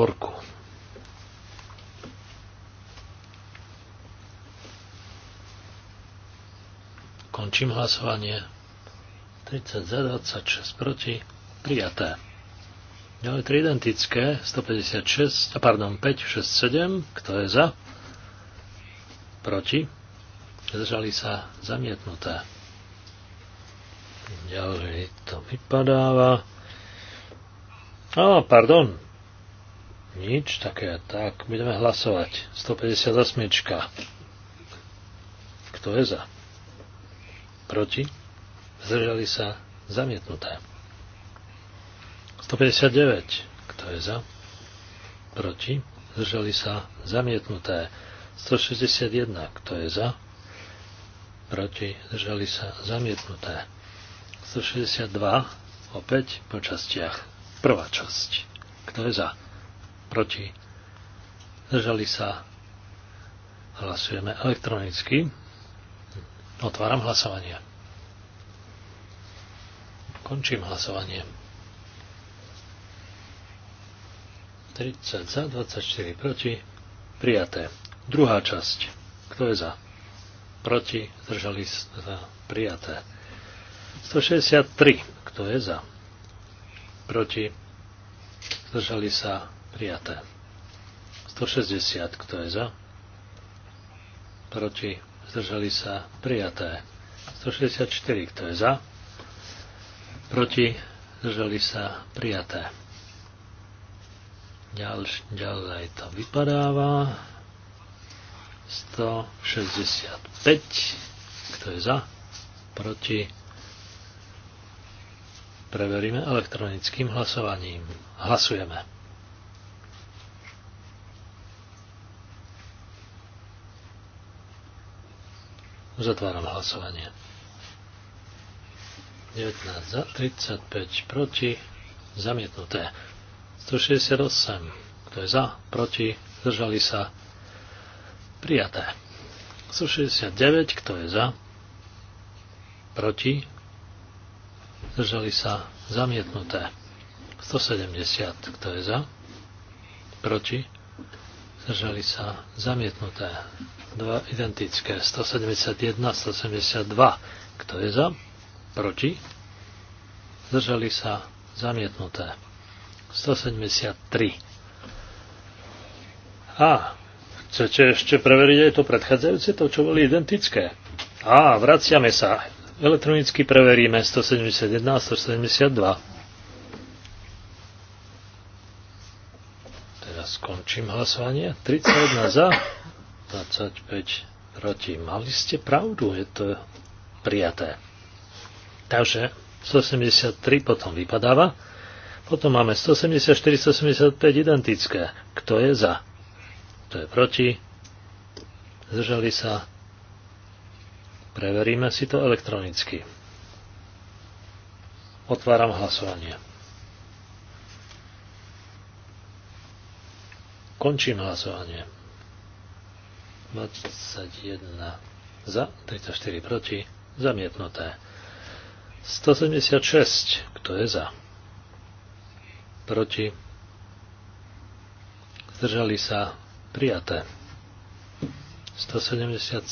Končím hlasovanie. 30 za, 26 proti. Prijaté. Ďalej 3 identické. 156, pardon, 5, 6, 7. Kto je za? Proti. Zdržali sa zamietnuté. Ďalej to vypadáva. A, pardon. Nič také. Tak, budeme hlasovať. 158. Kto je za? proti, zdržali sa zamietnuté. 159, kto je za, proti, zdržali sa zamietnuté. 161, kto je za, proti, zdržali sa zamietnuté. 162, opäť po častiach. Prvá časť, kto je za, proti, zdržali sa, hlasujeme elektronicky. Otváram hlasovanie. Končím hlasovanie. 30 za, 24 proti. Prijaté. Druhá časť. Kto je za? Proti. Zdržali sa. Prijaté. 163. Kto je za? Proti. Zdržali sa. Prijaté. 160. Kto je za? Proti zdržali sa prijaté. 164, kto je za, proti, zdržali sa prijaté. Ďalš, ďalej to vypadáva. 165, kto je za, proti, preveríme elektronickým hlasovaním. Hlasujeme. Uzatváram hlasovanie. 19 za, 35 proti, zamietnuté. 168, kto je za, proti, zdržali sa, prijaté. 169, kto je za, proti, zdržali sa, zamietnuté. 170, kto je za, proti, zdržali sa zamietnuté. Dva identické, 171, 172. Kto je za? Proti? Zdržali sa zamietnuté. 173. A, chcete ešte preveriť aj to predchádzajúce, to čo boli identické? A, vraciame sa. Elektronicky preveríme 171 a 172. Končím hlasovanie. 31 za, 25 proti. Mali ste pravdu, je to prijaté. Takže 173 potom vypadáva. Potom máme 174, 175 identické. Kto je za? Kto je proti? Zdržali sa? Preveríme si to elektronicky. Otváram hlasovanie. Končím hlasovanie. 21 za, 34 proti, zamietnuté. 176, kto je za? Proti. Zdržali sa prijaté. 177,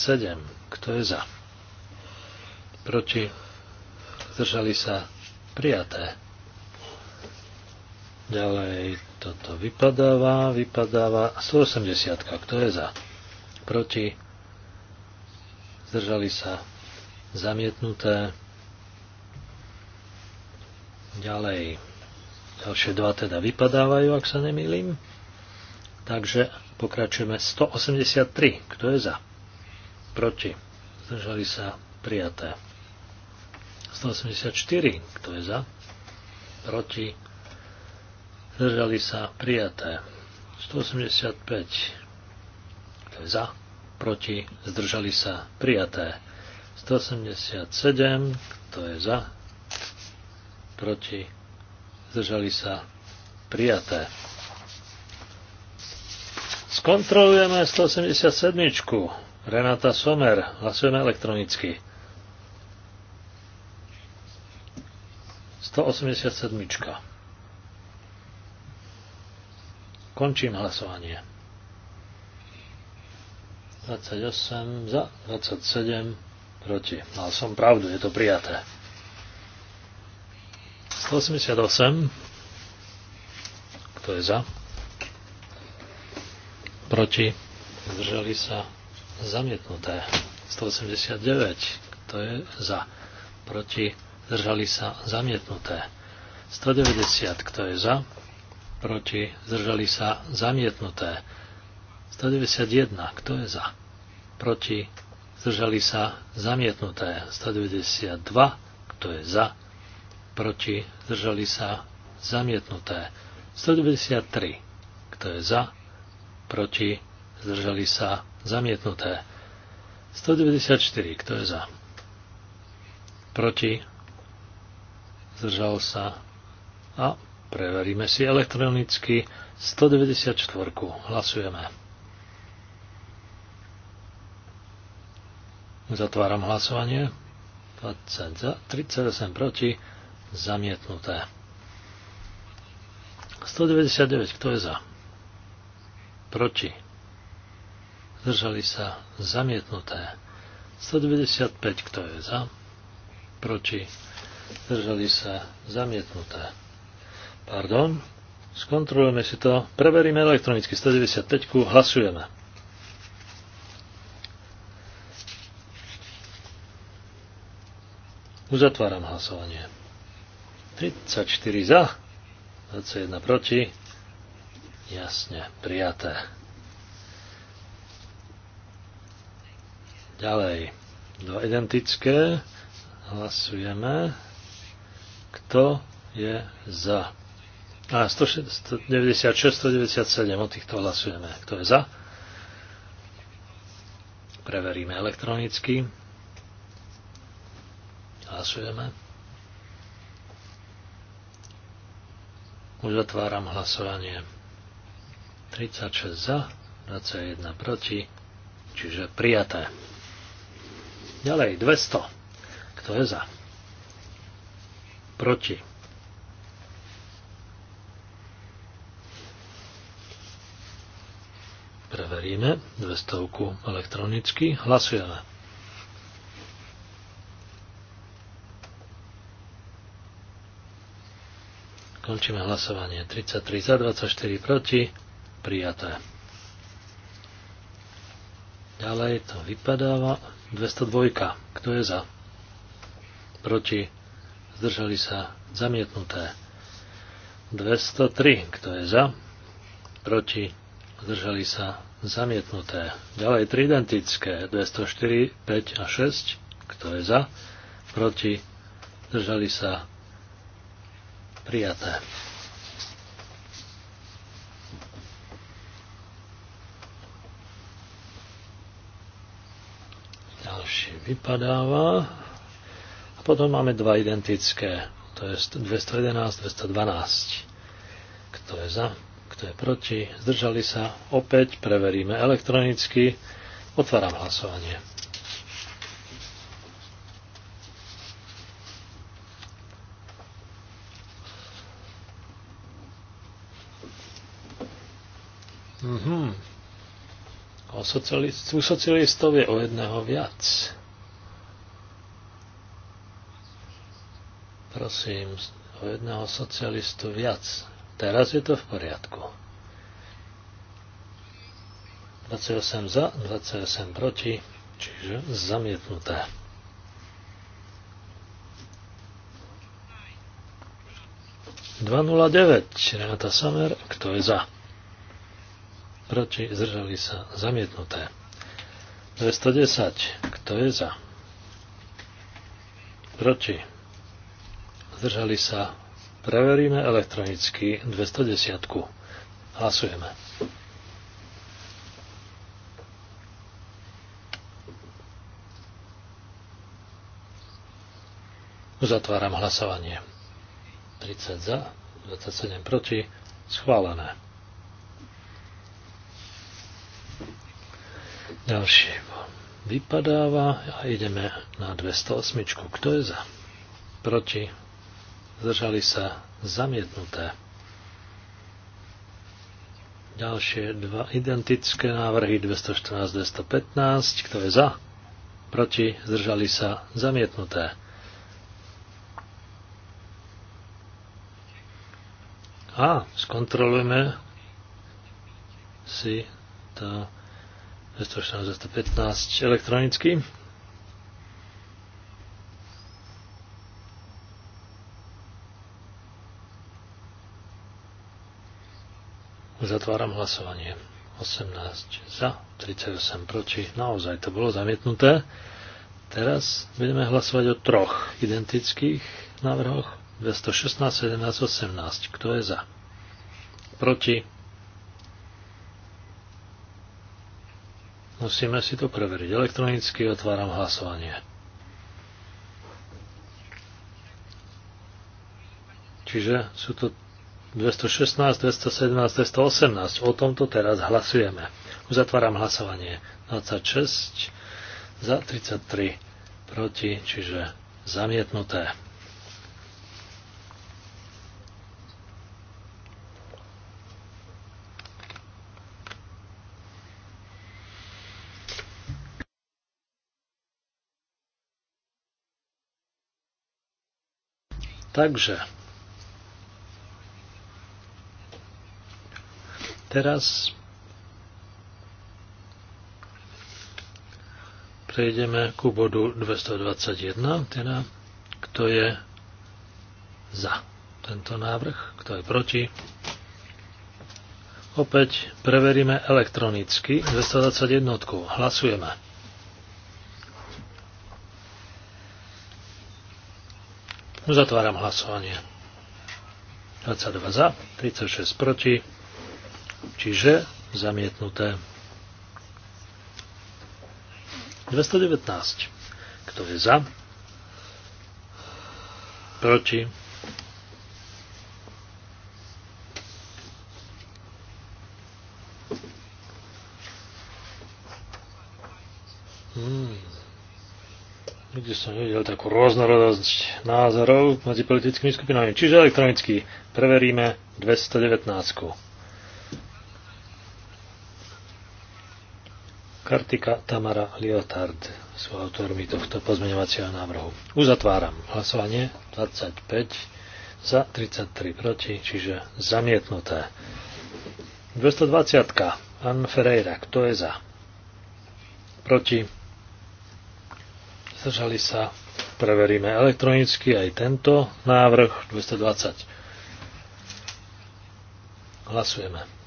kto je za? Proti. Zdržali sa prijaté. Ďalej toto vypadáva, vypadáva 180. Kto je za? Proti? Zdržali sa zamietnuté. Ďalej. Ďalšie dva teda vypadávajú, ak sa nemýlim. Takže pokračujeme 183. Kto je za? Proti. Zdržali sa prijaté. 184. Kto je za? Proti zdržali sa prijaté. 185 to je za, proti, zdržali sa prijaté. 187 to je za, proti, zdržali sa prijaté. Skontrolujeme 187. Renata Somer. Hlasujeme elektronicky. 187. Končím hlasovanie. 28 za, 27 proti. Mal som pravdu, je to prijaté. 188. Kto je za? Proti. Zdržali sa zamietnuté. 189. Kto je za? Proti. Zdržali sa zamietnuté. 190. Kto je za? proti, zdržali sa zamietnuté. 191, kto je za, proti, zdržali sa zamietnuté. 192, kto je za, proti, zdržali sa zamietnuté. 193, kto je za, proti, zdržali sa zamietnuté. 194, kto je za, proti, zdržal sa a Preveríme si elektronicky 194. Hlasujeme. Zatváram hlasovanie. 20 za, 38 proti, zamietnuté. 199, kto je za? Proti. Zdržali sa zamietnuté. 195, kto je za? Proti. Zdržali sa zamietnuté. Pardon. Skontrolujeme si to. Preveríme elektronicky. 195. Hlasujeme. Uzatváram hlasovanie. 34 za, 21 proti. Jasne, prijaté. Ďalej. Dva identické. Hlasujeme. Kto je za? A 196, 197, o týchto hlasujeme. Kto je za? Preveríme elektronicky. Hlasujeme. Uzatváram hlasovanie. 36 za, 21 proti, čiže prijaté. Ďalej, 200. Kto je za? Proti. Overíme 200 elektronicky. Hlasujeme. Končíme hlasovanie. 33 za, 24 proti. Prijaté. Ďalej to vypadáva. 202. Kto je za? Proti. Zdržali sa. Zamietnuté. 203. Kto je za? Proti. Zdržali sa. Zamietnuté. Ďalej 3 identické. 204, 5 a 6. Kto je za? Proti? Držali sa? Prijaté. Ďalší vypadáva. A potom máme dva identické. To je 211, 212. Kto je za? kto je proti, zdržali sa, opäť preveríme elektronicky. Otváram hlasovanie. Mhm. O socialist- u socialistov je o jedného viac. Prosím, o jedného socialistu viac Teraz je to v poriadku. 28 za, 28 proti, čiže zamietnuté. Dva nula deväť, Renata Samer, kto je za? Proti, zdržali sa, zamietnuté. 210, kto je za? Proti, zdržali sa, Preveríme elektronicky 210. Hlasujeme. Uzatváram hlasovanie. 30 za, 27 proti. Schválené. Ďalšie vypadáva a ideme na 208. Kto je za? Proti zdržali sa zamietnuté. Ďalšie dva identické návrhy 214-215, kto je za, proti, zdržali sa zamietnuté. A skontrolujeme si to 214-215 elektronicky. Uzatváram hlasovanie. 18 za, 38 proti. Naozaj to bolo zamietnuté. Teraz budeme hlasovať o troch identických návrhoch. 216, 17, 18. Kto je za? Proti? Musíme si to preveriť. Elektronicky otváram hlasovanie. Čiže sú to 216, 217, 218. O tomto teraz hlasujeme. Uzatváram hlasovanie. 26 za 33 proti, čiže zamietnuté. Takže Teraz prejdeme ku bodu 221, teda kto je za tento návrh, kto je proti. Opäť preveríme elektronicky 221. Hlasujeme. Uzatváram hlasovanie. 22 za, 36 proti. Čiže zamietnuté. 219. Kto je za? Proti? Hmm. Nikdy som nevidel takú rôznorodosť názorov medzi politickými skupinami. Čiže elektronicky preveríme 219. Kartika Tamara Liotard sú autormi tohto pozmeňovacieho návrhu. Uzatváram hlasovanie 25 za 33 proti, čiže zamietnuté. 220. Ann Ferreira, kto je za? Proti. Zdržali sa. Preveríme elektronicky aj tento návrh 220. Hlasujeme.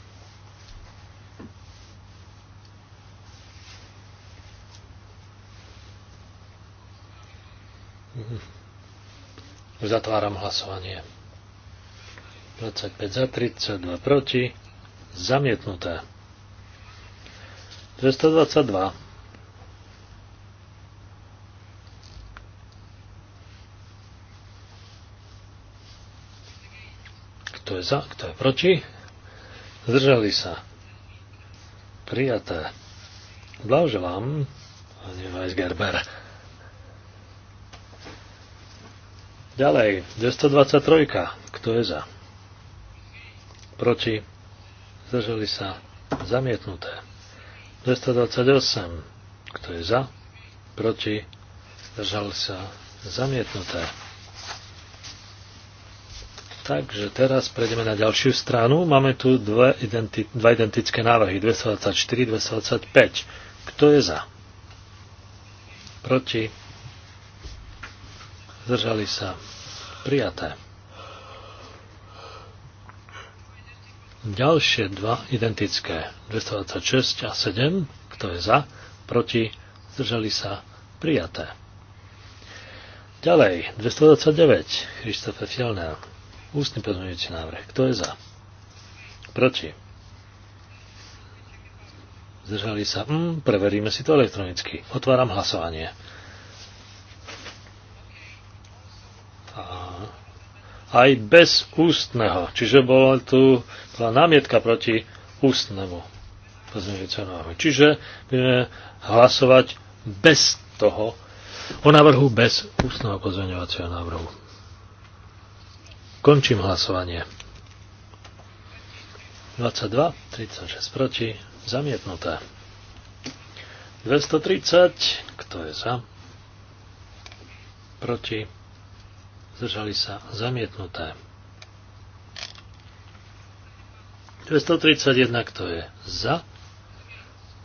Uzatváram hlasovanie. 25 za, 32 proti. Zamietnuté. 222. Kto je za, kto je proti? Zdržali sa. Prijaté. Blahoželám, pani Weisgerber. Ďalej, 223. Kto je za? Proti? Zdržali sa? Zamietnuté. 228. Kto je za? Proti? Zdržali sa? Zamietnuté. Takže teraz prejdeme na ďalšiu stranu. Máme tu dva, identi- dva identické návrhy, 224, 225. Kto je za? Proti? zdržali sa prijaté. Ďalšie dva identické, 226 a 7, kto je za, proti, zdržali sa prijaté. Ďalej, 229, Christopher Fjellner, ústny pozmeňujúci návrh, kto je za, proti, zdržali sa, mm, preveríme si to elektronicky, otváram hlasovanie. aj bez ústneho. Čiže bola tu bola námietka proti ústnemu pozmeňujúcemu návrhu. Čiže budeme hlasovať bez toho, o návrhu bez ústneho pozmeňovacieho návrhu. Končím hlasovanie. 22, 36 proti, zamietnuté. 230, kto je za? Proti zdržali sa zamietnuté. 231, kto je za,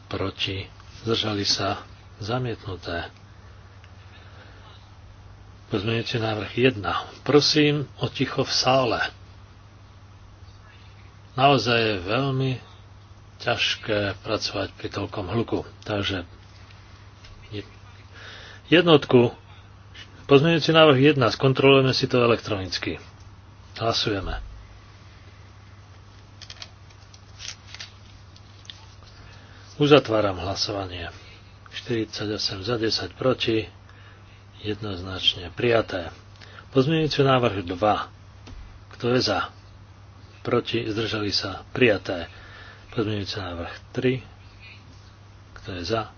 proti, zdržali sa zamietnuté. Pozmeňujúci návrh 1. Prosím o ticho v sále. Naozaj je veľmi ťažké pracovať pri toľkom hluku. Takže jednotku Pozmeňujúci návrh 1. Skontrolujeme si to elektronicky. Hlasujeme. Uzatváram hlasovanie. 48 za 10 proti. Jednoznačne prijaté. Pozmeňujúci návrh 2. Kto je za? Proti. Zdržali sa. Prijaté. Pozmeňujúci návrh 3. Kto je za?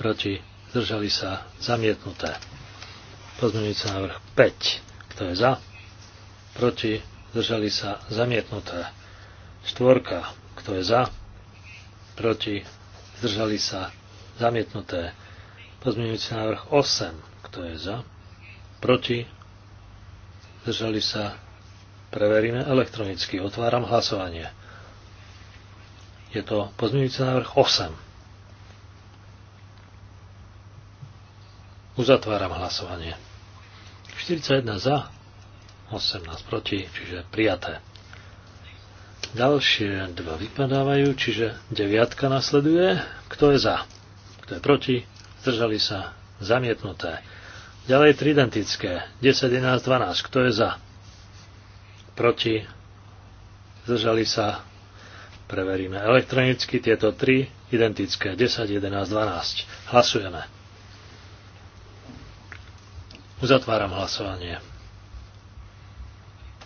Proti. Zdržali sa. Zamietnuté. Pozmeňujúci návrh 5. Kto je za? Proti? Zdržali sa? Zamietnuté. Štvorka. Kto je za? Proti? Zdržali sa? Zamietnuté. Pozmeňujúci návrh 8. Kto je za? Proti? Zdržali sa? Preveríme elektronicky. Otváram hlasovanie. Je to pozmeňujúci návrh 8. Uzatváram hlasovanie. 41 za, 18 proti, čiže prijaté. Ďalšie dva vypadávajú, čiže deviatka nasleduje. Kto je za? Kto je proti? Zdržali sa. Zamietnuté. Ďalej tri identické. 10, 11, 12. Kto je za? Proti? Zdržali sa. Preveríme elektronicky tieto tri identické. 10, 11, 12. Hlasujeme. Uzatváram hlasovanie.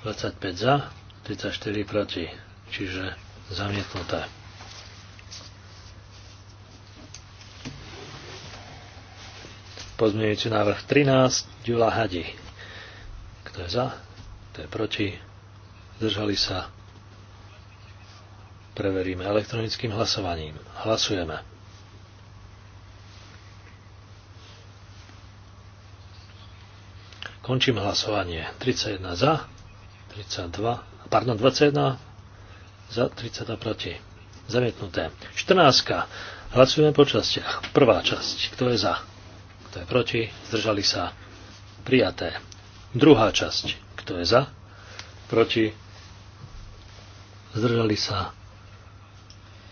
25 za, 34 proti, čiže zamietnuté. Pozmeňujúci návrh 13, Ďula Hadi. Kto je za? Kto je proti? Zdržali sa? Preveríme elektronickým hlasovaním. Hlasujeme. Končím hlasovanie. 31 za, 32, pardon, 21 za, 32 proti. Zamietnuté. 14. Hlasujeme po častiach. Prvá časť. Kto je za? Kto je proti? Zdržali sa. Prijaté. Druhá časť. Kto je za? Proti? Zdržali sa.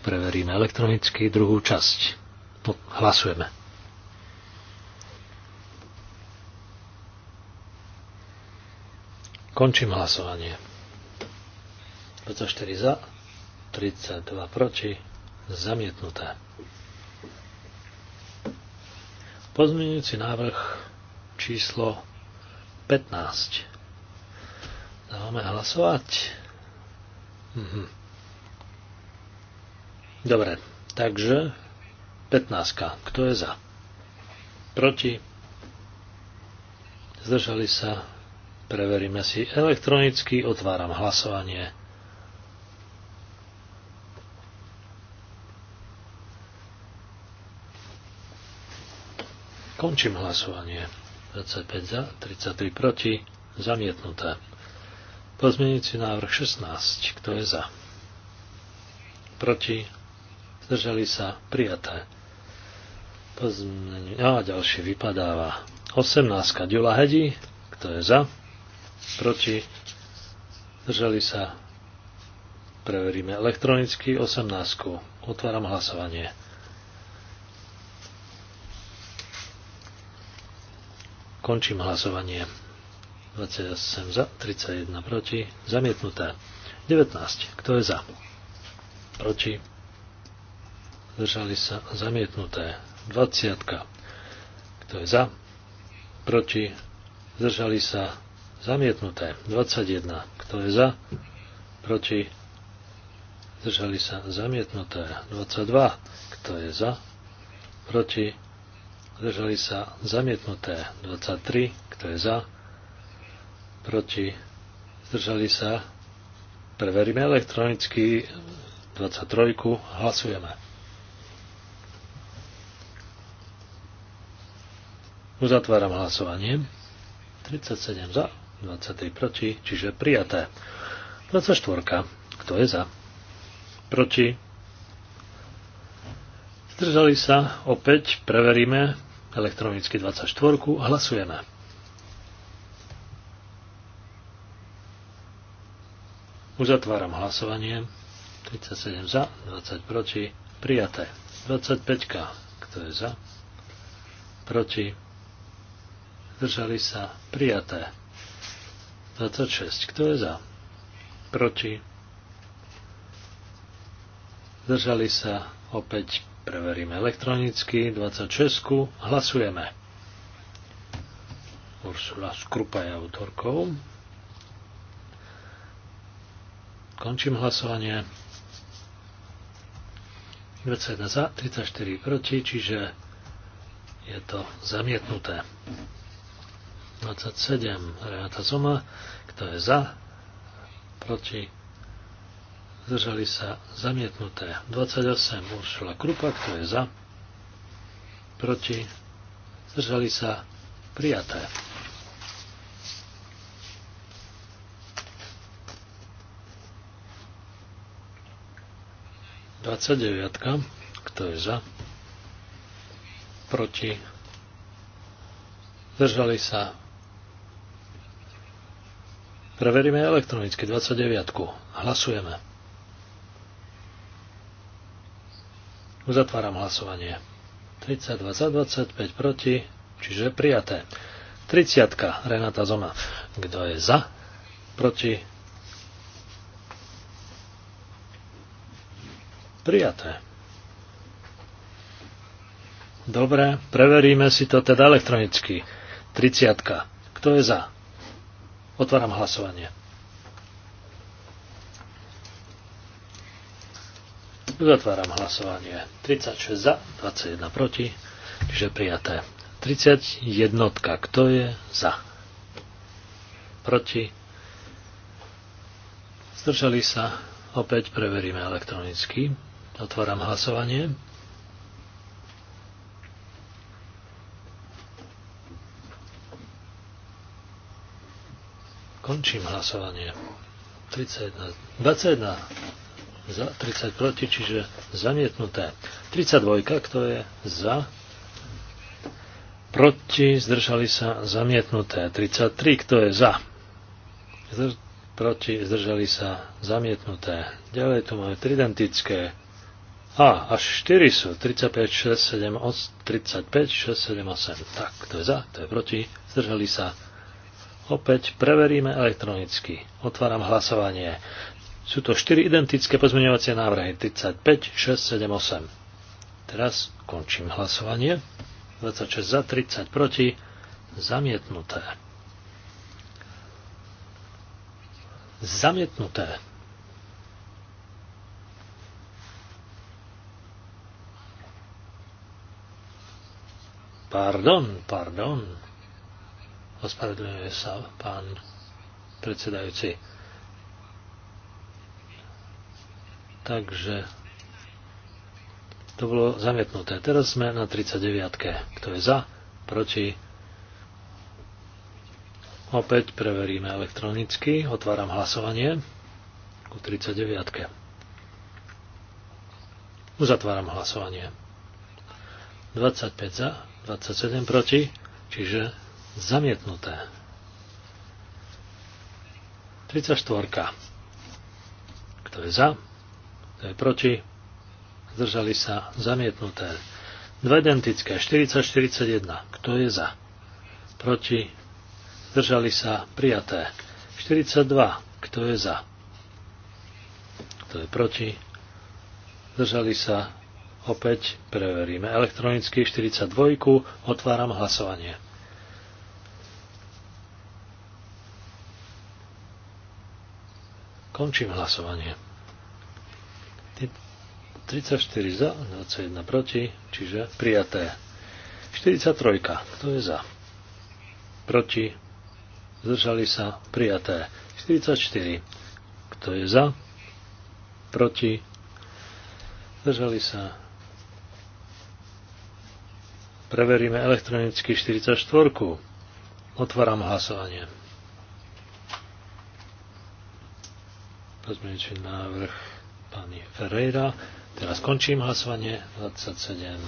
Preveríme elektronicky druhú časť. Hlasujeme. Končím hlasovanie. 24 za, 32 proti, zamietnuté. Pozmeňujúci návrh číslo 15. Dávame hlasovať. Mhm. Dobre, takže 15. Kto je za? Proti? Zdržali sa Preveríme si elektronicky, otváram hlasovanie. Končím hlasovanie. 25 za, 33 proti, zamietnuté. Pozmienujúci návrh 16. Kto je za? Proti? Zdržali sa? Prijaté. Pozmeniu... A ďalšie vypadáva. 18. Ďula Hedi. Kto je za? proti, zdržali sa. Preveríme elektronicky 18. Otváram hlasovanie. Končím hlasovanie. 28 za, 31 proti, zamietnuté. 19. Kto je za? Proti. Zdržali sa zamietnuté. 20. Kto je za? Proti. Zdržali sa Zamietnuté. 21. Kto je za? Proti? Zdržali sa. Zamietnuté. 22. Kto je za? Proti? Zdržali sa. Zamietnuté. 23. Kto je za? Proti? Zdržali sa. Preveríme elektronicky 23. Hlasujeme. Uzatváram hlasovanie. 37 za, 23 proti, čiže prijaté. 24. Kto je za? Proti. Zdržali sa. Opäť preveríme elektronicky 24 a hlasujeme. Uzatváram hlasovanie. 37 za, 20 proti. Prijaté. 25. Kto je za? Proti. Zdržali sa. Prijaté. 26. Kto je za? Proti? Zdržali sa opäť preveríme elektronicky 26. Hlasujeme. Ursula Skrupa je autorkou. Končím hlasovanie. 21 za, 34 proti, čiže je to zamietnuté. 27 Renata Zoma, kto je za, proti, zdržali sa zamietnuté. 28 Uršula Krupa, kto je za, proti, zdržali sa prijaté. Dvadsaťdeviatka, kto je za? Proti. Zdržali sa Preveríme elektronicky 29. Hlasujeme. Uzatváram hlasovanie. 30, 20, 25 proti, čiže prijaté. 30. Renata Zoma. Kto je za? Proti? Prijaté. Dobre, preveríme si to teda elektronicky. 30. Kto je za? Otváram hlasovanie. Zatváram hlasovanie. 36 za, 21 proti, čiže prijaté. 31, kto je za? Proti? Zdržali sa? Opäť preveríme elektronicky. Otváram hlasovanie. Končím hlasovanie. 31, 21 za, 30 proti, čiže zamietnuté. 32, kto je za, proti, zdržali sa, zamietnuté. 33, kto je za, Zdr- proti, zdržali sa, zamietnuté. Ďalej tu máme tri identické. A, až 4 sú. 35, 6, 7, 8, 35, 6, 7, 8. Tak, kto je za, kto je proti, zdržali sa, Opäť preveríme elektronicky. Otváram hlasovanie. Sú to 4 identické pozmeňovacie návrhy 35, 6, 7, 8. Teraz končím hlasovanie. 26 za, 30 proti. Zamietnuté. Zamietnuté. Pardon, pardon. Ospravedlňuje sa pán predsedajúci. Takže to bolo zamietnuté. Teraz sme na 39. -tke. Kto je za? Proti? Opäť preveríme elektronicky. Otváram hlasovanie ku 39. -tke. Uzatváram hlasovanie. 25 za, 27 proti, čiže Zamietnuté. 34. Kto je za? Kto je proti? Zdržali sa zamietnuté. Dva identické. 40-41. Kto je za? Proti? Zdržali sa prijaté. 42. Kto je za? Kto je proti? Zdržali sa. Opäť preveríme. Elektronicky 42. Otváram hlasovanie. Končím hlasovanie. 34 za, 21 proti, čiže prijaté. 43. Kto je za? Proti. Zdržali sa. Prijaté. 44. Kto je za? Proti. Zdržali sa. Preveríme elektronicky 44. Otváram hlasovanie. Pozmeňujúci návrh pani Ferreira. Teraz končím hlasovanie. 27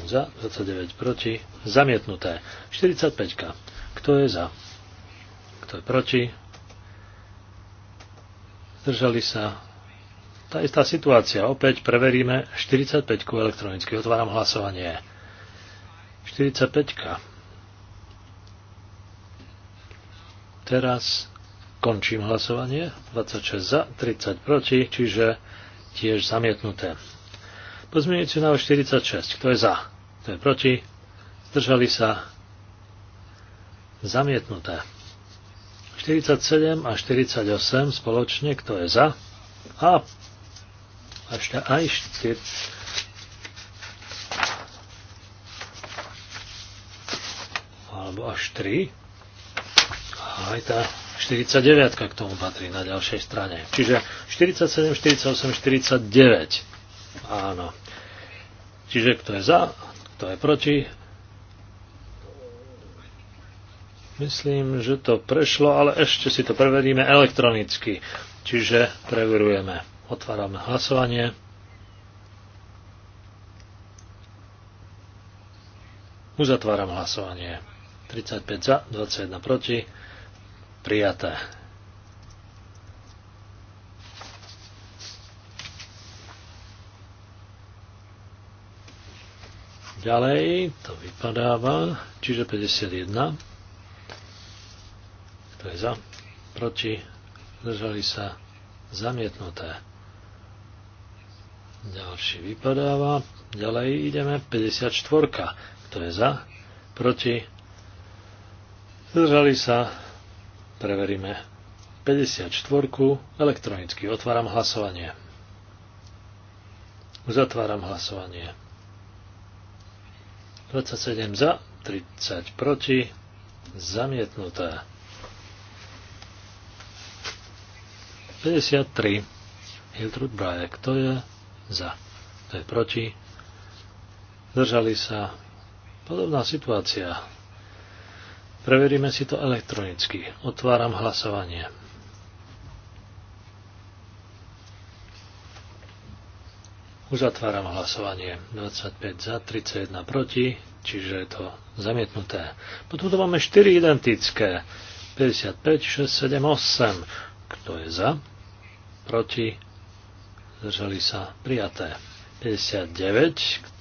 za, 29 proti. Zamietnuté. 45. -ka. Kto je za? Kto je proti? Zdržali sa. Tá istá situácia. Opäť preveríme 45 elektronicky. Otváram hlasovanie. 45. -ka. Teraz Končím hlasovanie. 26 za, 30 proti, čiže tiež zamietnuté. Pozmienujúci návrh 46. Kto je za? Kto je proti? Zdržali sa? Zamietnuté. 47 a 48 spoločne. Kto je za? A ešte aj 4. alebo až 3. A aj tá 49 k tomu patrí na ďalšej strane. Čiže 47, 48, 49. Áno. Čiže kto je za, kto je proti. Myslím, že to prešlo, ale ešte si to preveríme elektronicky. Čiže preverujeme. Otvárame hlasovanie. Uzatváram hlasovanie. 35 za, 21 proti prijaté. Ďalej to vypadáva, čiže 51. Kto je za? Proti? Zdržali sa zamietnuté. Ďalší vypadáva. Ďalej ideme 54. Kto je za? Proti? Zdržali sa Preveríme 54. Elektronicky otváram hlasovanie. Uzatváram hlasovanie. 27 za, 30 proti, zamietnuté. 53. Hiltrud Braje. Kto je za? Kto je proti? Držali sa. Podobná situácia. Preveríme si to elektronicky. Otváram hlasovanie. Uzatváram hlasovanie. 25 za, 31 proti, čiže je to zamietnuté. Potom tu máme 4 identické. 55, 6, 7, 8. Kto je za? Proti? Zdržali sa prijaté. 59.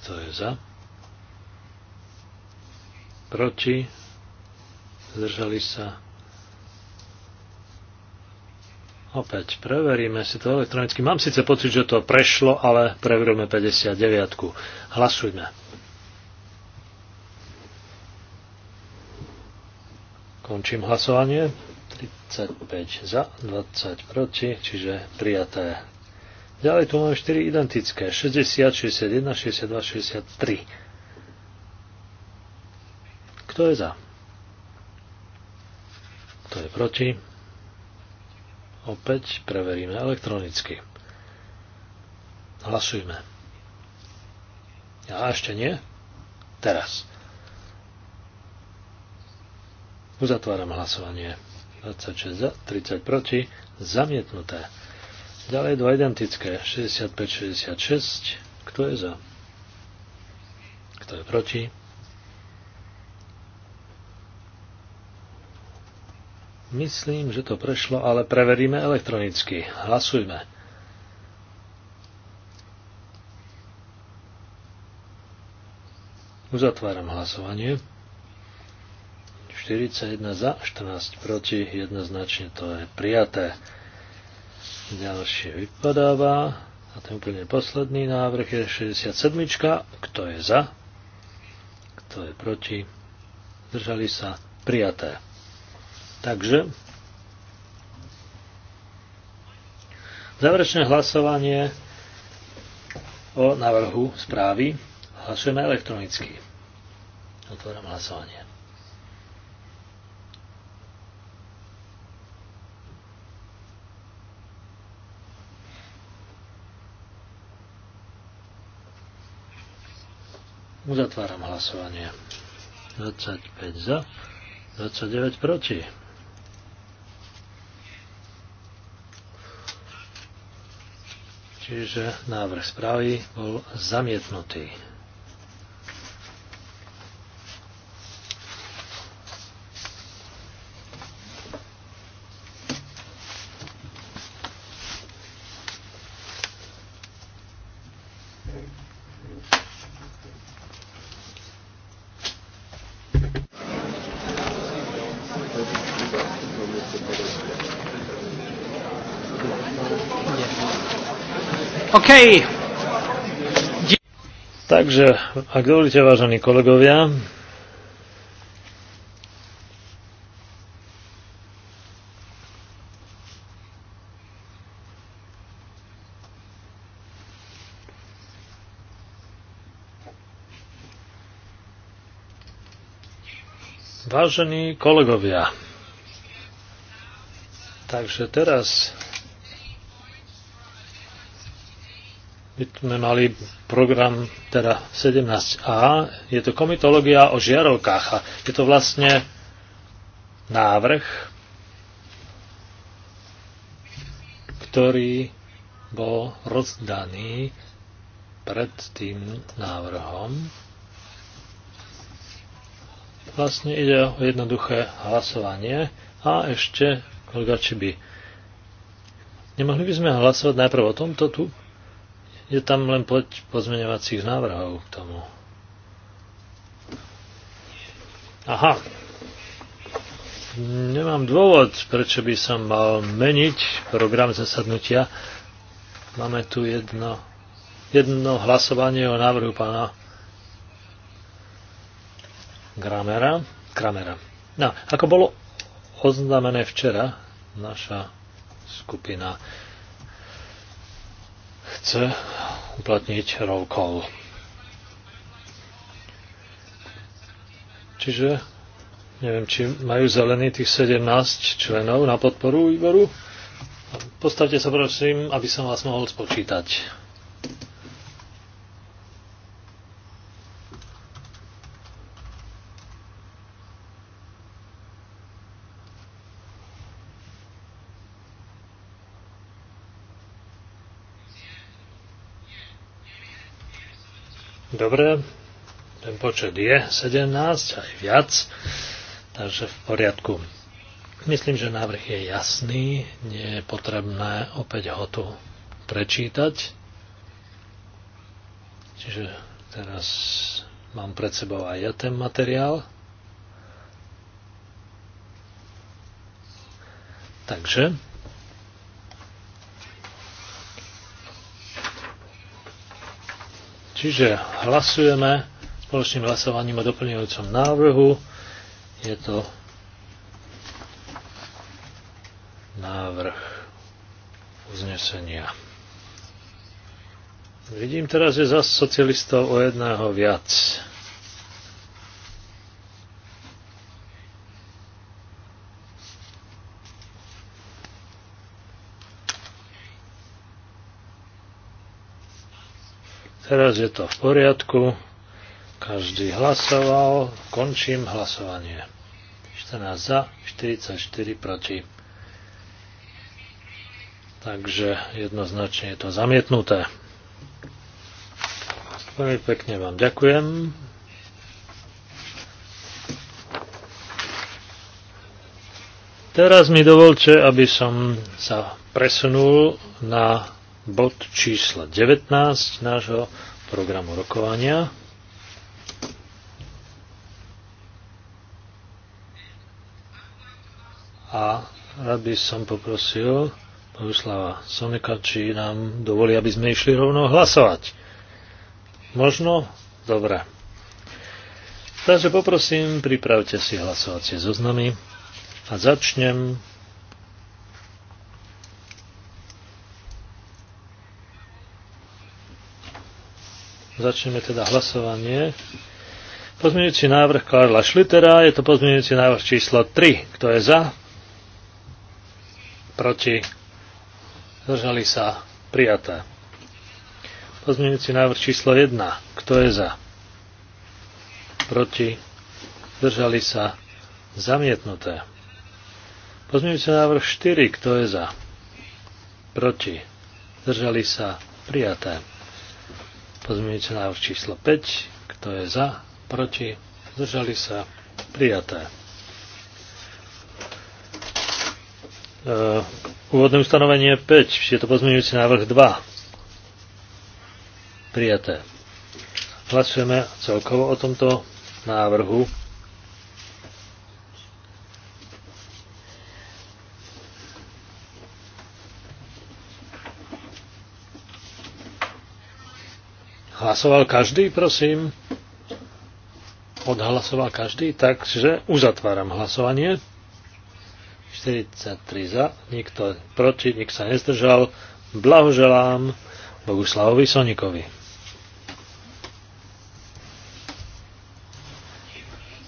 Kto je za? Proti? zdržali sa. Opäť preveríme si to elektronicky. Mám síce pocit, že to prešlo, ale preveríme 59. Hlasujme. Končím hlasovanie. 35 za, 20 proti, čiže prijaté. Ďalej tu máme 4 identické. 60, 61, 62, 63. Kto je za? Kto je proti? Opäť preveríme elektronicky. Hlasujme. A ešte nie? Teraz. Uzatváram hlasovanie. 26 za, 30 proti, zamietnuté. Ďalej dva identické, 65-66. Kto je za? Kto je proti? Myslím, že to prešlo, ale preveríme elektronicky. Hlasujme. Uzatváram hlasovanie. 41 za, 14 proti, jednoznačne to je prijaté. Ďalšie vypadáva. A ten úplne posledný návrh je 67. Kto je za? Kto je proti? Držali sa prijaté. Takže záverečné hlasovanie o návrhu správy hlasujeme elektronicky. Otváram hlasovanie. Uzatváram hlasovanie. 25 za, 29 proti. Čiže návrh správy bol zamietnutý. OK. Takže, ak dovolíte, vážení kolegovia, Vážení kolegovia, takže teraz by sme mali program teda 17a, je to komitológia o žiarovkách a je to vlastne návrh, ktorý bol rozdaný pred tým návrhom. Vlastne ide o jednoduché hlasovanie a ešte kolega Čiby. Nemohli by sme hlasovať najprv o tomto tu? Je tam len pleť pozmeňovacích návrhov k tomu. Aha. Nemám dôvod, prečo by som mal meniť program zasadnutia. Máme tu jedno, jedno hlasovanie o návrhu pána Gramera. Kramera. No, ako bolo oznámené včera, naša skupina chce uplatniť roll call. Čiže neviem, či majú zelení tých 17 členov na podporu výboru. Postavte sa prosím, aby som vás mohol spočítať. dobre. Ten počet je 17, aj viac, takže v poriadku. Myslím, že návrh je jasný, nie je potrebné opäť ho tu prečítať. Čiže teraz mám pred sebou aj ja ten materiál. Takže Čiže hlasujeme spoločným hlasovaním o doplňujúcom návrhu. Je to návrh uznesenia. Vidím teraz, že za socialistov o jedného viac. Teraz je to v poriadku. Každý hlasoval. Končím hlasovanie. 14 za, 44 proti. Takže jednoznačne je to zamietnuté. Veľmi pekne vám ďakujem. Teraz mi dovolte, aby som sa presunul na bod číslo 19 nášho programu rokovania. A rád by som poprosil Bohuslava Soneka, či nám dovolí, aby sme išli rovno hlasovať. Možno? Dobre. Takže poprosím, pripravte si hlasovacie zoznamy a začnem Začneme teda hlasovanie. Pozmeňujúci návrh Karla Šlitera, je to pozmeňujúci návrh číslo 3. Kto je za? Proti? Zdržali sa? Prijaté. Pozmeňujúci návrh číslo 1. Kto je za? Proti? Zdržali sa? Zamietnuté. Pozmeňujúci návrh 4. Kto je za? Proti? Zdržali sa? Prijaté. Pozmeňujúci návrh číslo 5. Kto je za? Proti? Zdržali sa? Prijaté. E, úvodné ustanovenie 5. Je to pozmeňujúci návrh 2. Prijaté. Hlasujeme celkovo o tomto návrhu Hlasoval každý, prosím? Odhlasoval každý, takže uzatváram hlasovanie. 43 za, nikto proti, nik sa nezdržal. Blahoželám Boguslavovi Sonikovi.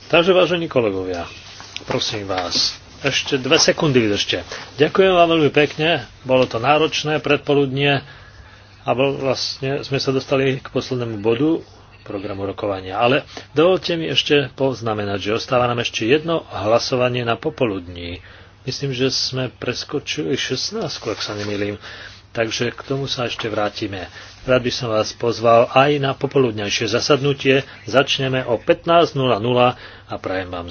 Takže, vážení kolegovia, prosím vás, ešte dve sekundy vydržte. Ďakujem vám veľmi pekne, bolo to náročné predpoludnie a vlastne sme sa dostali k poslednému bodu programu rokovania. Ale dovolte mi ešte poznamenať, že ostáva nám ešte jedno hlasovanie na popoludní. Myslím, že sme preskočili 16, ak sa nemýlim. Takže k tomu sa ešte vrátime. Rád by som vás pozval aj na popoludňajšie zasadnutie. Začneme o 15.00 a prajem vám